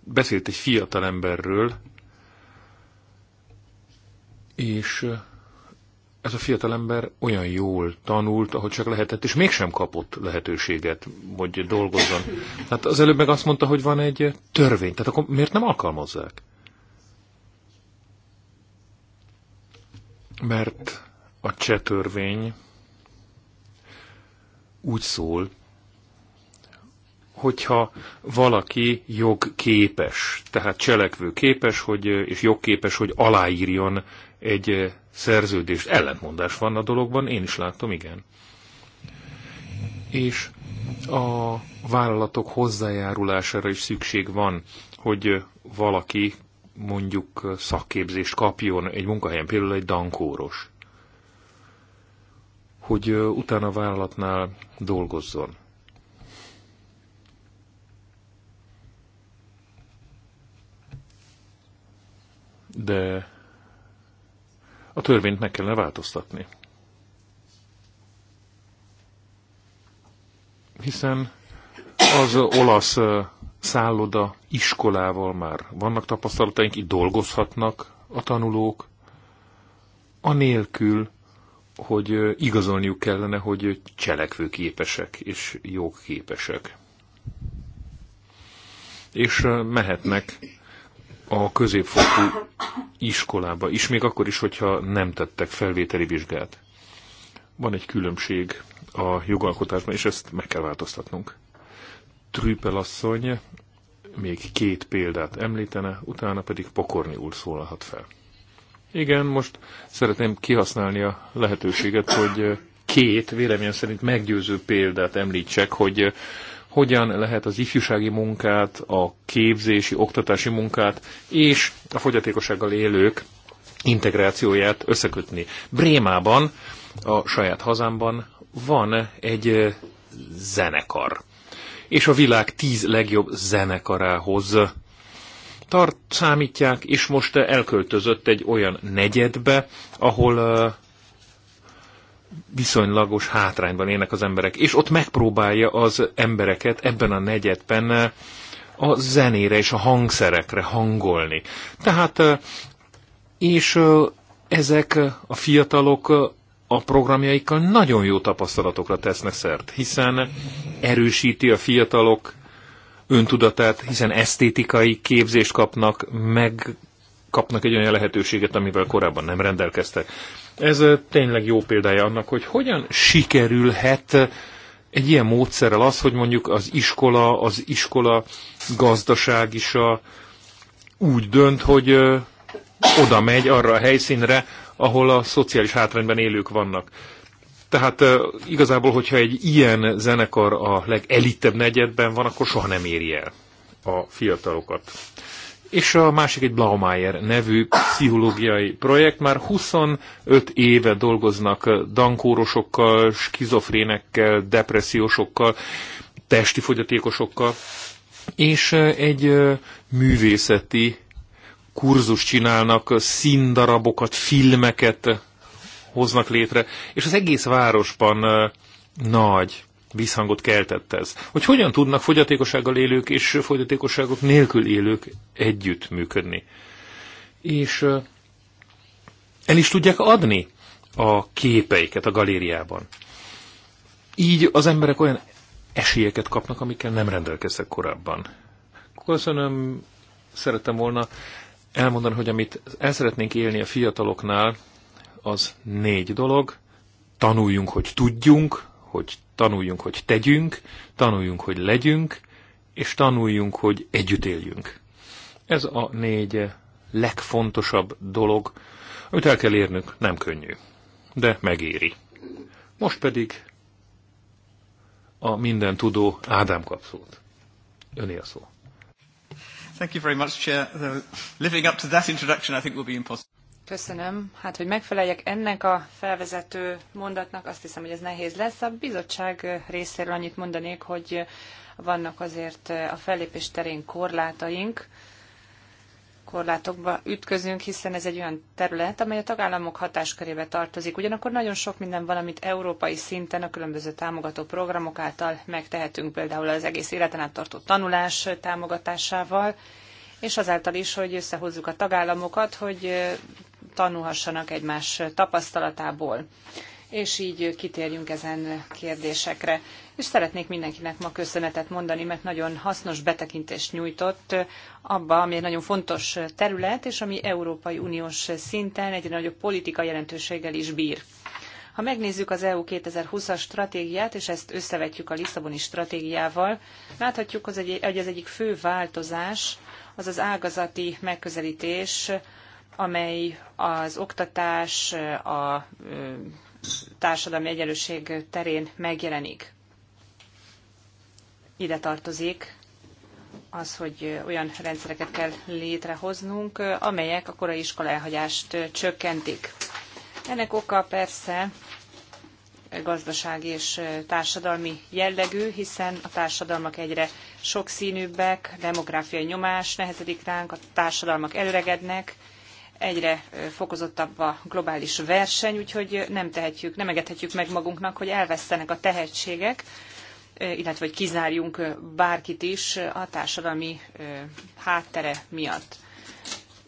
Beszélt egy fiatal emberről, és ez a fiatalember olyan jól tanult, ahogy csak lehetett, és mégsem kapott lehetőséget, hogy dolgozzon. Hát az előbb meg azt mondta, hogy van egy törvény, tehát akkor miért nem alkalmazzák? Mert a cseh törvény úgy szól, hogyha valaki jogképes, tehát cselekvő képes, hogy, és jogképes, hogy aláírjon egy szerződést. Ellentmondás van a dologban, én is láttam, igen. És a vállalatok hozzájárulására is szükség van, hogy valaki mondjuk szakképzést kapjon egy munkahelyen, például egy dankóros, hogy utána a vállalatnál dolgozzon. De a törvényt meg kellene változtatni. Hiszen az olasz szálloda iskolával már vannak tapasztalataink, itt dolgozhatnak a tanulók, anélkül, hogy igazolniuk kellene, hogy cselekvőképesek és jogképesek. És mehetnek a középfokú iskolába is, még akkor is, hogyha nem tettek felvételi vizsgát. Van egy különbség a jogalkotásban, és ezt meg kell változtatnunk. Trüppel asszony még két példát említene, utána pedig Pokorni úr szólalhat fel. Igen, most szeretném kihasználni a lehetőséget, hogy két véleményem szerint meggyőző példát említsek, hogy hogyan lehet az ifjúsági munkát, a képzési, oktatási munkát és a fogyatékossággal élők integrációját összekötni. Brémában, a saját hazámban van egy zenekar, és a világ tíz legjobb zenekarához tart számítják, és most elköltözött egy olyan negyedbe, ahol viszonylagos hátrányban élnek az emberek, és ott megpróbálja az embereket ebben a negyedben eh, a zenére és a hangszerekre hangolni. Tehát, eh, és eh, ezek a fiatalok a programjaikkal nagyon jó tapasztalatokra tesznek szert, hiszen erősíti a fiatalok öntudatát, hiszen esztétikai képzést kapnak, meg kapnak egy olyan lehetőséget, amivel korábban nem rendelkeztek. Ez tényleg jó példája annak, hogy hogyan sikerülhet egy ilyen módszerrel az, hogy mondjuk az iskola, az iskola gazdaság is a, úgy dönt, hogy ö, oda megy arra a helyszínre, ahol a szociális hátrányban élők vannak. Tehát ö, igazából, hogyha egy ilyen zenekar a legelitebb negyedben van, akkor soha nem éri el a fiatalokat és a másik egy Blaumeier nevű pszichológiai projekt. Már 25 éve dolgoznak dankórosokkal, skizofrénekkel, depressziósokkal, testi fogyatékosokkal, és egy művészeti kurzus csinálnak, színdarabokat, filmeket hoznak létre, és az egész városban nagy visszhangot keltett ez. Hogy hogyan tudnak fogyatékossággal élők és fogyatékosságok nélkül élők együtt működni. És el is tudják adni a képeiket a galériában. Így az emberek olyan esélyeket kapnak, amikkel nem rendelkeztek korábban. Köszönöm, szerettem volna elmondani, hogy amit el szeretnénk élni a fiataloknál, az négy dolog. Tanuljunk, hogy tudjunk, hogy Tanuljunk, hogy tegyünk, tanuljunk, hogy legyünk, és tanuljunk, hogy együtt éljünk. Ez a négy legfontosabb dolog, amit el kell érnünk, nem könnyű, de megéri. Most pedig a minden tudó Ádám kapszót. Öné a szó. Thank you very much, Chair. Living up to that introduction, I think, will be impossible. Köszönöm. Hát, hogy megfeleljek ennek a felvezető mondatnak, azt hiszem, hogy ez nehéz lesz. A bizottság részéről annyit mondanék, hogy vannak azért a fellépés terén korlátaink, korlátokba ütközünk, hiszen ez egy olyan terület, amely a tagállamok hatáskörébe tartozik. Ugyanakkor nagyon sok minden van, amit európai szinten a különböző támogató programok által megtehetünk, például az egész életen át tartó tanulás támogatásával, és azáltal is, hogy összehozzuk a tagállamokat, hogy tanulhassanak egymás tapasztalatából, és így kitérjünk ezen kérdésekre. És szeretnék mindenkinek ma köszönetet mondani, mert nagyon hasznos betekintést nyújtott abba, ami egy nagyon fontos terület, és ami Európai Uniós szinten egy nagyobb politikai jelentőséggel is bír. Ha megnézzük az EU 2020-as stratégiát, és ezt összevetjük a Lisszaboni stratégiával, láthatjuk, hogy az egyik fő változás az az ágazati megközelítés amely az oktatás, a társadalmi egyenlőség terén megjelenik. Ide tartozik az, hogy olyan rendszereket kell létrehoznunk, amelyek a korai iskola elhagyást csökkentik. Ennek oka persze gazdasági és társadalmi jellegű, hiszen a társadalmak egyre sokszínűbbek, demográfiai nyomás nehezedik ránk, a társadalmak előregednek, egyre fokozottabb a globális verseny, úgyhogy nem tehetjük, nem engedhetjük meg magunknak, hogy elvesztenek a tehetségek, illetve hogy kizárjunk bárkit is a társadalmi háttere miatt.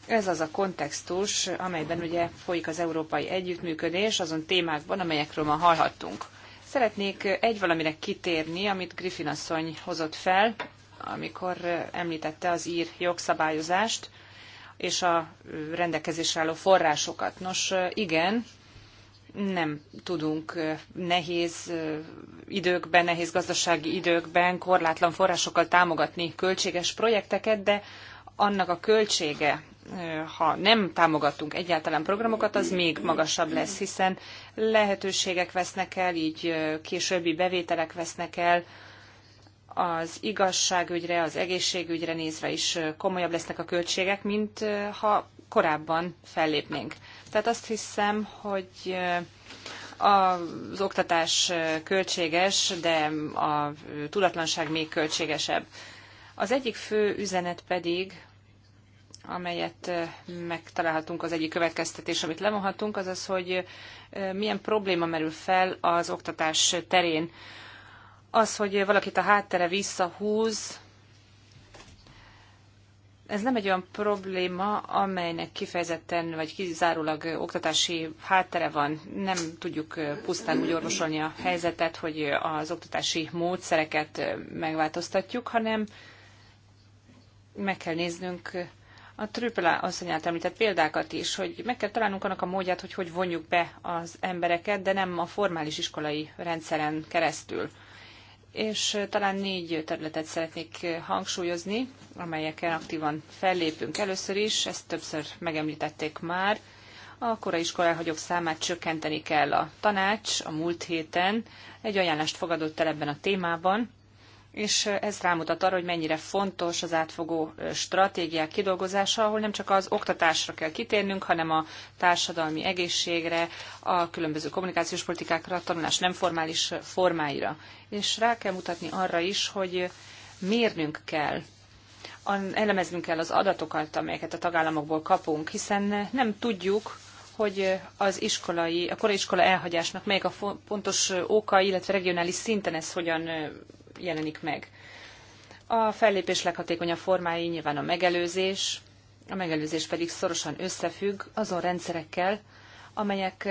Ez az a kontextus, amelyben ugye folyik az európai együttműködés azon témákban, amelyekről ma hallhattunk. Szeretnék egy valamire kitérni, amit Griffin asszony hozott fel, amikor említette az ír jogszabályozást, és a rendelkezésre álló forrásokat. Nos, igen, nem tudunk nehéz időkben, nehéz gazdasági időkben korlátlan forrásokkal támogatni költséges projekteket, de annak a költsége, ha nem támogatunk egyáltalán programokat, az még magasabb lesz, hiszen lehetőségek vesznek el, így későbbi bevételek vesznek el, az igazságügyre, az egészségügyre nézve is komolyabb lesznek a költségek, mint ha korábban fellépnénk. Tehát azt hiszem, hogy az oktatás költséges, de a tudatlanság még költségesebb. Az egyik fő üzenet pedig, amelyet megtalálhatunk, az egyik következtetés, amit levonhatunk, az az, hogy milyen probléma merül fel az oktatás terén az, hogy valakit a háttere visszahúz, ez nem egy olyan probléma, amelynek kifejezetten vagy kizárólag oktatási háttere van. Nem tudjuk pusztán úgy orvosolni a helyzetet, hogy az oktatási módszereket megváltoztatjuk, hanem meg kell néznünk a Trüppel asszonyát említett példákat is, hogy meg kell találnunk annak a módját, hogy hogy vonjuk be az embereket, de nem a formális iskolai rendszeren keresztül és talán négy területet szeretnék hangsúlyozni, amelyeken aktívan fellépünk. Először is, ezt többször megemlítették már, a korai iskola számát csökkenteni kell. A tanács a múlt héten egy ajánlást fogadott el ebben a témában, és ez rámutat arra, hogy mennyire fontos az átfogó stratégiák kidolgozása, ahol nem csak az oktatásra kell kitérnünk, hanem a társadalmi egészségre, a különböző kommunikációs politikákra, a tanulás nem formális formáira. És rá kell mutatni arra is, hogy mérnünk kell elemeznünk kell az adatokat, amelyeket a tagállamokból kapunk, hiszen nem tudjuk, hogy az iskolai, a korai iskola elhagyásnak melyek a pontos oka, illetve regionális szinten ez hogyan jelenik meg. A fellépés leghatékonyabb formái nyilván a megelőzés, a megelőzés pedig szorosan összefügg azon rendszerekkel, amelyek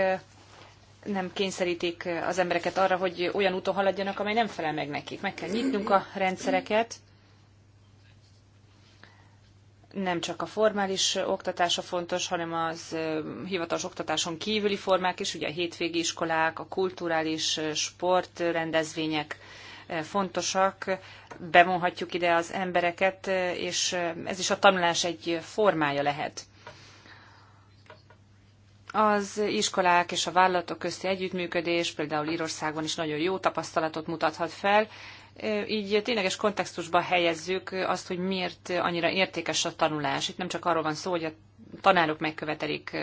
nem kényszerítik az embereket arra, hogy olyan úton haladjanak, amely nem felel meg nekik. Meg kell nyitnunk a rendszereket, nem csak a formális oktatása fontos, hanem az hivatalos oktatáson kívüli formák is, ugye a hétvégi iskolák, a kulturális sportrendezvények, fontosak, bevonhatjuk ide az embereket, és ez is a tanulás egy formája lehet. Az iskolák és a vállalatok közti együttműködés például Írországban is nagyon jó tapasztalatot mutathat fel, így tényleges kontextusba helyezzük azt, hogy miért annyira értékes a tanulás. Itt nem csak arról van szó, hogy a tanárok megkövetelik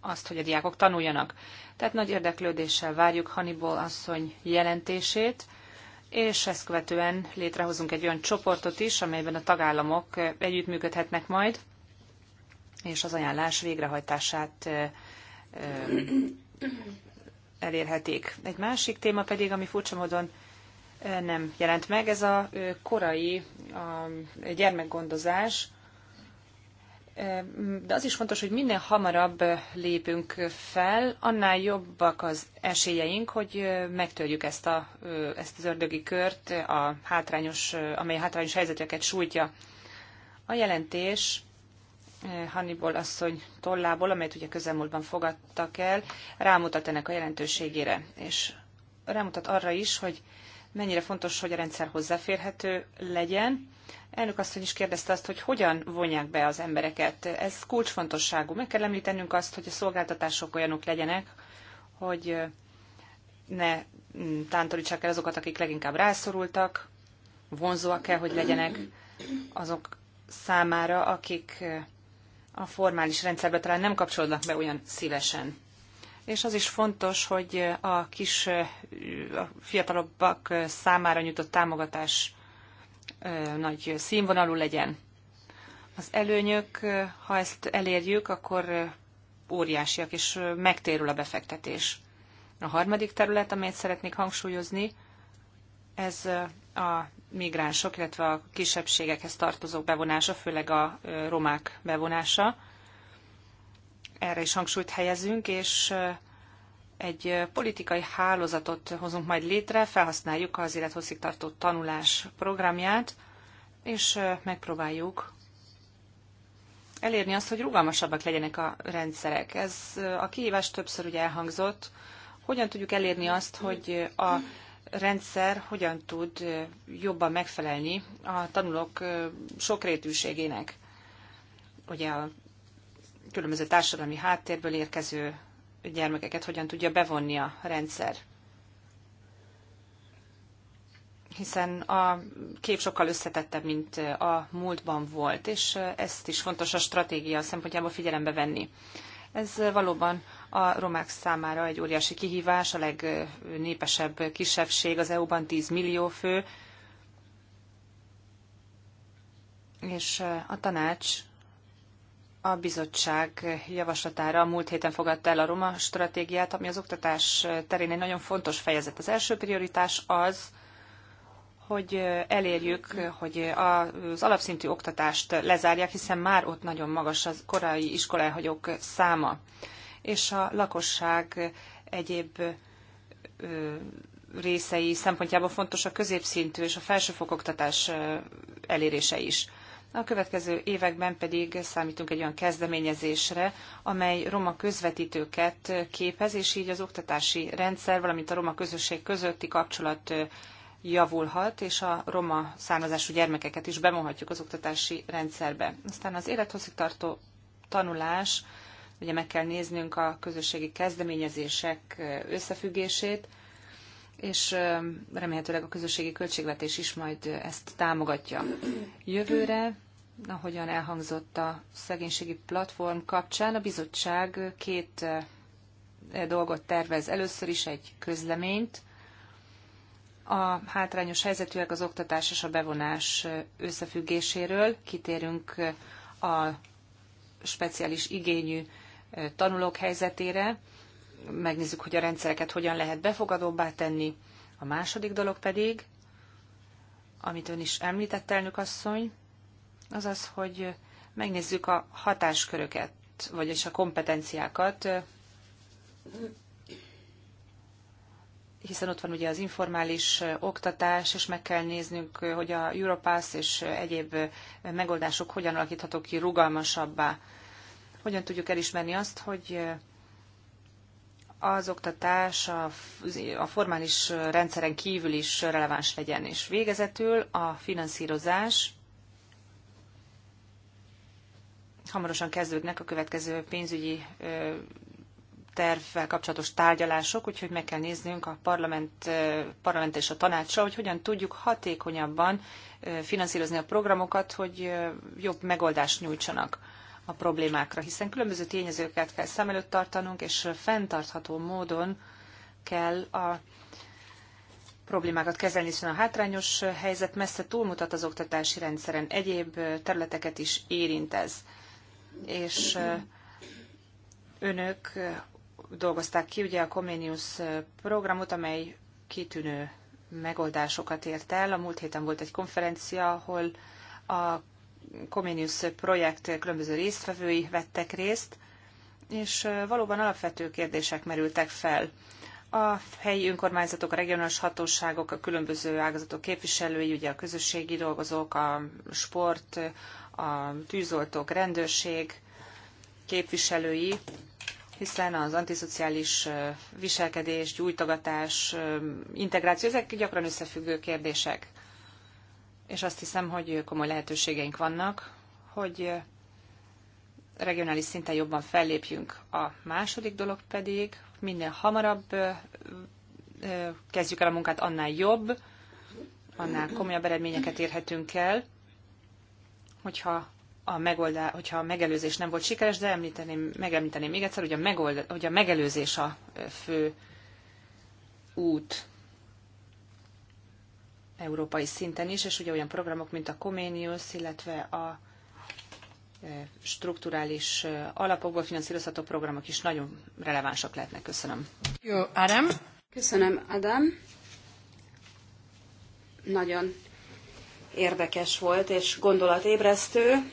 azt, hogy a diákok tanuljanak. Tehát nagy érdeklődéssel várjuk Hannibal asszony jelentését, és ezt követően létrehozunk egy olyan csoportot is, amelyben a tagállamok együttműködhetnek majd, és az ajánlás végrehajtását elérhetik. Egy másik téma pedig, ami furcsa módon nem jelent meg, ez a korai a gyermekgondozás, de az is fontos, hogy minél hamarabb lépünk fel, annál jobbak az esélyeink, hogy megtörjük ezt, a, ezt az ördögi kört, a hátrányos, amely a hátrányos helyzeteket sújtja. A jelentés Hannibal asszony tollából, amelyet ugye közelmúltban fogadtak el, rámutat ennek a jelentőségére, és rámutat arra is, hogy mennyire fontos, hogy a rendszer hozzáférhető legyen, Elnök asszony is kérdezte azt, hogy hogyan vonják be az embereket. Ez kulcsfontosságú. Meg kell említenünk azt, hogy a szolgáltatások olyanok legyenek, hogy ne mm, tántorítsák el azokat, akik leginkább rászorultak, vonzóak kell, hogy legyenek azok számára, akik a formális rendszerbe talán nem kapcsolódnak be olyan szívesen. És az is fontos, hogy a kis a fiatalabbak számára nyújtott támogatás nagy színvonalú legyen. Az előnyök, ha ezt elérjük, akkor óriásiak, és megtérül a befektetés. A harmadik terület, amelyet szeretnék hangsúlyozni, ez a migránsok, illetve a kisebbségekhez tartozók bevonása, főleg a romák bevonása. Erre is hangsúlyt helyezünk, és egy politikai hálózatot hozunk majd létre, felhasználjuk az élethosszígtartó tanulás programját, és megpróbáljuk elérni azt, hogy rugalmasabbak legyenek a rendszerek. Ez a kihívás többször ugye elhangzott. Hogyan tudjuk elérni azt, hogy a rendszer hogyan tud jobban megfelelni a tanulók sokrétűségének? Ugye a különböző társadalmi háttérből érkező gyermekeket hogyan tudja bevonni a rendszer. Hiszen a kép sokkal összetettebb, mint a múltban volt, és ezt is fontos a stratégia szempontjából figyelembe venni. Ez valóban a romák számára egy óriási kihívás, a legnépesebb kisebbség az EU-ban 10 millió fő, és a tanács a bizottság javaslatára múlt héten fogadta el a Roma stratégiát, ami az oktatás terén egy nagyon fontos fejezet. Az első prioritás az, hogy elérjük, hogy az alapszintű oktatást lezárják, hiszen már ott nagyon magas az korai iskoláhagyók száma, és a lakosság egyéb részei szempontjából fontos a középszintű és a felsőfokoktatás elérése is. A következő években pedig számítunk egy olyan kezdeményezésre, amely roma közvetítőket képez, és így az oktatási rendszer, valamint a roma közösség közötti kapcsolat javulhat, és a roma származású gyermekeket is bevonhatjuk az oktatási rendszerbe. Aztán az élethosszígtartó tanulás, ugye meg kell néznünk a közösségi kezdeményezések összefüggését, és remélhetőleg a közösségi költségvetés is majd ezt támogatja. Jövőre, ahogyan elhangzott a szegénységi platform kapcsán, a bizottság két dolgot tervez. Először is egy közleményt, a hátrányos helyzetűek az oktatás és a bevonás összefüggéséről. Kitérünk a speciális igényű tanulók helyzetére, megnézzük, hogy a rendszereket hogyan lehet befogadóbbá tenni. A második dolog pedig, amit ön is említett, elnök asszony, az az, hogy megnézzük a hatásköröket, vagyis a kompetenciákat, hiszen ott van ugye az informális oktatás, és meg kell néznünk, hogy a Europass és egyéb megoldások hogyan alakíthatók ki rugalmasabbá. Hogyan tudjuk elismerni azt, hogy az oktatás a, a formális rendszeren kívül is releváns legyen. És végezetül a finanszírozás hamarosan kezdődnek a következő pénzügyi tervvel kapcsolatos tárgyalások, úgyhogy meg kell néznünk a parlament, parlament és a tanácsra, hogy hogyan tudjuk hatékonyabban finanszírozni a programokat, hogy jobb megoldást nyújtsanak a problémákra, hiszen különböző tényezőket kell szem előtt tartanunk, és fenntartható módon kell a problémákat kezelni, hiszen a hátrányos helyzet messze túlmutat az oktatási rendszeren, egyéb területeket is érint ez. És önök dolgozták ki ugye a Comenius programot, amely kitűnő megoldásokat ért el. A múlt héten volt egy konferencia, ahol a Comenius projekt különböző résztvevői vettek részt, és valóban alapvető kérdések merültek fel. A helyi önkormányzatok, a regionális hatóságok, a különböző ágazatok képviselői, ugye a közösségi dolgozók, a sport, a tűzoltók, rendőrség képviselői, hiszen az antiszociális viselkedés, gyújtogatás, integráció, ezek gyakran összefüggő kérdések és azt hiszem, hogy komoly lehetőségeink vannak, hogy regionális szinten jobban fellépjünk. A második dolog pedig, minél hamarabb kezdjük el a munkát, annál jobb, annál komolyabb eredményeket érhetünk el, hogyha a, megoldá, hogyha a megelőzés nem volt sikeres, de említeném, megemlíteném még egyszer, hogy a, megold, hogy a megelőzés a fő út európai szinten is, és ugye olyan programok, mint a Comenius, illetve a e, strukturális e, alapokból finanszírozható programok is nagyon relevánsak lehetnek. Köszönöm. Jó, Adam. Köszönöm, Adam. Nagyon érdekes volt és gondolatébresztő.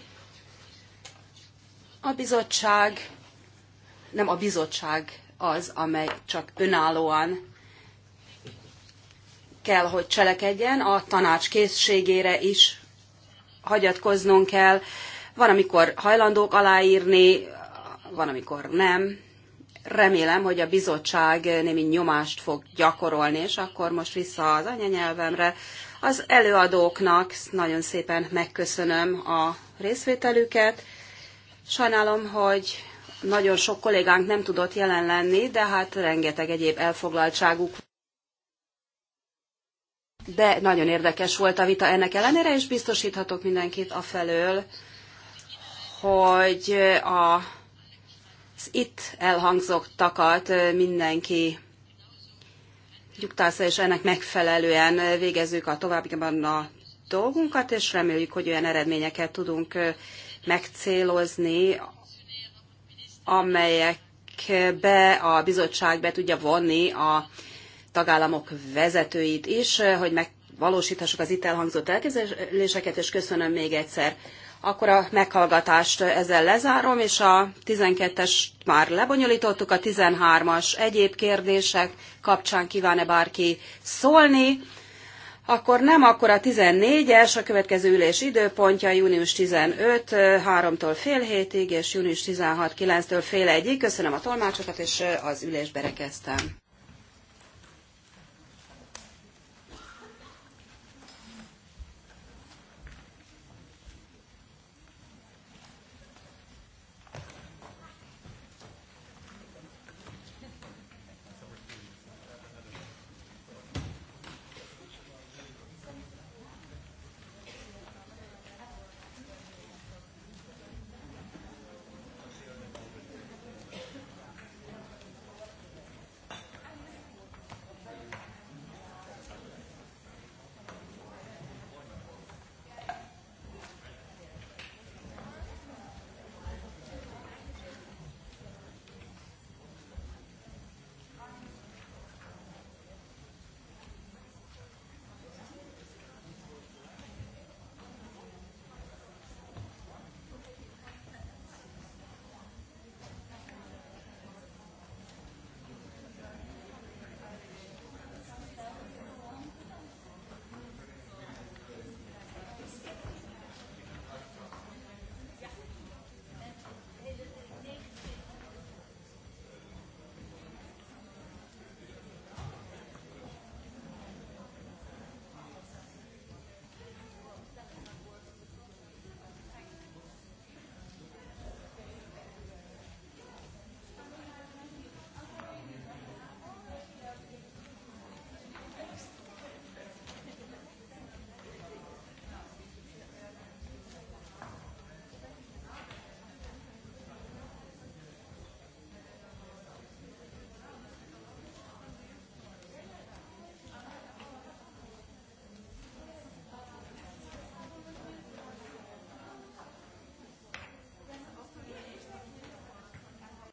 A bizottság, nem a bizottság az, amely csak önállóan kell, hogy cselekedjen, a tanács készségére is hagyatkoznunk kell. Van, amikor hajlandók aláírni, van, amikor nem. Remélem, hogy a bizottság némi nyomást fog gyakorolni, és akkor most vissza az anyanyelvemre. Az előadóknak nagyon szépen megköszönöm a részvételüket. Sajnálom, hogy nagyon sok kollégánk nem tudott jelen lenni, de hát rengeteg egyéb elfoglaltságuk de nagyon érdekes volt a vita ennek ellenére, és biztosíthatok mindenkit afelől, hogy a, az itt elhangzottakat mindenki nyugtázza, és ennek megfelelően végezzük a továbbiakban a dolgunkat, és reméljük, hogy olyan eredményeket tudunk megcélozni, amelyekbe a bizottság be tudja vonni a tagállamok vezetőit is, eh, hogy megvalósíthassuk az itt elhangzott elképzeléseket, és köszönöm még egyszer. Akkor a meghallgatást ezzel lezárom, és a 12-es már lebonyolítottuk, a 13-as egyéb kérdések kapcsán kíván-e bárki szólni. Akkor nem, akkor a 14-es, a következő ülés időpontja június 15, 3-tól eh, fél hétig, és június 16, 9-től fél egyig. Köszönöm a tolmácsokat, és eh, az ülésbe berekeztem.